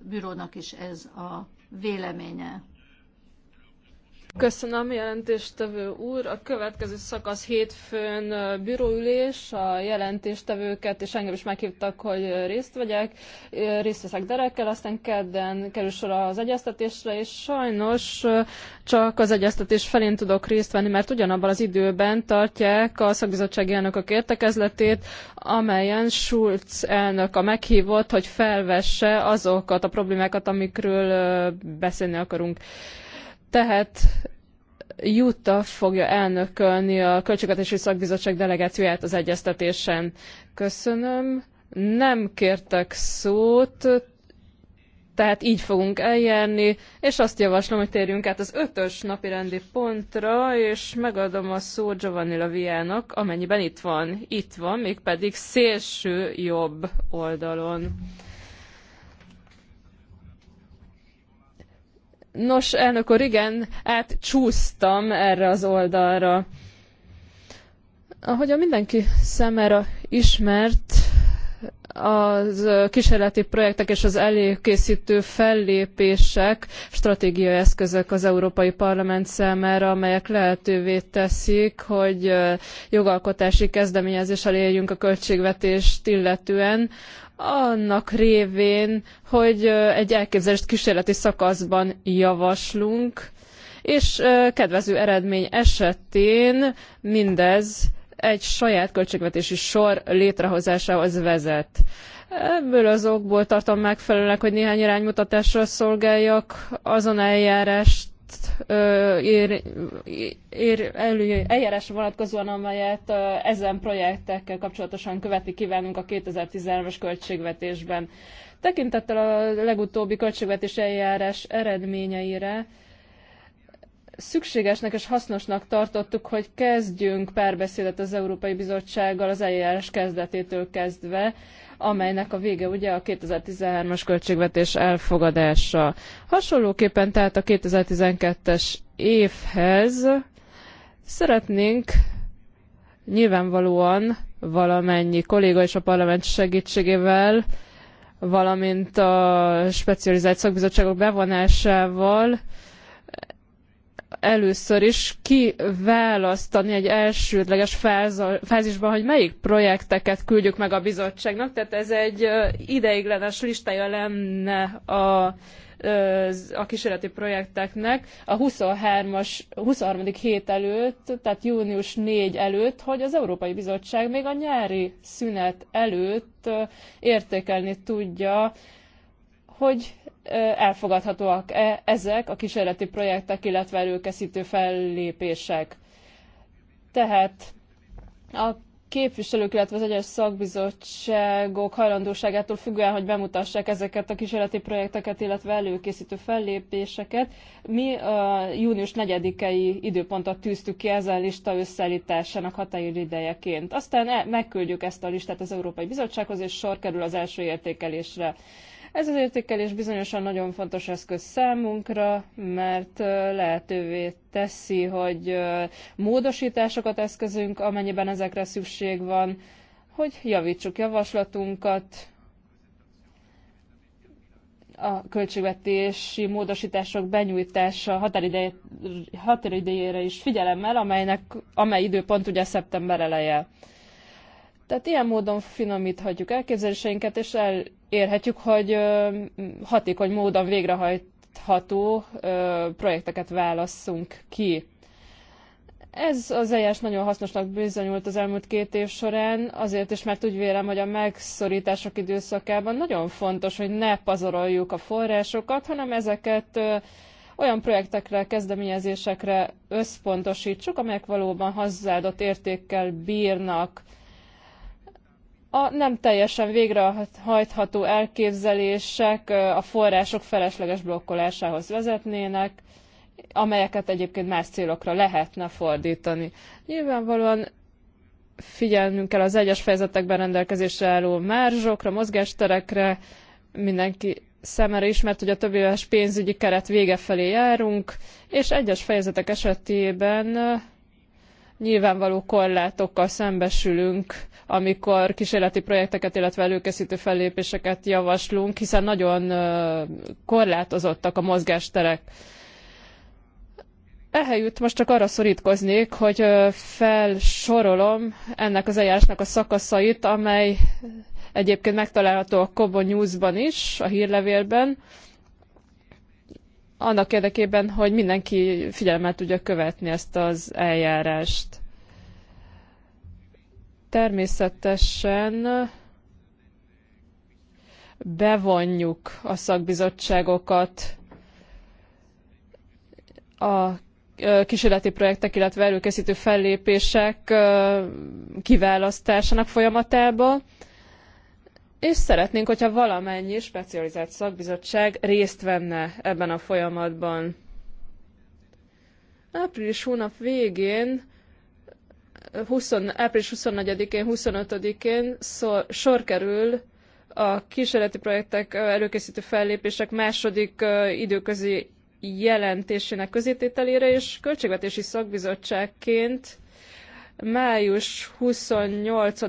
bürónak is ez a véleménye. Köszönöm, jelentéstevő úr. A következő szakasz hétfőn bíróülés, a jelentéstevőket, és engem is meghívtak, hogy részt vegyek. Részt veszek derekkel, aztán kedden kerül sor az egyeztetésre, és sajnos csak az egyeztetés felén tudok részt venni, mert ugyanabban az időben tartják a szakbizottsági elnökök értekezletét, amelyen Schulz elnök a meghívott, hogy felvesse azokat a problémákat, amikről beszélni akarunk. Tehát Jutta fogja elnökölni a Költségvetési Szakbizottság delegációját az egyeztetésen. Köszönöm. Nem kértek szót, tehát így fogunk eljárni, és azt javaslom, hogy térjünk át az ötös napi rendi pontra, és megadom a szót Giovanni Laviának, amennyiben itt van. Itt van, mégpedig szélső jobb oldalon. Nos, elnök úr, igen, átcsúsztam erre az oldalra. Ahogy a mindenki számára ismert, az kísérleti projektek és az előkészítő fellépések stratégiai eszközök az Európai Parlament számára, amelyek lehetővé teszik, hogy jogalkotási kezdeményezéssel éljünk a költségvetést illetően, annak révén, hogy egy elképzelést kísérleti szakaszban javaslunk, és kedvező eredmény esetén mindez egy saját költségvetési sor létrehozásához vezet. Ebből az okból tartom megfelelőnek, hogy néhány iránymutatásra szolgáljak azon eljárást, ér, ér, eljárásra vonatkozóan, amelyet ezen projektekkel kapcsolatosan követni kívánunk a 2013-as költségvetésben. Tekintettel a legutóbbi költségvetés eljárás eredményeire, szükségesnek és hasznosnak tartottuk, hogy kezdjünk párbeszédet az Európai Bizottsággal az eljárás kezdetétől kezdve, amelynek a vége ugye a 2013-as költségvetés elfogadása. Hasonlóképpen tehát a 2012-es évhez szeretnénk nyilvánvalóan valamennyi kolléga és a parlament segítségével, valamint a specializált szakbizottságok bevonásával először is kiválasztani egy elsődleges fázisban, hogy melyik projekteket küldjük meg a bizottságnak. Tehát ez egy ideiglenes listája lenne a a kísérleti projekteknek a 23-as, 23. hét előtt, tehát június 4 előtt, hogy az Európai Bizottság még a nyári szünet előtt értékelni tudja hogy elfogadhatóak-e ezek a kísérleti projektek, illetve előkészítő fellépések. Tehát a képviselők, illetve az egyes szakbizottságok hajlandóságától függően, hogy bemutassák ezeket a kísérleti projekteket, illetve előkészítő fellépéseket. Mi a június 4-i időpontot tűztük ki ezen lista összeállításának határidejeként. Aztán e, megküldjük ezt a listát az Európai Bizottsághoz, és sor kerül az első értékelésre. Ez az értékelés bizonyosan nagyon fontos eszköz számunkra, mert lehetővé teszi, hogy módosításokat eszközünk, amennyiben ezekre szükség van, hogy javítsuk javaslatunkat, a költségvetési módosítások benyújtása határidejére, is figyelemmel, amelynek, amely időpont ugye szeptember eleje. Tehát ilyen módon finomíthatjuk elképzeléseinket, és el érhetjük, hogy hatékony módon végrehajtható projekteket válasszunk ki. Ez az eljárás nagyon hasznosnak bizonyult az elmúlt két év során, azért is, mert úgy vélem, hogy a megszorítások időszakában nagyon fontos, hogy ne pazaroljuk a forrásokat, hanem ezeket olyan projektekre, kezdeményezésekre összpontosítsuk, amelyek valóban hozzáadott értékkel bírnak a nem teljesen végrehajtható elképzelések a források felesleges blokkolásához vezetnének, amelyeket egyébként más célokra lehetne fordítani. Nyilvánvalóan figyelnünk kell az egyes fejezetekben rendelkezésre álló márzsokra, mozgásterekre, mindenki szemére ismert, hogy a több éves pénzügyi keret vége felé járunk, és egyes fejezetek esetében nyilvánvaló korlátokkal szembesülünk, amikor kísérleti projekteket, illetve előkészítő fellépéseket javaslunk, hiszen nagyon korlátozottak a mozgásterek. Ehelyütt most csak arra szorítkoznék, hogy felsorolom ennek az eljárásnak a szakaszait, amely egyébként megtalálható a Kobo News-ban is, a hírlevélben annak érdekében, hogy mindenki figyelmet tudja követni ezt az eljárást. Természetesen bevonjuk a szakbizottságokat a kísérleti projektek, illetve előkészítő fellépések kiválasztásának folyamatába, és szeretnénk, hogyha valamennyi specializált szakbizottság részt venne ebben a folyamatban. Április hónap végén 20, április 24-én, 25-én sor kerül a kísérleti projektek előkészítő fellépések második időközi jelentésének közétételére, és költségvetési szakbizottságként május 28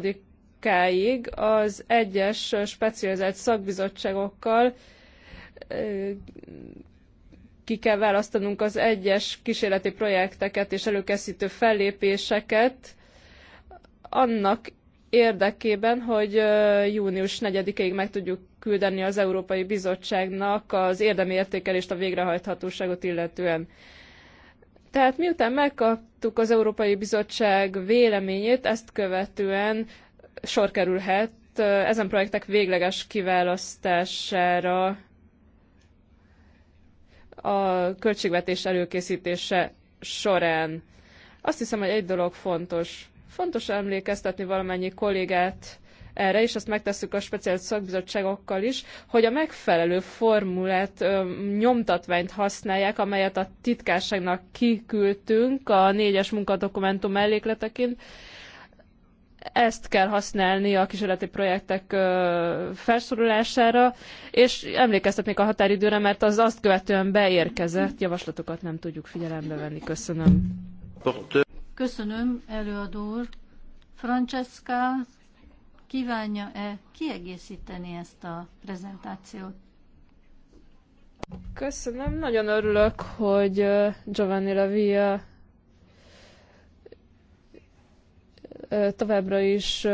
sokáig az egyes specializált szakbizottságokkal ki kell választanunk az egyes kísérleti projekteket és előkészítő fellépéseket annak érdekében, hogy június 4-ig meg tudjuk küldeni az Európai Bizottságnak az érdemi értékelést a végrehajthatóságot illetően. Tehát miután megkaptuk az Európai Bizottság véleményét, ezt követően sor kerülhet ezen projektek végleges kiválasztására a költségvetés előkészítése során. Azt hiszem, hogy egy dolog fontos. Fontos emlékeztetni valamennyi kollégát erre, és ezt megtesszük a speciális szakbizottságokkal is, hogy a megfelelő formulát, nyomtatványt használják, amelyet a titkárságnak kiküldtünk a négyes munkadokumentum mellékleteként, ezt kell használni a kísérleti projektek felsorolására, és emlékeztetnék a határidőre, mert az azt követően beérkezett javaslatokat nem tudjuk figyelembe venni. Köszönöm. Köszönöm, előadó úr. Francesca, kívánja-e kiegészíteni ezt a prezentációt? Köszönöm, nagyon örülök, hogy Giovanni Lavia továbbra is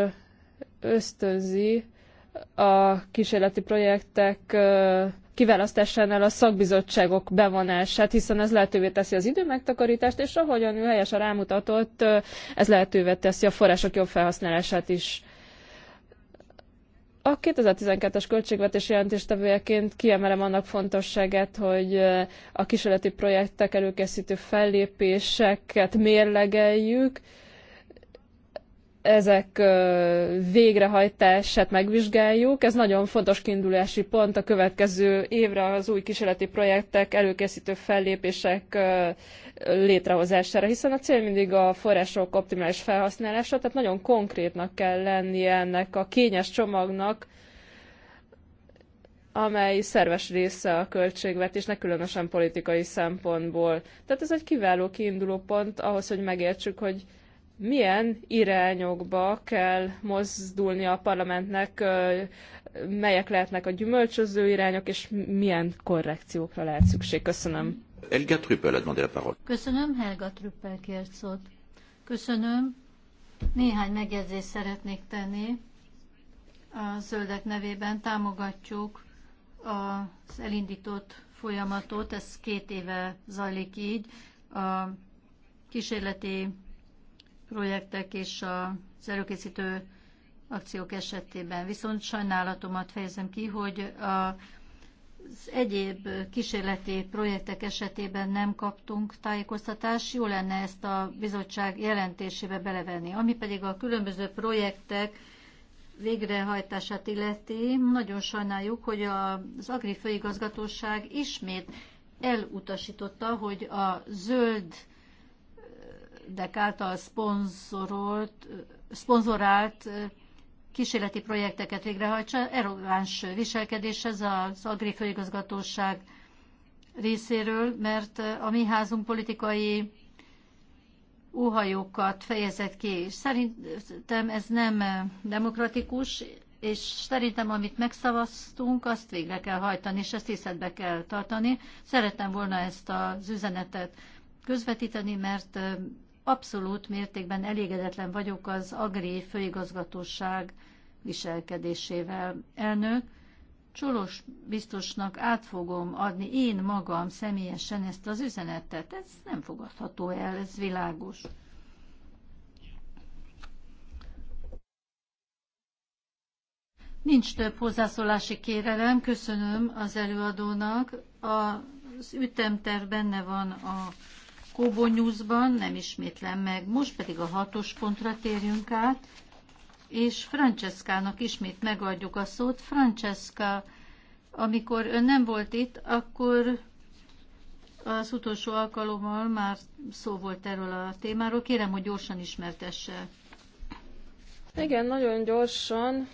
ösztönzi a kísérleti projektek kiválasztásánál a szakbizottságok bevonását, hiszen ez lehetővé teszi az időmegtakarítást, és ahogyan ő helyesen rámutatott, ez lehetővé teszi a források jobb felhasználását is. A 2012-es költségvetés jelentéstevőjeként kiemelem annak fontosságát, hogy a kísérleti projektek előkészítő fellépéseket mérlegeljük, ezek végrehajtását megvizsgáljuk. Ez nagyon fontos kiindulási pont a következő évre az új kísérleti projektek előkészítő fellépések létrehozására, hiszen a cél mindig a források optimális felhasználása, tehát nagyon konkrétnak kell lennie ennek a kényes csomagnak, amely szerves része a költségvetésnek, különösen politikai szempontból. Tehát ez egy kiváló kiinduló pont ahhoz, hogy megértsük, hogy milyen irányokba kell mozdulni a parlamentnek, melyek lehetnek a gyümölcsöző irányok, és milyen korrekciókra lehet szükség. Köszönöm. Helga Trüppel a demandé Köszönöm, Helga Trüppel kért szót. Köszönöm. Néhány megjegyzést szeretnék tenni. A zöldek nevében támogatjuk az elindított folyamatot, ez két éve zajlik így. A kísérleti projektek és az előkészítő akciók esetében. Viszont sajnálatomat fejezem ki, hogy a az egyéb kísérleti projektek esetében nem kaptunk tájékoztatást, jó lenne ezt a bizottság jelentésébe belevenni. Ami pedig a különböző projektek végrehajtását illeti, nagyon sajnáljuk, hogy az Agri Főigazgatóság ismét elutasította, hogy a zöld Dek által szponzorolt, szponzorált kísérleti projekteket végrehajtsa. Erogáns viselkedés ez az agrifőigazgatóság részéről, mert a mi házunk politikai óhajókat fejezett ki, és szerintem ez nem demokratikus, és szerintem amit megszavaztunk, azt végre kell hajtani, és ezt tiszteletbe kell tartani. Szerettem volna ezt az üzenetet közvetíteni, mert Abszolút mértékben elégedetlen vagyok az Agri főigazgatóság viselkedésével. Elnök, Csolos biztosnak át fogom adni én magam személyesen ezt az üzenetet. Ez nem fogadható el, ez világos. Nincs több hozzászólási kérelem, köszönöm az előadónak. Az ütemterv benne van a Kobo Newsban, nem ismétlem meg. Most pedig a hatos pontra térjünk át, és Franceskának ismét megadjuk a szót. Francesca, amikor ön nem volt itt, akkor az utolsó alkalommal már szó volt erről a témáról. Kérem, hogy gyorsan ismertesse. Igen, nagyon gyorsan.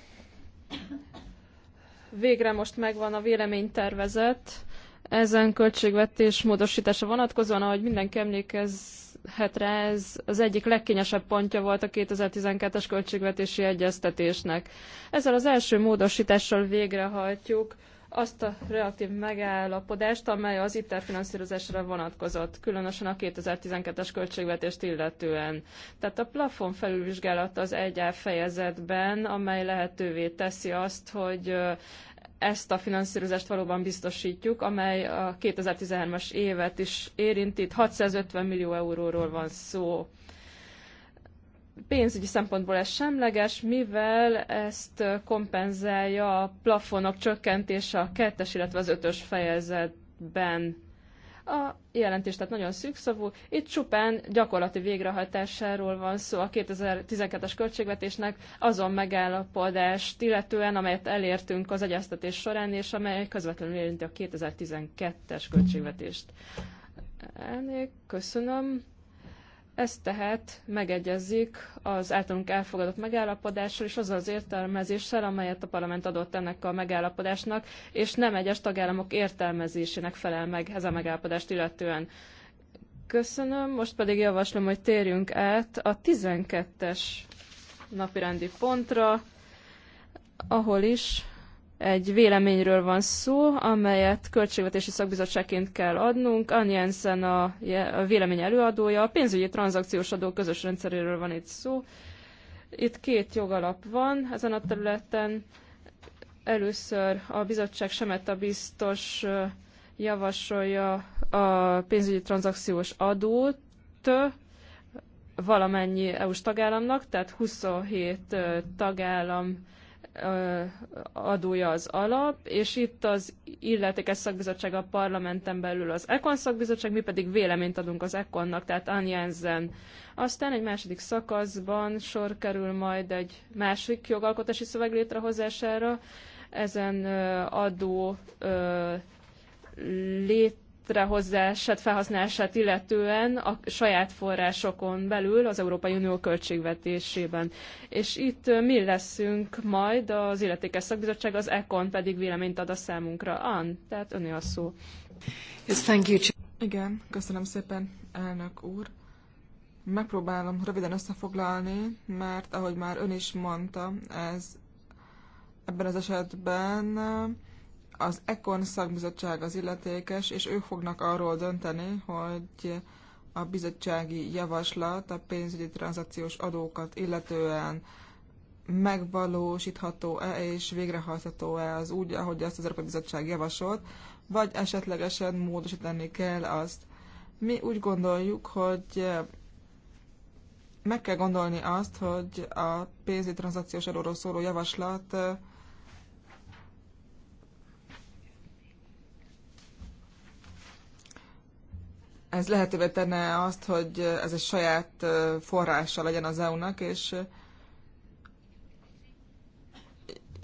Végre most megvan a véleménytervezet ezen költségvetés módosítása vonatkozóan, ahogy mindenki emlékezhet rá, ez az egyik legkényesebb pontja volt a 2012-es költségvetési egyeztetésnek. Ezzel az első módosítással végrehajtjuk azt a reaktív megállapodást, amely az ITER finanszírozásra vonatkozott, különösen a 2012-es költségvetést illetően. Tehát a plafon felülvizsgálata az egy fejezetben, amely lehetővé teszi azt, hogy ezt a finanszírozást valóban biztosítjuk, amely a 2013-as évet is érinti. Itt 650 millió euróról van szó. Pénzügyi szempontból ez semleges, mivel ezt kompenzálja a plafonok csökkentése a kettes, illetve az ötös fejezetben a jelentés tehát nagyon szűkszavú. Itt csupán gyakorlati végrehajtásáról van szó a 2012-es költségvetésnek azon megállapodást illetően, amelyet elértünk az egyeztetés során, és amely közvetlenül érinti a 2012-es költségvetést. Elnék, köszönöm. Ez tehát megegyezik az általunk elfogadott megállapodással és azzal az értelmezéssel, amelyet a parlament adott ennek a megállapodásnak, és nem egyes tagállamok értelmezésének felel meg ez a megállapodást illetően. Köszönöm, most pedig javaslom, hogy térjünk át a 12-es napirendi pontra, ahol is egy véleményről van szó, amelyet költségvetési szakbizottságként kell adnunk. Ann Jensen a, a vélemény előadója. A pénzügyi tranzakciós adó közös rendszeréről van itt szó. Itt két jogalap van ezen a területen. Először a bizottság Semeta biztos javasolja a pénzügyi tranzakciós adót valamennyi EU-s tagállamnak, tehát 27 tagállam adója az alap, és itt az illetékes szakbizottság a parlamenten belül az ECON szakbizottság, mi pedig véleményt adunk az ECON-nak, tehát Anjensen. Aztán egy második szakaszban sor kerül majd egy másik jogalkotási szöveg létrehozására, ezen adó lét létrehozását, felhasználását illetően a saját forrásokon belül az Európai Unió költségvetésében. És itt mi leszünk majd, az illetékes szakbizottság, az ECON pedig véleményt ad a számunkra. An, tehát öné a szó. Yes, thank you. Igen, köszönöm szépen, elnök úr. Megpróbálom röviden összefoglalni, mert ahogy már ön is mondta, ez ebben az esetben az ECON szakbizottság az illetékes, és ők fognak arról dönteni, hogy a bizottsági javaslat a pénzügyi tranzakciós adókat illetően megvalósítható-e és végrehajtható-e az úgy, ahogy azt az Európai Bizottság javasolt, vagy esetlegesen módosítani kell azt. Mi úgy gondoljuk, hogy meg kell gondolni azt, hogy a pénzügyi tranzakciós adóról szóló javaslat Ez lehetővé tenne azt, hogy ez egy saját forrása legyen az EU-nak, és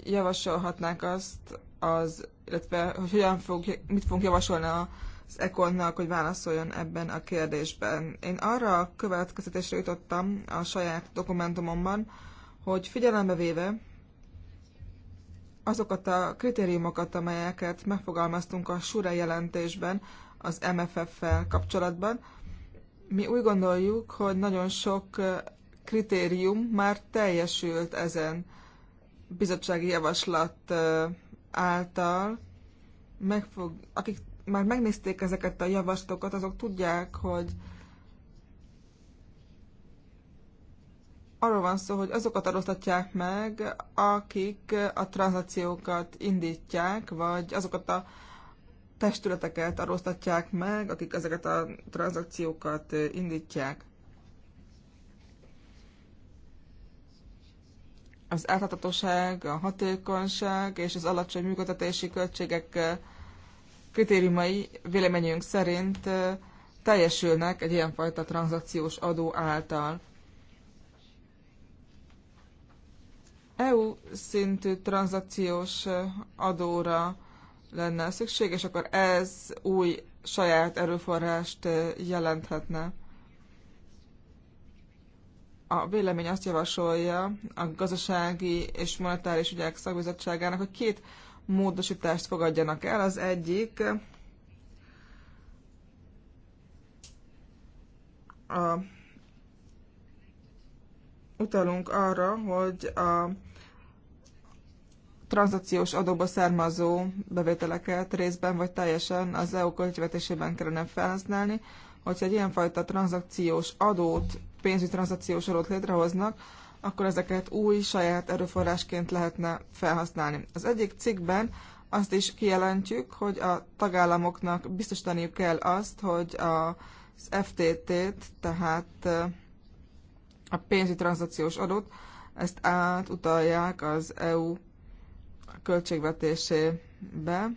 javasolhatnánk azt, az, illetve hogy hogyan fog, mit fogunk javasolni az ECON-nak, hogy válaszoljon ebben a kérdésben. Én arra a következtetésre jutottam a saját dokumentumomban, hogy figyelembe véve azokat a kritériumokat, amelyeket megfogalmaztunk a Sure jelentésben az MFF-fel kapcsolatban. Mi úgy gondoljuk, hogy nagyon sok kritérium már teljesült ezen bizottsági javaslat által. Megfog, akik már megnézték ezeket a javaslatokat, azok tudják, hogy arról van szó, hogy azokat adóztatják meg, akik a tranzakciókat indítják, vagy azokat a testületeket arosztatják meg, akik ezeket a tranzakciókat indítják. Az átláthatóság, a hatékonyság és az alacsony működtetési költségek kritériumai véleményünk szerint teljesülnek egy ilyenfajta tranzakciós adó által. EU szintű tranzakciós adóra lenne szükség, és akkor ez új saját erőforrást jelenthetne. A vélemény azt javasolja a gazdasági és monetáris ügyek szakbizottságának, hogy két módosítást fogadjanak el. Az egyik a, utalunk arra, hogy a tranzakciós adóba származó bevételeket részben vagy teljesen az EU költségvetésében kellene felhasználni. Hogyha egy ilyenfajta tranzakciós adót, pénzügyi tranzakciós adót létrehoznak, akkor ezeket új saját erőforrásként lehetne felhasználni. Az egyik cikkben azt is kijelentjük, hogy a tagállamoknak biztosítaniuk kell azt, hogy az FTT-t, tehát eh, a pénzügyi tranzakciós adót, ezt átutalják az EU költségvetésébe,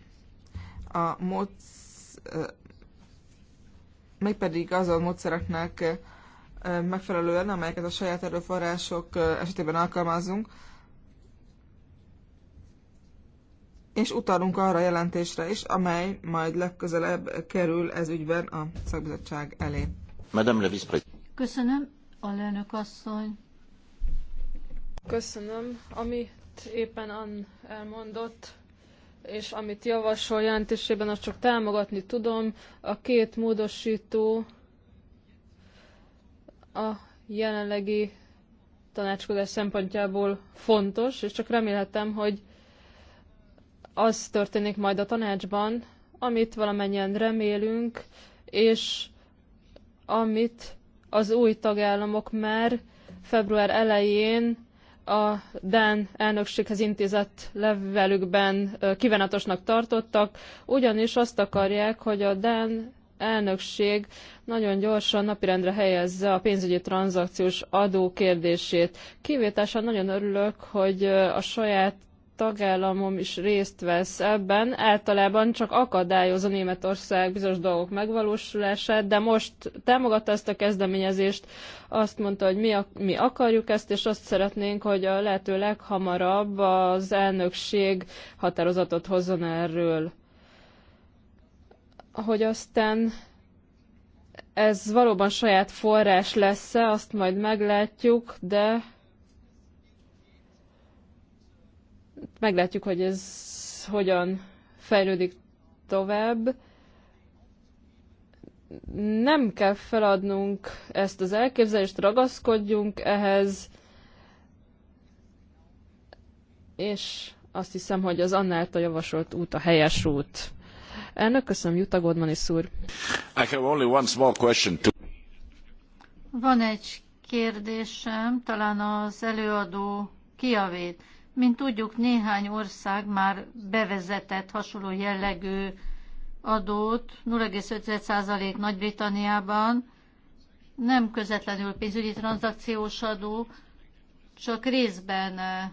a módsz, mégpedig azon módszereknek megfelelően, amelyeket a saját erőforrások esetében alkalmazunk, és utalunk arra a jelentésre is, amely majd legközelebb kerül ez ügyben a szakbizottság elé. Madame la Köszönöm, Köszönöm, alelnök asszony. Köszönöm. Ami éppen Ann elmondott, és amit javasol jelentésében, azt csak támogatni tudom. A két módosító a jelenlegi tanácskozás szempontjából fontos, és csak remélhetem, hogy az történik majd a tanácsban, amit valamennyien remélünk, és amit az új tagállamok már február elején a Dán elnökséghez intézett levelükben kívánatosnak tartottak, ugyanis azt akarják, hogy a Dán elnökség nagyon gyorsan napirendre helyezze a pénzügyi tranzakciós adó kérdését. Kivételesen nagyon örülök, hogy a saját tagállamom is részt vesz ebben, általában csak akadályozza Németország bizonyos dolgok megvalósulását, de most támogatta ezt a kezdeményezést, azt mondta, hogy mi, a, mi akarjuk ezt, és azt szeretnénk, hogy a lehető leghamarabb az elnökség határozatot hozzon erről. Hogy aztán ez valóban saját forrás lesz-e, azt majd meglátjuk, de Meglátjuk, hogy ez hogyan fejlődik tovább. Nem kell feladnunk ezt az elképzelést, ragaszkodjunk ehhez, és azt hiszem, hogy az annál a javasolt út a helyes út. Elnök, köszönöm, Godman is úr. I have only one small question to... Van egy kérdésem, talán az előadó kiavét. Mint tudjuk, néhány ország már bevezetett hasonló jellegű adót, 0,5% Nagy-Britanniában, nem közvetlenül pénzügyi tranzakciós adó, csak részben eh,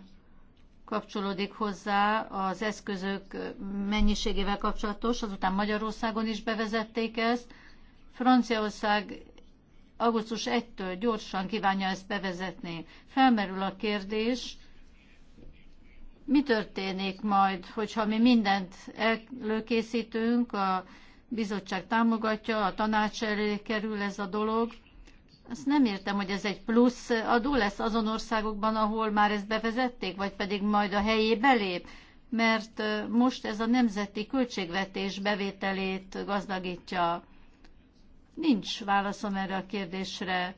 kapcsolódik hozzá az eszközök mennyiségével kapcsolatos, azután Magyarországon is bevezették ezt. Franciaország augusztus 1-től gyorsan kívánja ezt bevezetni. Felmerül a kérdés, mi történik majd, hogyha mi mindent előkészítünk, a bizottság támogatja, a tanács elé kerül ez a dolog. Azt nem értem, hogy ez egy plusz adó lesz azon országokban, ahol már ezt bevezették, vagy pedig majd a helyé belép? mert most ez a nemzeti költségvetés bevételét gazdagítja. Nincs válaszom erre a kérdésre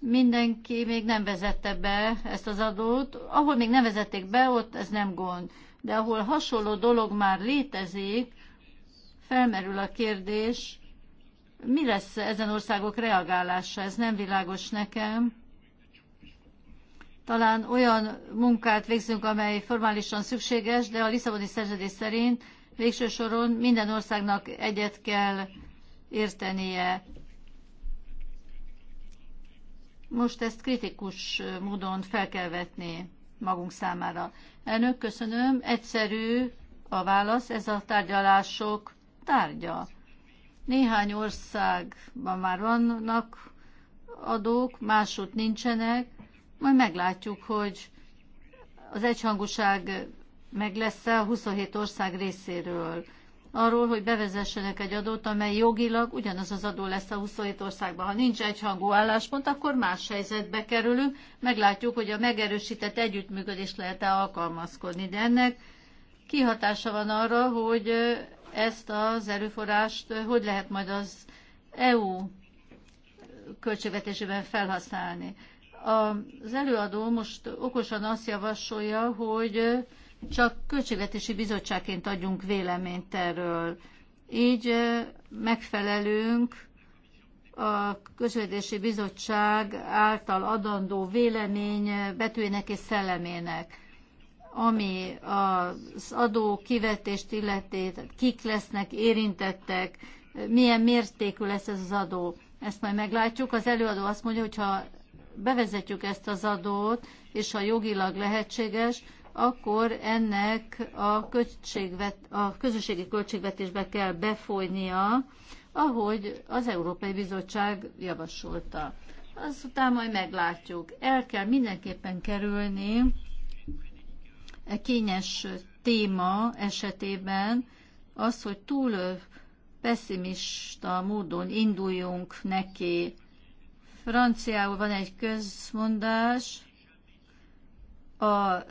mindenki még nem vezette be ezt az adót. Ahol még nem vezették be, ott ez nem gond. De ahol hasonló dolog már létezik, felmerül a kérdés, mi lesz ezen országok reagálása? Ez nem világos nekem. Talán olyan munkát végzünk, amely formálisan szükséges, de a Lisszaboni szerződés szerint végső soron minden országnak egyet kell értenie. Most ezt kritikus módon fel kell vetni magunk számára. Elnök, köszönöm. Egyszerű a válasz, ez a tárgyalások tárgya. Néhány országban már vannak adók, másút nincsenek, majd meglátjuk, hogy az egyhangúság meg lesz a 27 ország részéről arról, hogy bevezessenek egy adót, amely jogilag ugyanaz az adó lesz a 27 országban. Ha nincs egyhangú álláspont, akkor más helyzetbe kerülünk, meglátjuk, hogy a megerősített együttműködés lehet-e alkalmazkodni, de ennek kihatása van arra, hogy ezt az erőforrást hogy lehet majd az EU költségvetésében felhasználni. Az előadó most okosan azt javasolja, hogy csak költségvetési bizottságként adjunk véleményt erről. Így megfelelünk a közvetési bizottság által adandó vélemény betűjének és szellemének, ami az adó kivetést illeti, kik lesznek érintettek, milyen mértékű lesz ez az adó. Ezt majd meglátjuk. Az előadó azt mondja, hogy ha bevezetjük ezt az adót, és ha jogilag lehetséges, akkor ennek a, költségvet, a közösségi költségvetésbe kell befolynia, ahogy az Európai Bizottság javasolta. Azután majd meglátjuk. El kell mindenképpen kerülni e kényes téma esetében az, hogy túl pessimista módon induljunk neki. Franciául van egy közmondás, a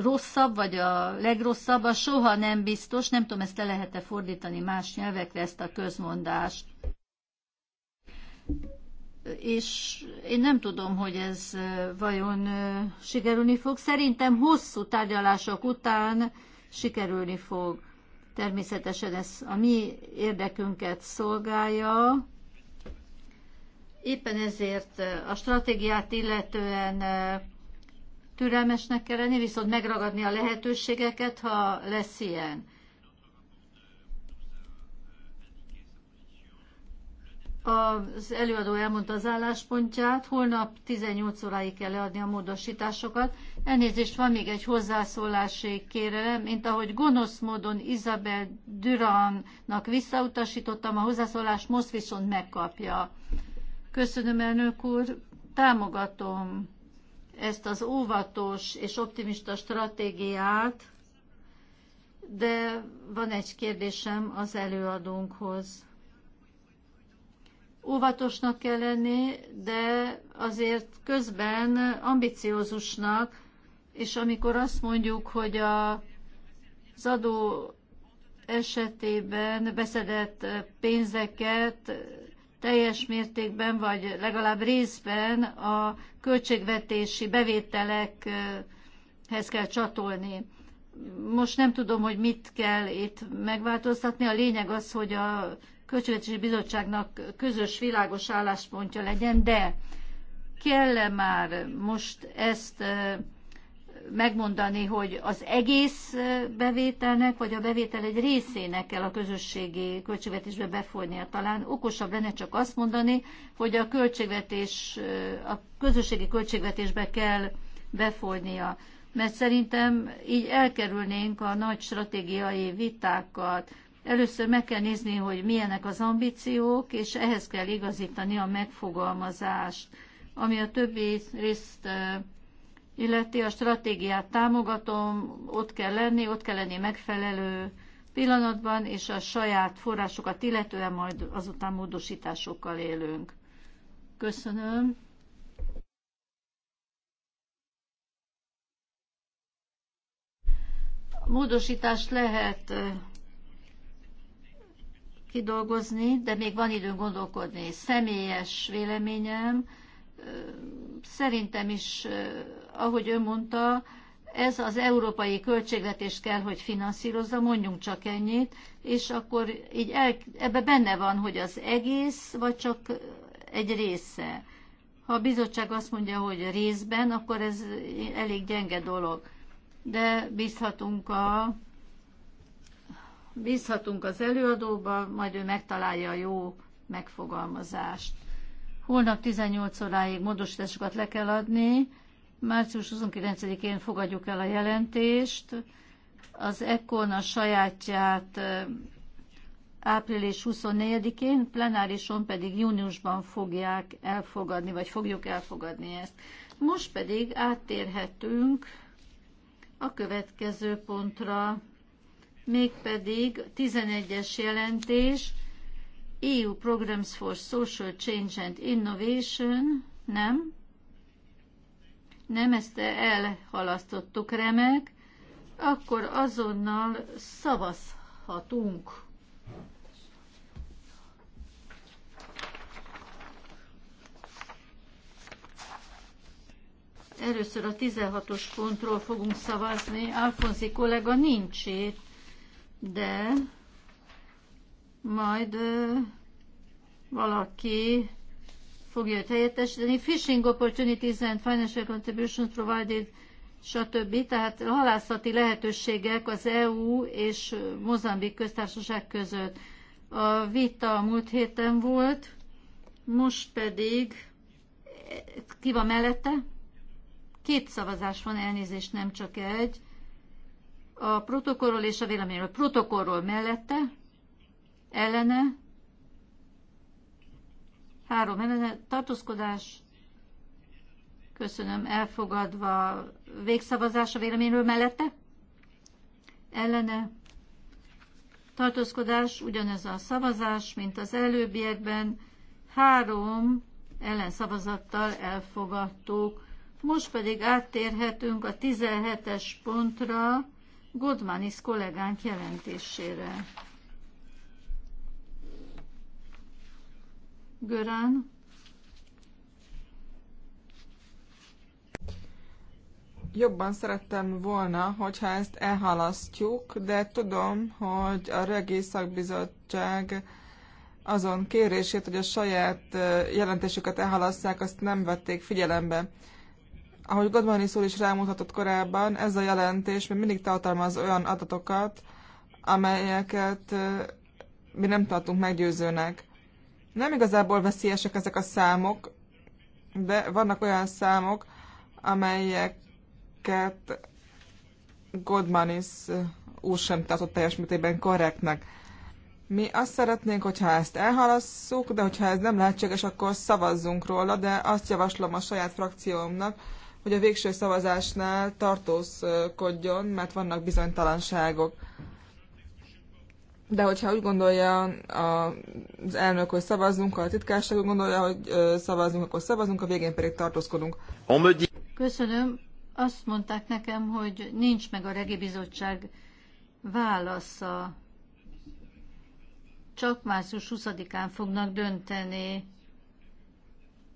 rosszabb, vagy a legrosszabb, a soha nem biztos, nem tudom, ezt le lehet-e fordítani más nyelvekre, ezt a közmondást. És én nem tudom, hogy ez vajon sikerülni fog. Szerintem hosszú tárgyalások után sikerülni fog. Természetesen ez a mi érdekünket szolgálja. Éppen ezért a stratégiát illetően türelmesnek kell lenni, viszont megragadni a lehetőségeket, ha lesz ilyen. Az előadó elmondta az álláspontját, holnap 18 óráig kell leadni a módosításokat. Elnézést, van még egy hozzászólási kérelem, mint ahogy gonosz módon Isabel Durannak visszautasítottam, a hozzászólást most viszont megkapja. Köszönöm, elnök úr, támogatom ezt az óvatos és optimista stratégiát, de van egy kérdésem az előadónkhoz. Óvatosnak kell lenni, de azért közben ambiciózusnak, és amikor azt mondjuk, hogy a, az adó esetében beszedett pénzeket teljes mértékben, vagy legalább részben a költségvetési bevételekhez kell csatolni. Most nem tudom, hogy mit kell itt megváltoztatni. A lényeg az, hogy a Költségvetési Bizottságnak közös, világos álláspontja legyen, de kell -e már most ezt eh, megmondani, hogy az egész bevételnek, vagy a bevétel egy részének kell a közösségi költségvetésbe befolynia. Talán okosabb lenne csak azt mondani, hogy a költségvetés, a közösségi költségvetésbe kell befolynia. Mert szerintem így elkerülnénk a nagy stratégiai vitákat. Először meg kell nézni, hogy milyenek az ambíciók, és ehhez kell igazítani a megfogalmazást, ami a többi részt illeti a stratégiát támogatom, ott kell lenni, ott kell lenni megfelelő pillanatban, és a saját forrásokat illetően majd azután módosításokkal élünk. Köszönöm. A módosítást lehet kidolgozni, de még van időn gondolkodni. Személyes véleményem, szerintem is, eh, ahogy ön mondta, ez az európai költségvetés kell, hogy finanszírozza, mondjunk csak ennyit, és akkor így el, ebbe benne van, hogy az egész, vagy csak egy része. Ha a bizottság azt mondja, hogy részben, akkor ez elég gyenge dolog. De bízhatunk a bízhatunk az előadóba, majd ő megtalálja a jó megfogalmazást. Holnap 18 óráig módosításokat le kell adni. Március 29-én fogadjuk el a jelentést. Az ECON a sajátját április 24-én, plenárison pedig júniusban fogják elfogadni, vagy fogjuk elfogadni ezt. Most pedig áttérhetünk a következő pontra, mégpedig 11-es jelentés, EU Programs for Social Change and Innovation, nem? Nem, ezt elhalasztottuk remek, akkor azonnal szavazhatunk. Először a 16-os pontról fogunk szavazni. Alfonzi kollega nincs itt, de majd valaki fogja őt helyettesíteni. Fishing opportunities and financial contributions provided, stb. Tehát halászati lehetőségek az EU és Mozambik köztársaság között. A vita múlt héten volt, most pedig ki van mellette? Két szavazás van, elnézést, nem csak egy. A protokollról és a véleményről. Protokollról mellette, ellene, három ellene, tartózkodás, köszönöm, elfogadva, végszavazás a véleményről mellette, ellene, tartózkodás, ugyanez a szavazás, mint az előbbiekben, három ellenszavazattal elfogadtuk. Most pedig áttérhetünk a 17-es pontra, Godmanis kollégánk jelentésére. Gören. Jobban szerettem volna, hogyha ezt elhalasztjuk, de tudom, hogy a Regi Szakbizottság azon kérését, hogy a saját jelentésüket elhalasszák, azt nem vették figyelembe. Ahogy Godmani szól is rámutatott korábban, ez a jelentés még mindig tartalmaz olyan adatokat, amelyeket mi nem tartunk meggyőzőnek. Nem igazából veszélyesek ezek a számok, de vannak olyan számok, amelyeket Godmanis úr sem tartott teljes mértékben korrektnek. Mi azt szeretnénk, hogyha ezt elhalasszuk, de hogyha ez nem lehetséges, akkor szavazzunk róla, de azt javaslom a saját frakciómnak, hogy a végső szavazásnál tartózkodjon, mert vannak bizonytalanságok de hogyha úgy gondolja az elnök, hogy szavazzunk, a titkárság úgy gondolja, hogy szavazzunk, akkor szavazunk, a végén pedig tartózkodunk. Köszönöm. Azt mondták nekem, hogy nincs meg a regi bizottság válasza. Csak március 20-án fognak dönteni.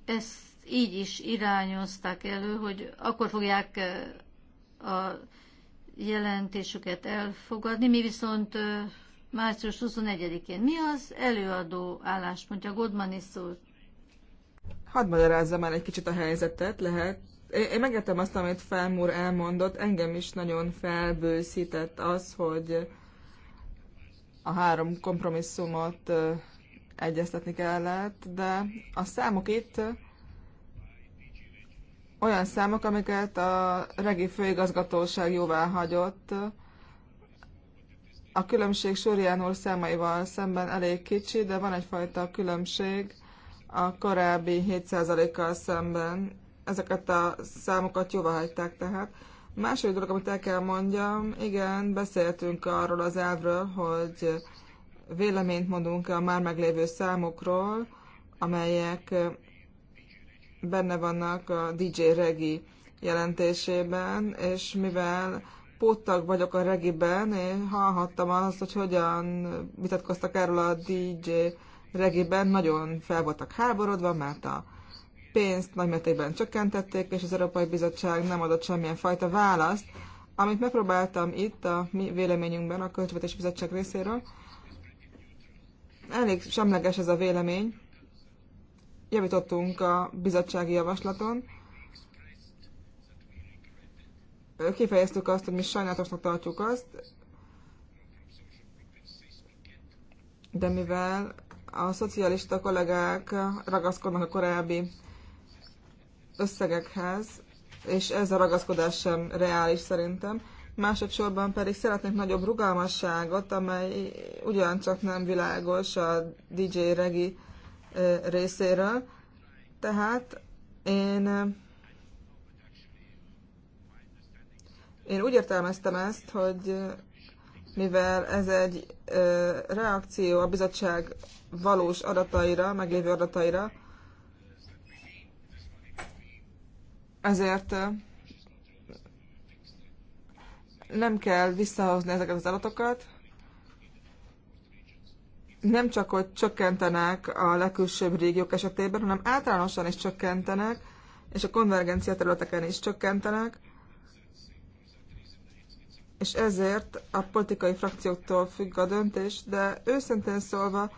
Ezt így is irányozták elő, hogy akkor fogják a jelentésüket elfogadni. Mi viszont március 21-én. Mi az előadó álláspontja? is úr. Hadd magyarázzam már egy kicsit a helyzetet, lehet. Én megértem azt, amit Felmúr elmondott, engem is nagyon felbőszített az, hogy a három kompromisszumot egyeztetni kellett, de a számok itt olyan számok, amiket a regi főigazgatóság jóvá hagyott, a különbség Súrián számaival szemben elég kicsi, de van egyfajta különbség a korábbi 7%-kal szemben. Ezeket a számokat jóvá hagyták tehát. A második dolog, amit el kell mondjam, igen, beszéltünk arról az elvről, hogy véleményt mondunk a már meglévő számokról, amelyek benne vannak a DJ Regi jelentésében, és mivel póttag vagyok a regiben, én hallhattam azt, hogy hogyan vitatkoztak erről a DJ regiben, nagyon fel voltak háborodva, mert a pénzt nagy mértékben csökkentették, és az Európai Bizottság nem adott semmilyen fajta választ, amit megpróbáltam itt a mi véleményünkben a Költségvetés Bizottság részéről. Elég semleges ez a vélemény. Javítottunk a bizottsági javaslaton, kifejeztük azt, hogy mi sajnálatosnak tartjuk azt, de mivel a szocialista kollégák ragaszkodnak a korábbi összegekhez, és ez a ragaszkodás sem reális szerintem, másodszorban pedig szeretnék nagyobb rugalmasságot, amely ugyancsak nem világos a DJ Regi részéről. Tehát én Én úgy értelmeztem ezt, hogy mivel ez egy ö, reakció a bizottság valós adataira, meglévő adataira, ezért ö, nem kell visszahozni ezeket az adatokat, nem csak, hogy csökkentenek a legkülsőbb régiók esetében, hanem általánosan is csökkentenek, és a konvergencia területeken is csökkentenek, és ezért a politikai frakcióktól függ a döntés, de őszintén szólva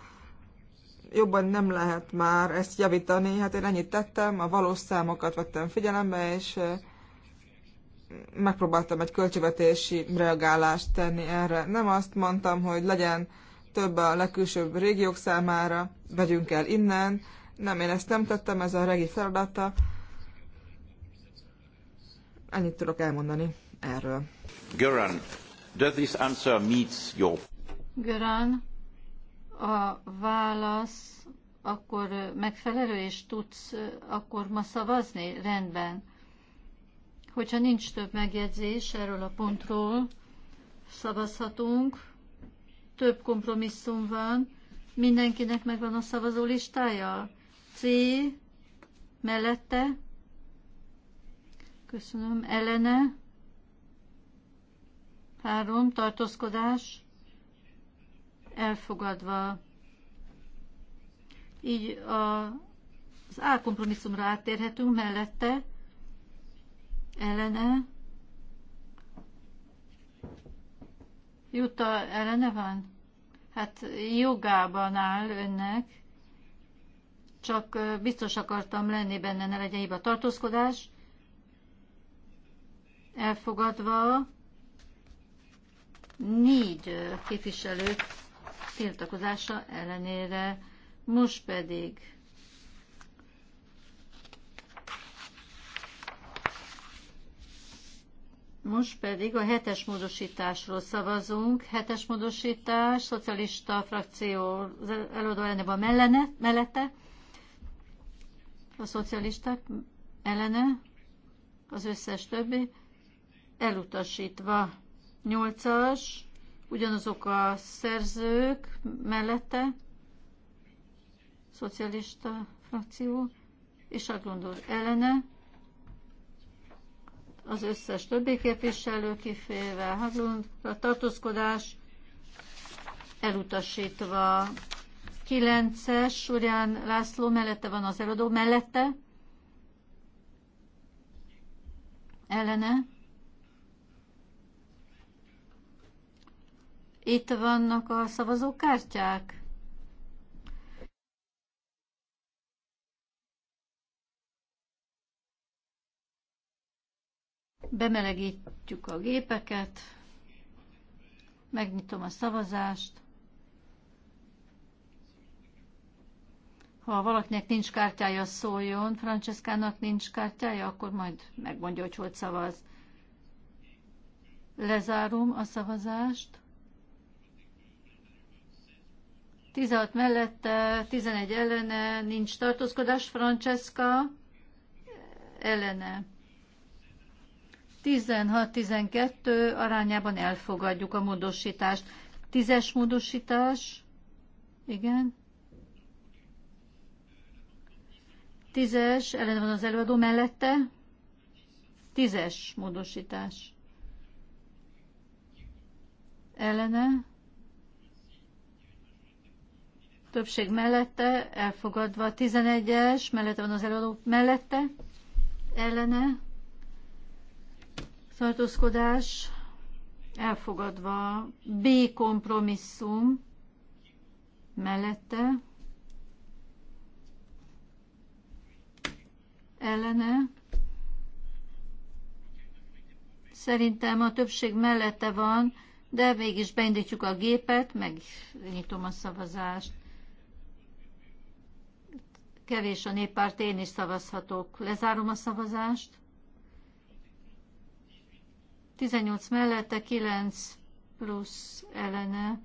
jobban nem lehet már ezt javítani. Hát én ennyit tettem, a valós számokat vettem figyelembe, és megpróbáltam egy költségvetési reagálást tenni erre. Nem azt mondtam, hogy legyen több a legkülsőbb régiók számára, vegyünk el innen. Nem, én ezt nem tettem, ez a regi feladata. Ennyit tudok elmondani erről. Göran, does this answer meets your... Göran, a válasz akkor megfelelő, és tudsz akkor ma szavazni? Rendben. Hogyha nincs több megjegyzés erről a pontról, szavazhatunk. Több kompromisszum van. Mindenkinek megvan a szavazó listája? C mellette. Köszönöm. Ellene három Tartózkodás elfogadva. Így a, az A kompromisszumra áttérhetünk mellette, ellene. Jutta ellene van? Hát jogában áll önnek, csak biztos akartam lenni benne, ne legyen hiba tartózkodás. Elfogadva négy képviselő tiltakozása ellenére. Most pedig Most pedig a hetes módosításról szavazunk. Hetes módosítás, szocialista frakció az előadó ellenében mellene, mellette. A szocialisták ellene, az összes többi elutasítva. Nyolcas, ugyanazok a szerzők mellette, szocialista frakció, és a gondol ellene, az összes többi képviselő kiféve Haglund, a tartózkodás elutasítva. 9-es László mellette van az előadó, mellette, ellene, Itt vannak a szavazókártyák? Bemelegítjük a gépeket, megnyitom a szavazást. Ha valakinek nincs kártyája, szóljon. Franceszkának nincs kártyája, akkor majd megmondja, hogy hogy szavaz. Lezárom a szavazást. 16 mellette, 11 ellene, nincs tartózkodás, Francesca ellene. 16-12 arányában elfogadjuk a módosítást. Tízes módosítás, igen. Tízes, ellen van az előadó mellette. Tízes módosítás. Ellene többség mellette, elfogadva 11-es, mellette van az előadó mellette, ellene, tartózkodás, elfogadva B kompromisszum, mellette, ellene, Szerintem a többség mellette van, de mégis beindítjuk a gépet, megnyitom a szavazást. Kevés a néppárt, én is szavazhatok. Lezárom a szavazást. 18 mellette, 9 plusz ellene,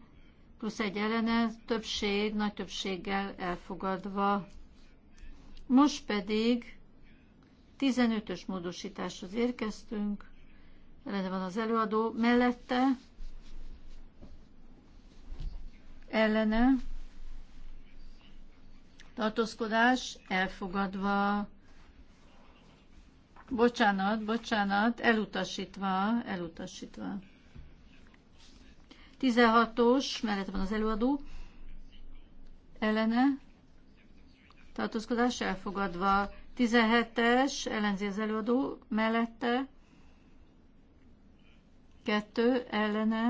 plusz egy ellene, többség, nagy többséggel elfogadva. Most pedig 15-ös módosításhoz érkeztünk. Ellene van az előadó mellette, ellene, tartózkodás elfogadva, bocsánat, bocsánat, elutasítva, elutasítva. 16-os, mellett van az előadó, ellene, tartózkodás elfogadva, 17-es, ellenzi az előadó, mellette, kettő, ellene,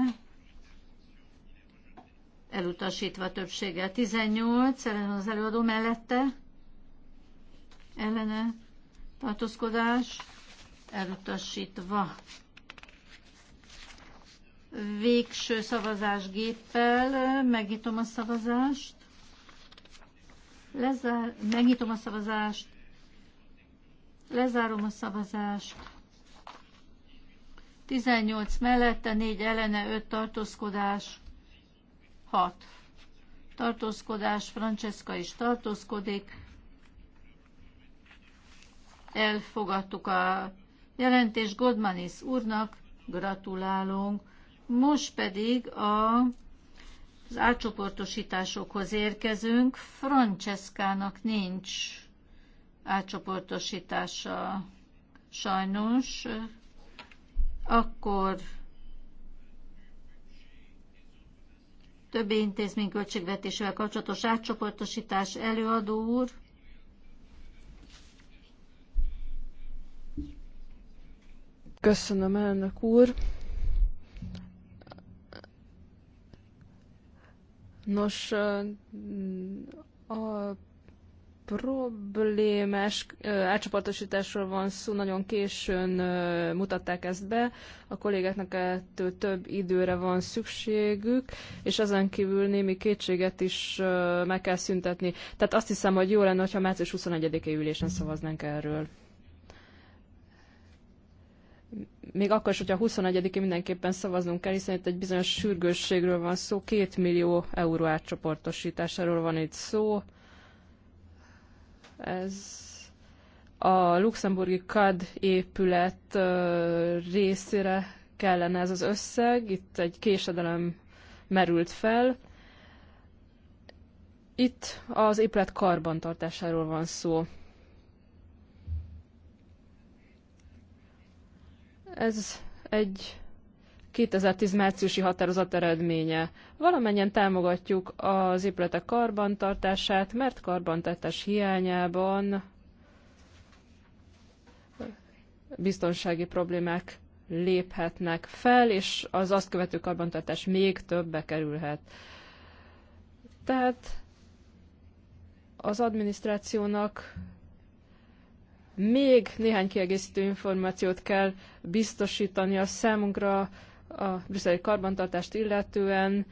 elutasítva többséggel. 18 az előadó mellette, ellene tartózkodás, elutasítva. Végső szavazás megnyitom a szavazást, Lezár, megnyitom a szavazást, lezárom a szavazást, 18 mellette, 4 ellene, 5 tartózkodás, 6. Tartózkodás, Francesca is tartózkodik. Elfogadtuk a jelentést Godmanis úrnak, gratulálunk. Most pedig a, az átcsoportosításokhoz érkezünk. Franceskának nincs átcsoportosítása sajnos. Akkor többi intézmény költségvetésével kapcsolatos átcsoportosítás előadó úr. Köszönöm, elnök úr. Nos, a problémás átcsoportosításról van szó, nagyon későn mutatták ezt be, a kollégáknak ettől több időre van szükségük, és ezen kívül némi kétséget is meg kell szüntetni. Tehát azt hiszem, hogy jó lenne, ha március 21-i ülésen szavaznánk erről. Még akkor is, hogyha 21-én mindenképpen szavaznunk kell, hiszen itt egy bizonyos sürgősségről van szó, két millió euró átcsoportosításáról van itt szó, ez a luxemburgi CAD épület részére kellene ez az összeg. Itt egy késedelem merült fel. Itt az épület karbantartásáról van szó. Ez egy 2010 márciusi határozat eredménye. Valamennyien támogatjuk az épületek karbantartását, mert karbantartás hiányában biztonsági problémák léphetnek fel, és az azt követő karbantartás még többbe kerülhet. Tehát az adminisztrációnak még néhány kiegészítő információt kell biztosítani a számunkra a brüsszeli karbantartást illetően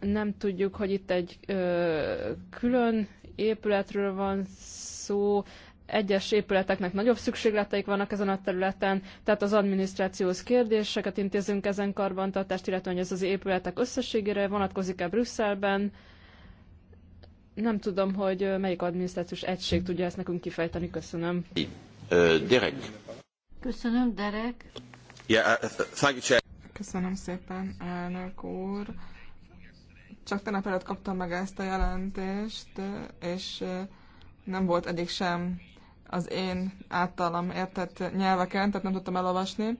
nem tudjuk, hogy itt egy ö, külön épületről van szó, egyes épületeknek nagyobb szükségleteik vannak ezen a területen, tehát az adminisztrációhoz kérdéseket intézünk ezen karbantartást, illetve hogy ez az épületek összességére vonatkozik-e Brüsszelben. Nem tudom, hogy melyik adminisztrációs egység tudja ezt nekünk kifejteni. Köszönöm. Derek. Köszönöm, Derek. Uh, Köszönöm szépen, elnök úr. Csak tegnap előtt kaptam meg ezt a jelentést, és nem volt egyik sem az én általam értett nyelveken, tehát nem tudtam elolvasni.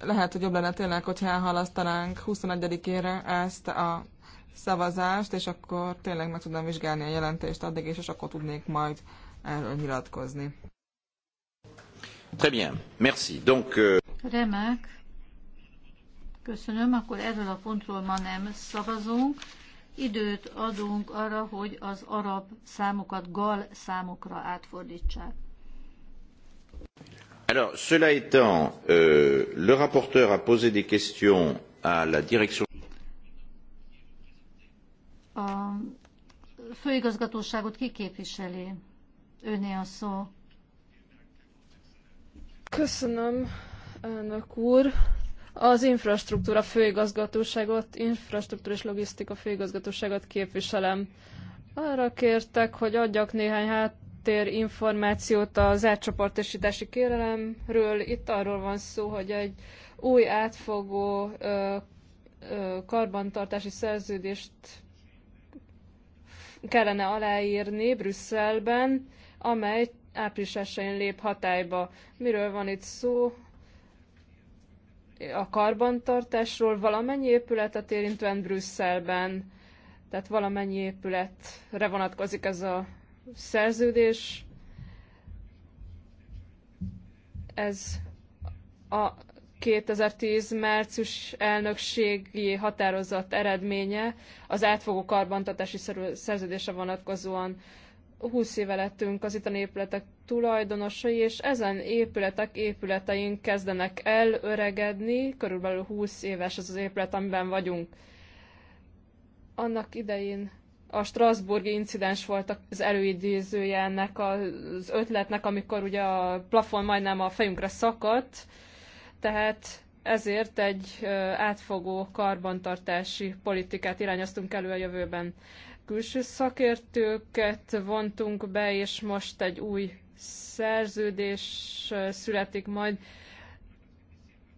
Lehet, hogy jobb lenne tényleg, hogyha elhalasztanánk 21-ére ezt a szavazást, és akkor tényleg meg tudnám vizsgálni a jelentést addig, és akkor tudnék majd erről nyilatkozni. Très bien, merci. Donc, euh... Remek. Köszönöm. Akkor erről a pontról ma nem szavazunk. Időt adunk arra, hogy az arab számokat gal számokra átfordítsák. Alors, cela étant, euh, le rapporteur a posé des questions à la direction. A főigazgatóságot kiképviseli? Öné a szó. Köszönöm, elnök úr. Az infrastruktúra főigazgatóságot, infrastruktúra és logisztika főigazgatóságot képviselem. Arra kértek, hogy adjak néhány háttérinformációt az átcsoportosítási kérelemről. Itt arról van szó, hogy egy új átfogó ö, ö, karbantartási szerződést kellene aláírni Brüsszelben, amely április 1 lép hatályba. Miről van itt szó? A karbantartásról valamennyi épületet érintően Brüsszelben, tehát valamennyi épületre vonatkozik ez a szerződés. Ez a 2010 március elnökségi határozat eredménye az átfogó karbantatási szerződése vonatkozóan. 20 éve lettünk az itteni épületek tulajdonosai, és ezen épületek, épületeink kezdenek elöregedni, körülbelül 20 éves ez az épület, amiben vagyunk. Annak idején a Strasburgi incidens volt az előidézője ennek az ötletnek, amikor ugye a plafon majdnem a fejünkre szakadt, tehát ezért egy átfogó karbantartási politikát irányoztunk elő a jövőben külső szakértőket vontunk be, és most egy új szerződés születik majd,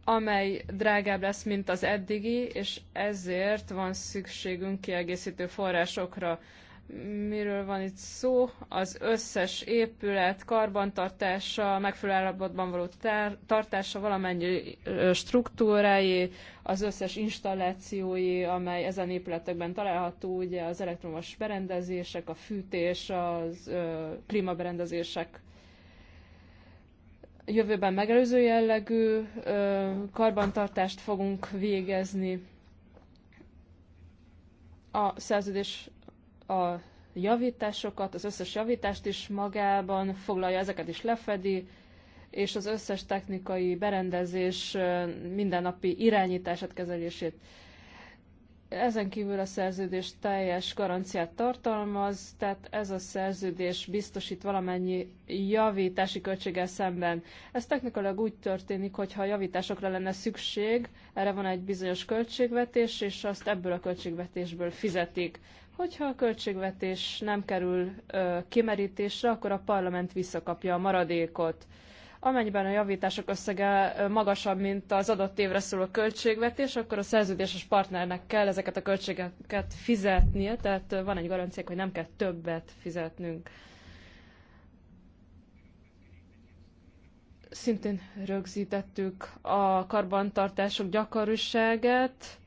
amely drágább lesz, mint az eddigi, és ezért van szükségünk kiegészítő forrásokra miről van itt szó, az összes épület karbantartása, megfelelő állapotban való tár- tartása valamennyi struktúrái, az összes installációi, amely ezen épületekben található, ugye az elektromos berendezések, a fűtés, az ö, klímaberendezések, jövőben megelőző jellegű ö, karbantartást fogunk végezni. A szerződés a javításokat, az összes javítást is magában foglalja, ezeket is lefedi, és az összes technikai berendezés mindennapi irányítását, kezelését. Ezen kívül a szerződés teljes garanciát tartalmaz, tehát ez a szerződés biztosít valamennyi javítási költséggel szemben. Ez technikailag úgy történik, hogy ha javításokra lenne szükség, erre van egy bizonyos költségvetés, és azt ebből a költségvetésből fizetik. Hogyha a költségvetés nem kerül ö, kimerítésre, akkor a parlament visszakapja a maradékot. Amennyiben a javítások összege magasabb, mint az adott évre szóló költségvetés, akkor a szerződéses partnernek kell ezeket a költségeket fizetnie, tehát van egy garanciák, hogy nem kell többet fizetnünk. Szintén rögzítettük a karbantartások gyakoriságát,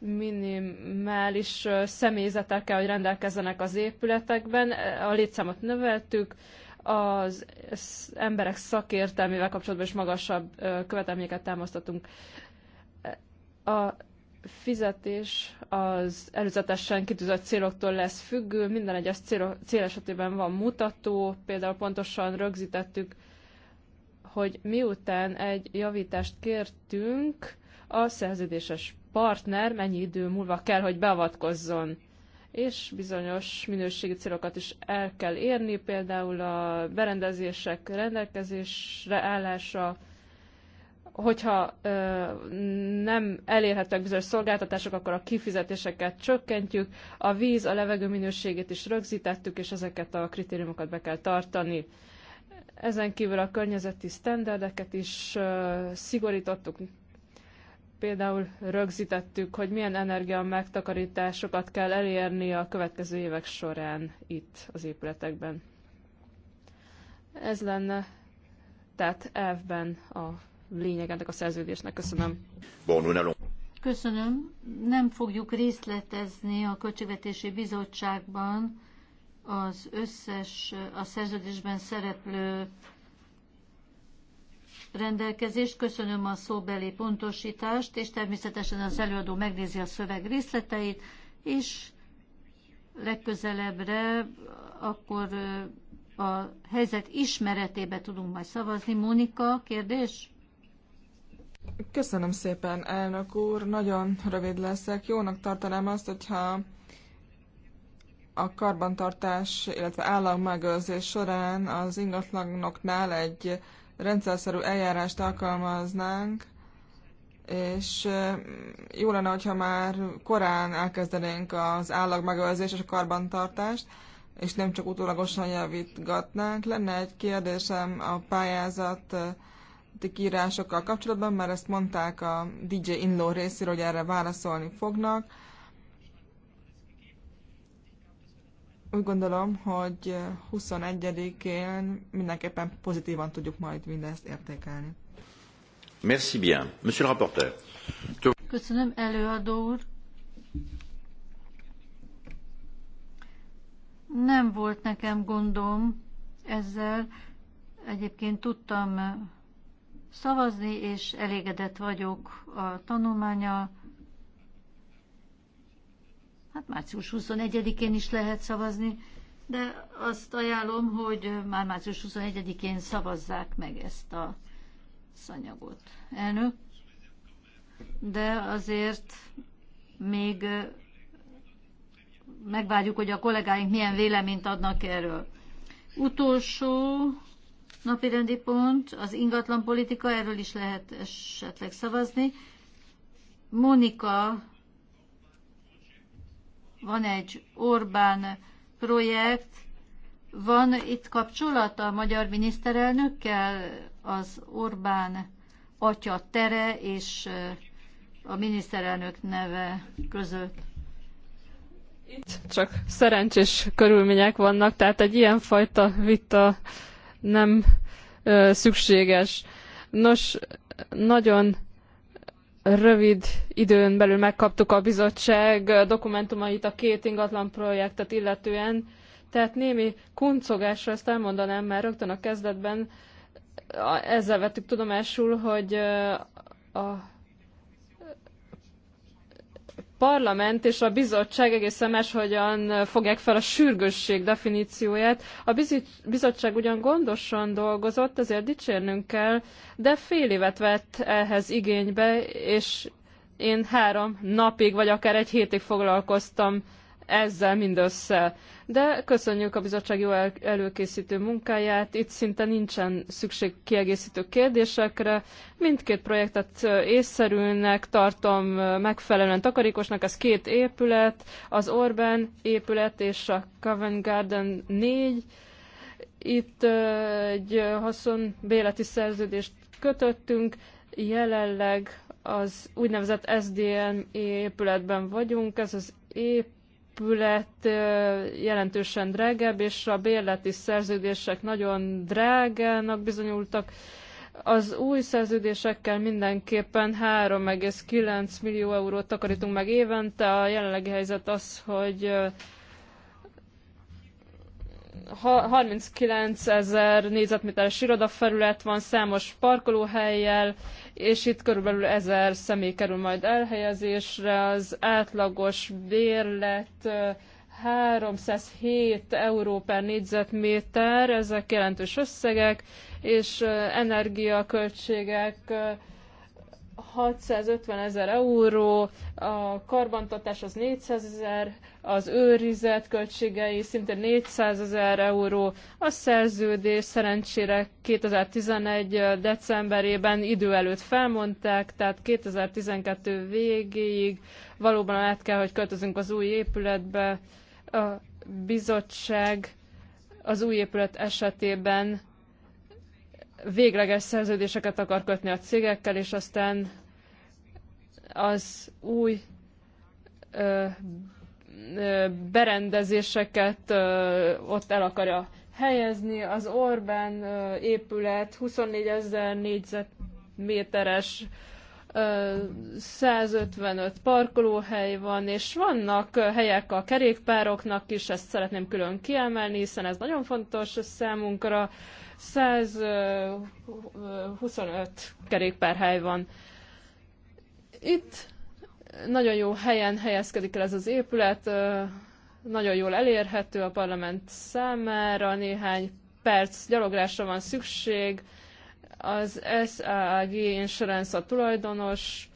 minimális személyzetel kell, hogy rendelkezzenek az épületekben. E, a létszámot növeltük, az emberek szakértelmével kapcsolatban is magasabb követelményeket támasztatunk. E, a fizetés az előzetesen kitűzött céloktól lesz függő, minden egyes cél, cél esetében van mutató, például pontosan rögzítettük, hogy miután egy javítást kértünk, a szerződéses partner mennyi idő múlva kell, hogy beavatkozzon és bizonyos minőségi célokat is el kell érni, például a berendezések rendelkezésre állása, hogyha ö, nem elérhetek bizonyos szolgáltatások, akkor a kifizetéseket csökkentjük, a víz, a levegő minőségét is rögzítettük, és ezeket a kritériumokat be kell tartani. Ezen kívül a környezeti sztenderdeket is ö, szigorítottuk, Például rögzítettük, hogy milyen energia megtakarításokat kell elérni a következő évek során itt az épületekben. Ez lenne tehát elvben a lényeg ennek a szerződésnek. Köszönöm. Köszönöm. Nem fogjuk részletezni a Költségvetési Bizottságban az összes a szerződésben szereplő rendelkezést. Köszönöm a szóbeli pontosítást, és természetesen az előadó megnézi a szöveg részleteit, és legközelebbre akkor a helyzet ismeretébe tudunk majd szavazni. Mónika, kérdés? Köszönöm szépen, elnök úr. Nagyon rövid leszek. Jónak tartanám azt, hogyha a karbantartás, illetve állagmegőrzés során az ingatlanoknál egy rendszerszerű eljárást alkalmaznánk, és jó lenne, hogyha már korán elkezdenénk az állag megőrzés és a karbantartást, és nem csak utólagosan javítgatnánk. Lenne egy kérdésem a pályázat kiírásokkal kapcsolatban, mert ezt mondták a DJ Inló részéről, hogy erre válaszolni fognak. úgy gondolom, hogy 21-én mindenképpen pozitívan tudjuk majd mindezt értékelni. Merci bien. Monsieur le rapporteur. Köszönöm, előadó úr. Nem volt nekem gondom ezzel. Egyébként tudtam szavazni, és elégedett vagyok a tanulmányal hát március 21-én is lehet szavazni, de azt ajánlom, hogy már március 21-én szavazzák meg ezt a szanyagot. Elnök, de azért még megvárjuk, hogy a kollégáink milyen véleményt adnak erről. Utolsó napirendi pont az ingatlan politika, erről is lehet esetleg szavazni. Monika van egy Orbán projekt, van itt kapcsolata a magyar miniszterelnökkel, az Orbán atya tere és eh, a miniszterelnök neve között? Itt csak szerencsés körülmények vannak, tehát egy ilyenfajta vita nem ö, eh, szükséges. Nos, nagyon rövid időn belül megkaptuk a bizottság dokumentumait a két ingatlan projektet illetően, tehát némi kuncogásra ezt elmondanám már rögtön a kezdetben, ezzel vettük tudomásul, hogy a parlament és a bizottság egészen máshogyan fogják fel a sürgősség definícióját. A bizottság ugyan gondosan dolgozott, ezért dicsérnünk kell, de fél évet vett ehhez igénybe, és én három napig, vagy akár egy hétig foglalkoztam ezzel mindössze de köszönjük a bizottság jó el- előkészítő munkáját. Itt szinte nincsen szükség kiegészítő kérdésekre. Mindkét projektet észszerűnek tartom megfelelően takarékosnak. Ez két épület, az Orbán épület és a Covent Garden 4. Itt egy haszon béleti szerződést kötöttünk. Jelenleg az úgynevezett SDN e épületben vagyunk. Ez az épület épület jelentősen drágább, és a bérleti szerződések nagyon drágának bizonyultak. Az új szerződésekkel mindenképpen 3,9 millió eurót takarítunk meg évente. A jelenlegi helyzet az, hogy 39 ezer négyzetméteres irodafelület van, számos parkolóhelyjel, és itt körülbelül ezer személy kerül majd elhelyezésre, az átlagos bérlet 307 euró per négyzetméter, ezek jelentős összegek, és energiaköltségek 650 ezer euró, a karbantatás az 400 ezer, az őrizet költségei szinte 400 ezer euró, a szerződés szerencsére 2011. decemberében idő előtt felmondták, tehát 2012 végéig valóban át kell, hogy költözünk az új épületbe. A bizottság az új épület esetében végleges szerződéseket akar kötni a cégekkel, és aztán az új ö, ö, berendezéseket ö, ott el akarja helyezni. Az Orbán épület 24 ezer négyzetméteres 155 parkolóhely van, és vannak helyek a kerékpároknak is, ezt szeretném külön kiemelni, hiszen ez nagyon fontos számunkra. 125 kerékpárhely van. Itt nagyon jó helyen helyezkedik el ez az épület, nagyon jól elérhető a parlament számára, néhány perc gyaloglásra van szükség, az SAG Insurance a tulajdonos,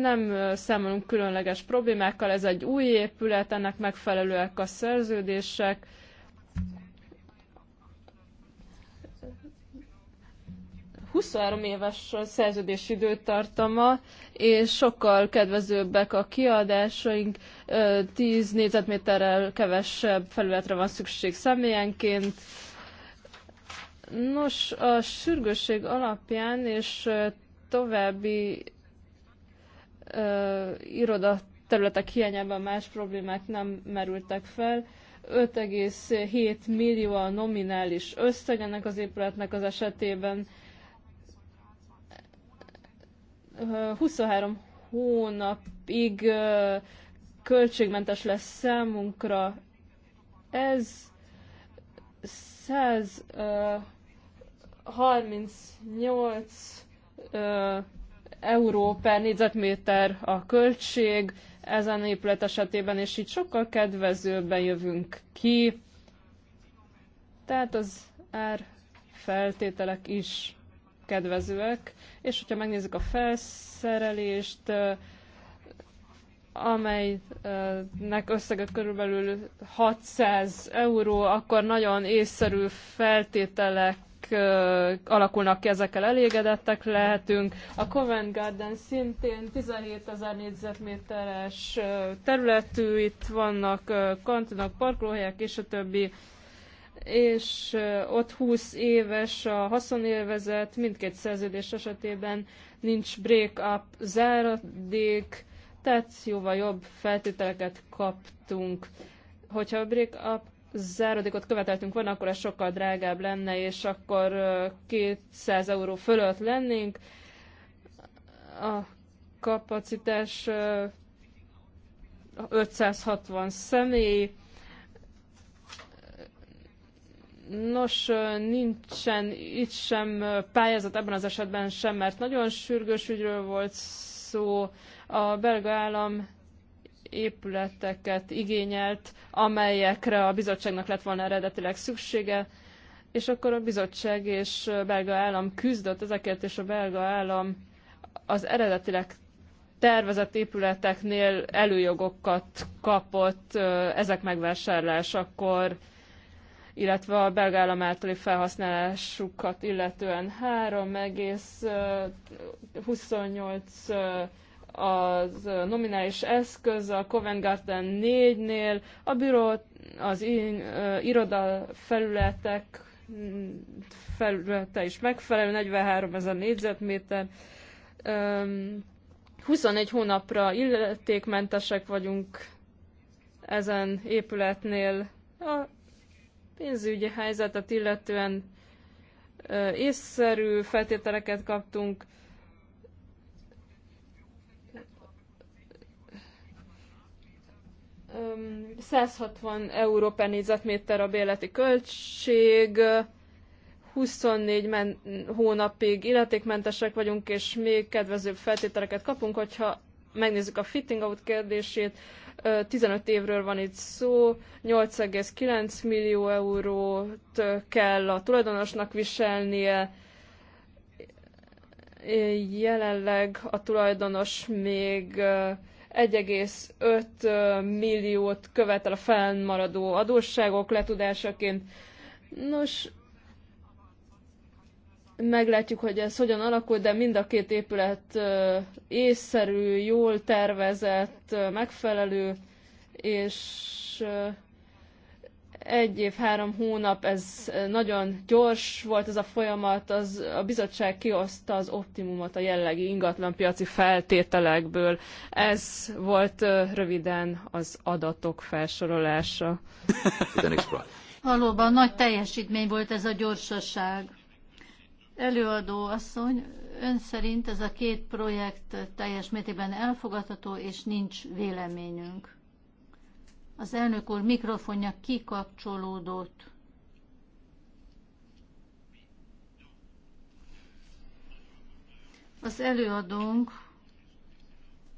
nem számolunk különleges problémákkal, ez egy új épület, ennek megfelelőek a szerződések. Huszonhárom éves szerződés időtartama, és sokkal kedvezőbbek a kiadásaink, 10 négyzetméterrel kevesebb felületre van szükség személyenként, Nos, a sürgősség alapján és további ö, iroda területek hiányában más problémák nem merültek fel. 5,7 millió a nominális összeg ennek az épületnek az esetében. 23 hónapig költségmentes lesz számunkra. Ez 100 38 ö, euró per négyzetméter a költség ezen épület esetében, és így sokkal kedvezőbben jövünk ki. Tehát az ár feltételek is kedvezőek, és hogyha megnézzük a felszerelést, amelynek összege körülbelül 600 euró, akkor nagyon észszerű feltételek alakulnak ki, ezekkel elégedettek lehetünk. A Covent Garden szintén 17 ezer négyzetméteres területű, itt vannak kantinak, parkolóhelyek és a többi és ott 20 éves a haszonélvezet, mindkét szerződés esetében nincs break-up záradék, tehát jóval jobb feltételeket kaptunk. Hogyha a break-up záradékot követeltünk volna, akkor ez sokkal drágább lenne, és akkor 200 euró fölött lennénk. A kapacitás 560 személy. Nos, nincsen itt sem pályázat ebben az esetben sem, mert nagyon sürgős ügyről volt szó. A belga állam épületeket igényelt, amelyekre a bizottságnak lett volna eredetileg szüksége, és akkor a bizottság és a belga állam küzdött ezekért, és a belga állam az eredetileg tervezett épületeknél előjogokat kapott ezek megvásárlásakor, illetve a belga állam általi felhasználásukat illetően 3,28 az nominális eszköz a Covent Garden 4-nél, a büro az in, uh, iroda felületek felülete is megfelelő, 43 ezer négyzetméter. Um, 21 hónapra illetékmentesek vagyunk ezen épületnél. A pénzügyi helyzetet illetően észszerű feltételeket kaptunk, 160 euró per négyzetméter a béleti költség, 24 men- hónapig illetékmentesek vagyunk, és még kedvezőbb feltételeket kapunk, hogyha megnézzük a fitting out kérdését, 15 évről van itt szó, 8,9 millió eurót kell a tulajdonosnak viselnie, jelenleg a tulajdonos még 1,5 milliót követel a fennmaradó adósságok letudásaként. Nos, meglátjuk, hogy ez hogyan alakul, de mind a két épület észszerű, jól tervezett, megfelelő, és egy év, három hónap, ez nagyon gyors volt ez a folyamat, az, a bizottság kioszta az optimumot a jellegi ingatlanpiaci feltételekből. Ez volt röviden az adatok felsorolása. [laughs] Valóban nagy teljesítmény volt ez a gyorsaság. Előadó asszony, ön szerint ez a két projekt teljes mértékben elfogadható, és nincs véleményünk. Az elnök úr mikrofonja kikapcsolódott. Az előadónk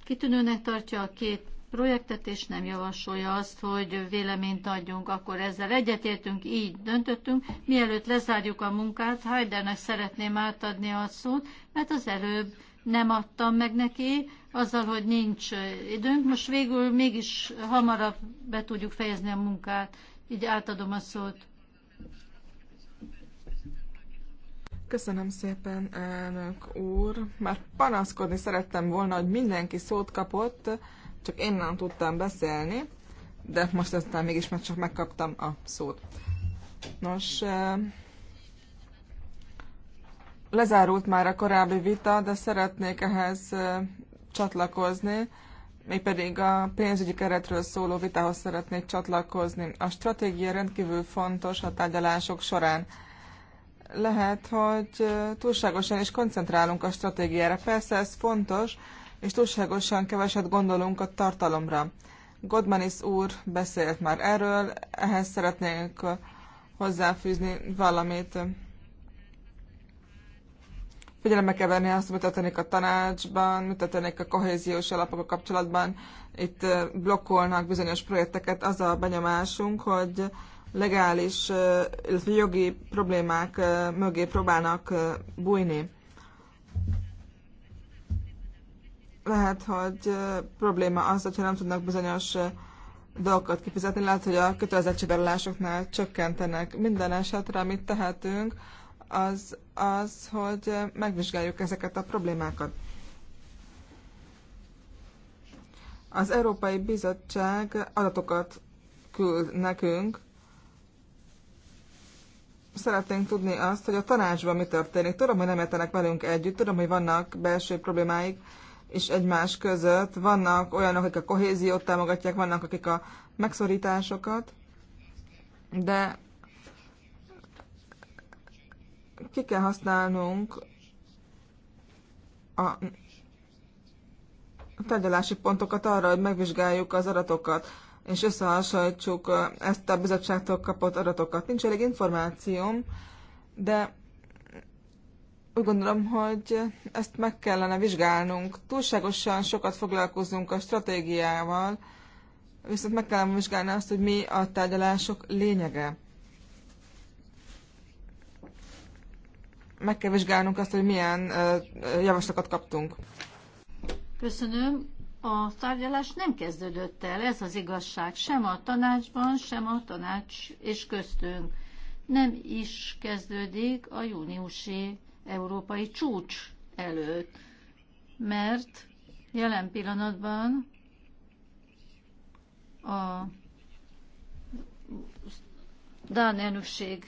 kitűnőnek tartja a két projektet, és nem javasolja azt, hogy véleményt adjunk, akkor ezzel egyetértünk, így döntöttünk. Mielőtt lezárjuk a munkát, Heidernek szeretném átadni a szót, mert az előbb nem adtam meg neki, azzal, hogy nincs eh, időnk. Most végül mégis hamarabb be tudjuk fejezni a munkát. Így átadom a szót. Köszönöm szépen, elnök úr. Már panaszkodni szerettem volna, hogy mindenki szót kapott, csak én nem tudtam beszélni, de most aztán mégis már csak megkaptam a szót. Nos, eh, Lezárult már a korábbi vita, de szeretnék ehhez csatlakozni, mégpedig a pénzügyi keretről szóló vitához szeretnék csatlakozni. A stratégia rendkívül fontos a tárgyalások során. Lehet, hogy túlságosan is koncentrálunk a stratégiára. Persze ez fontos, és túlságosan keveset gondolunk a tartalomra. Godmanis úr beszélt már erről, ehhez szeretnék hozzáfűzni valamit. Figyelembe kell venni azt, mi történik a tanácsban, mi történik a kohéziós a kapcsolatban. Itt blokkolnak bizonyos projekteket. Az a benyomásunk, hogy legális, illetve jogi problémák mögé próbálnak bújni. Lehet, hogy probléma az, hogyha nem tudnak bizonyos dolgokat kifizetni, lehet, hogy a kötelezettségvállalásoknál csökkentenek. Minden esetre, amit tehetünk, az az, hogy megvizsgáljuk ezeket a problémákat. Az Európai Bizottság adatokat küld nekünk. Szeretnénk tudni azt, hogy a tanácsban mi történik. Tudom, hogy nem értenek velünk együtt, tudom, hogy vannak belső problémáik és egymás között. Vannak olyanok, akik a kohéziót támogatják, vannak, akik a megszorításokat, de ki kell használnunk a tárgyalási pontokat arra, hogy megvizsgáljuk az adatokat, és összehasonlítsuk ezt a bizottságtól kapott adatokat. Nincs elég információm, de úgy gondolom, hogy ezt meg kellene vizsgálnunk. Túlságosan sokat foglalkozunk a stratégiával, viszont meg kellene vizsgálni azt, hogy mi a tárgyalások lényege. meg kell vizsgálnunk azt, hogy milyen javaslatokat kaptunk. Köszönöm. A tárgyalás nem kezdődött el, ez az igazság, sem a tanácsban, sem a tanács és köztünk. Nem is kezdődik a júniusi európai csúcs előtt, mert jelen pillanatban a Dán elnökség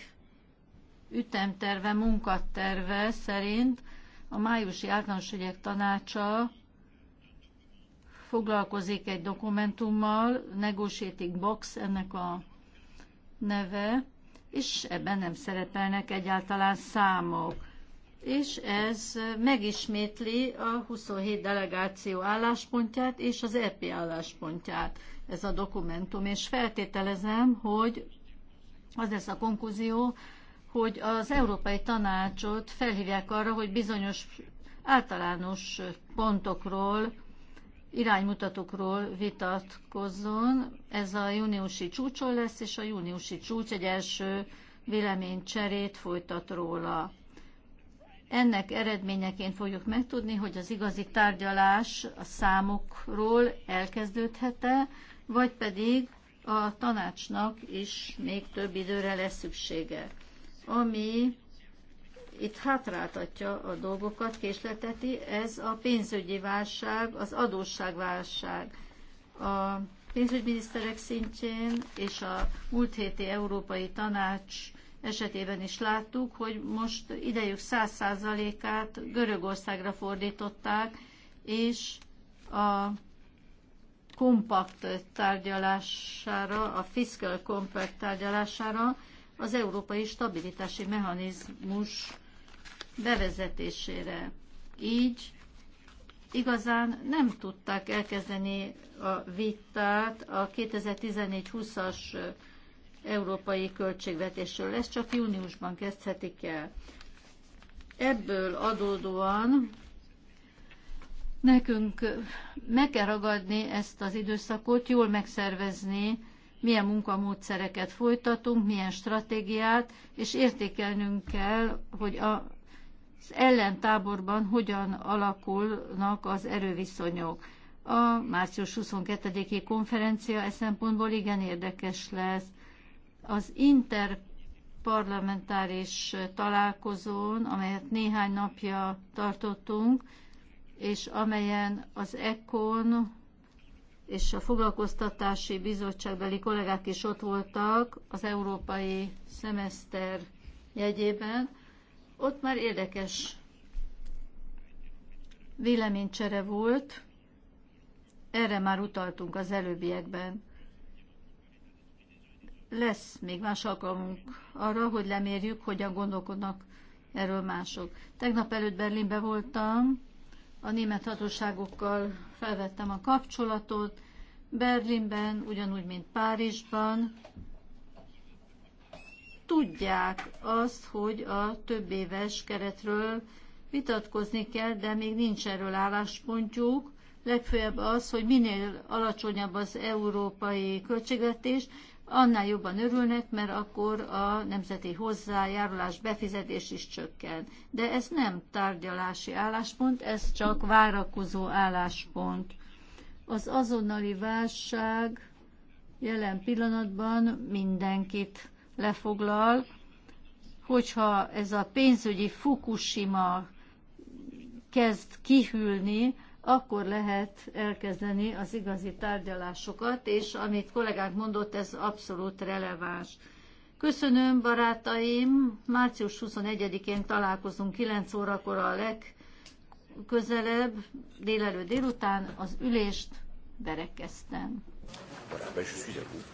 ütemterve, munkaterve szerint a májusi általános ügyek tanácsa foglalkozik egy dokumentummal, Negotiating Box ennek a neve, és ebben nem szerepelnek egyáltalán számok. És ez megismétli a 27 delegáció álláspontját és az EP álláspontját, ez a dokumentum. És feltételezem, hogy az lesz a konklúzió, hogy az Európai Tanácsot felhívják arra, hogy bizonyos általános pontokról, iránymutatókról vitatkozzon. Ez a júniusi csúcson lesz, és a júniusi csúcs egy első véleménycserét folytat róla. Ennek eredményeként fogjuk megtudni, hogy az igazi tárgyalás a számokról elkezdődhet-e, vagy pedig a tanácsnak is még több időre lesz szüksége ami itt hátráltatja a dolgokat, késleteti, ez a pénzügyi válság, az adósságválság. A pénzügyminiszterek szintjén és a múlt héti Európai Tanács esetében is láttuk, hogy most idejük 100%-át Görögországra fordították, és a kompakt tárgyalására, a fiscal compact tárgyalására, az európai stabilitási mechanizmus bevezetésére. Így igazán nem tudták elkezdeni a vitát a 2014-20-as európai költségvetésről. Ezt csak júniusban kezdhetik el. Ebből adódóan nekünk meg kell ragadni ezt az időszakot, jól megszervezni milyen munkamódszereket folytatunk, milyen stratégiát, és értékelnünk kell, hogy a, az ellentáborban hogyan alakulnak az erőviszonyok. A március 22-i konferencia e szempontból igen érdekes lesz. Az interparlamentáris találkozón, amelyet néhány napja tartottunk, és amelyen az ECON és a foglalkoztatási bizottságbeli kollégák is ott voltak az európai szemeszter jegyében, ott már érdekes véleménycsere volt, erre már utaltunk az előbbiekben. Lesz még más alkalmunk arra, hogy lemérjük, hogyan gondolkodnak erről mások. Tegnap előtt Berlinbe voltam, a német hatóságokkal felvettem a kapcsolatot Berlinben, ugyanúgy, mint Párizsban. Tudják azt, hogy a több éves keretről vitatkozni kell, de még nincs erről álláspontjuk legfőjebb az, hogy minél alacsonyabb az európai költségvetés, annál jobban örülnek, mert akkor a nemzeti hozzájárulás befizetés is csökken. De ez nem tárgyalási álláspont, ez csak várakozó álláspont. Az azonnali válság jelen pillanatban mindenkit lefoglal, hogyha ez a pénzügyi Fukushima kezd kihűlni, akkor lehet elkezdeni az igazi tárgyalásokat, és amit kollégánk mondott, ez abszolút releváns. Köszönöm, barátaim! Március 21-én találkozunk 9 órakor a legközelebb, délelő délután az ülést berekeztem. Voilà,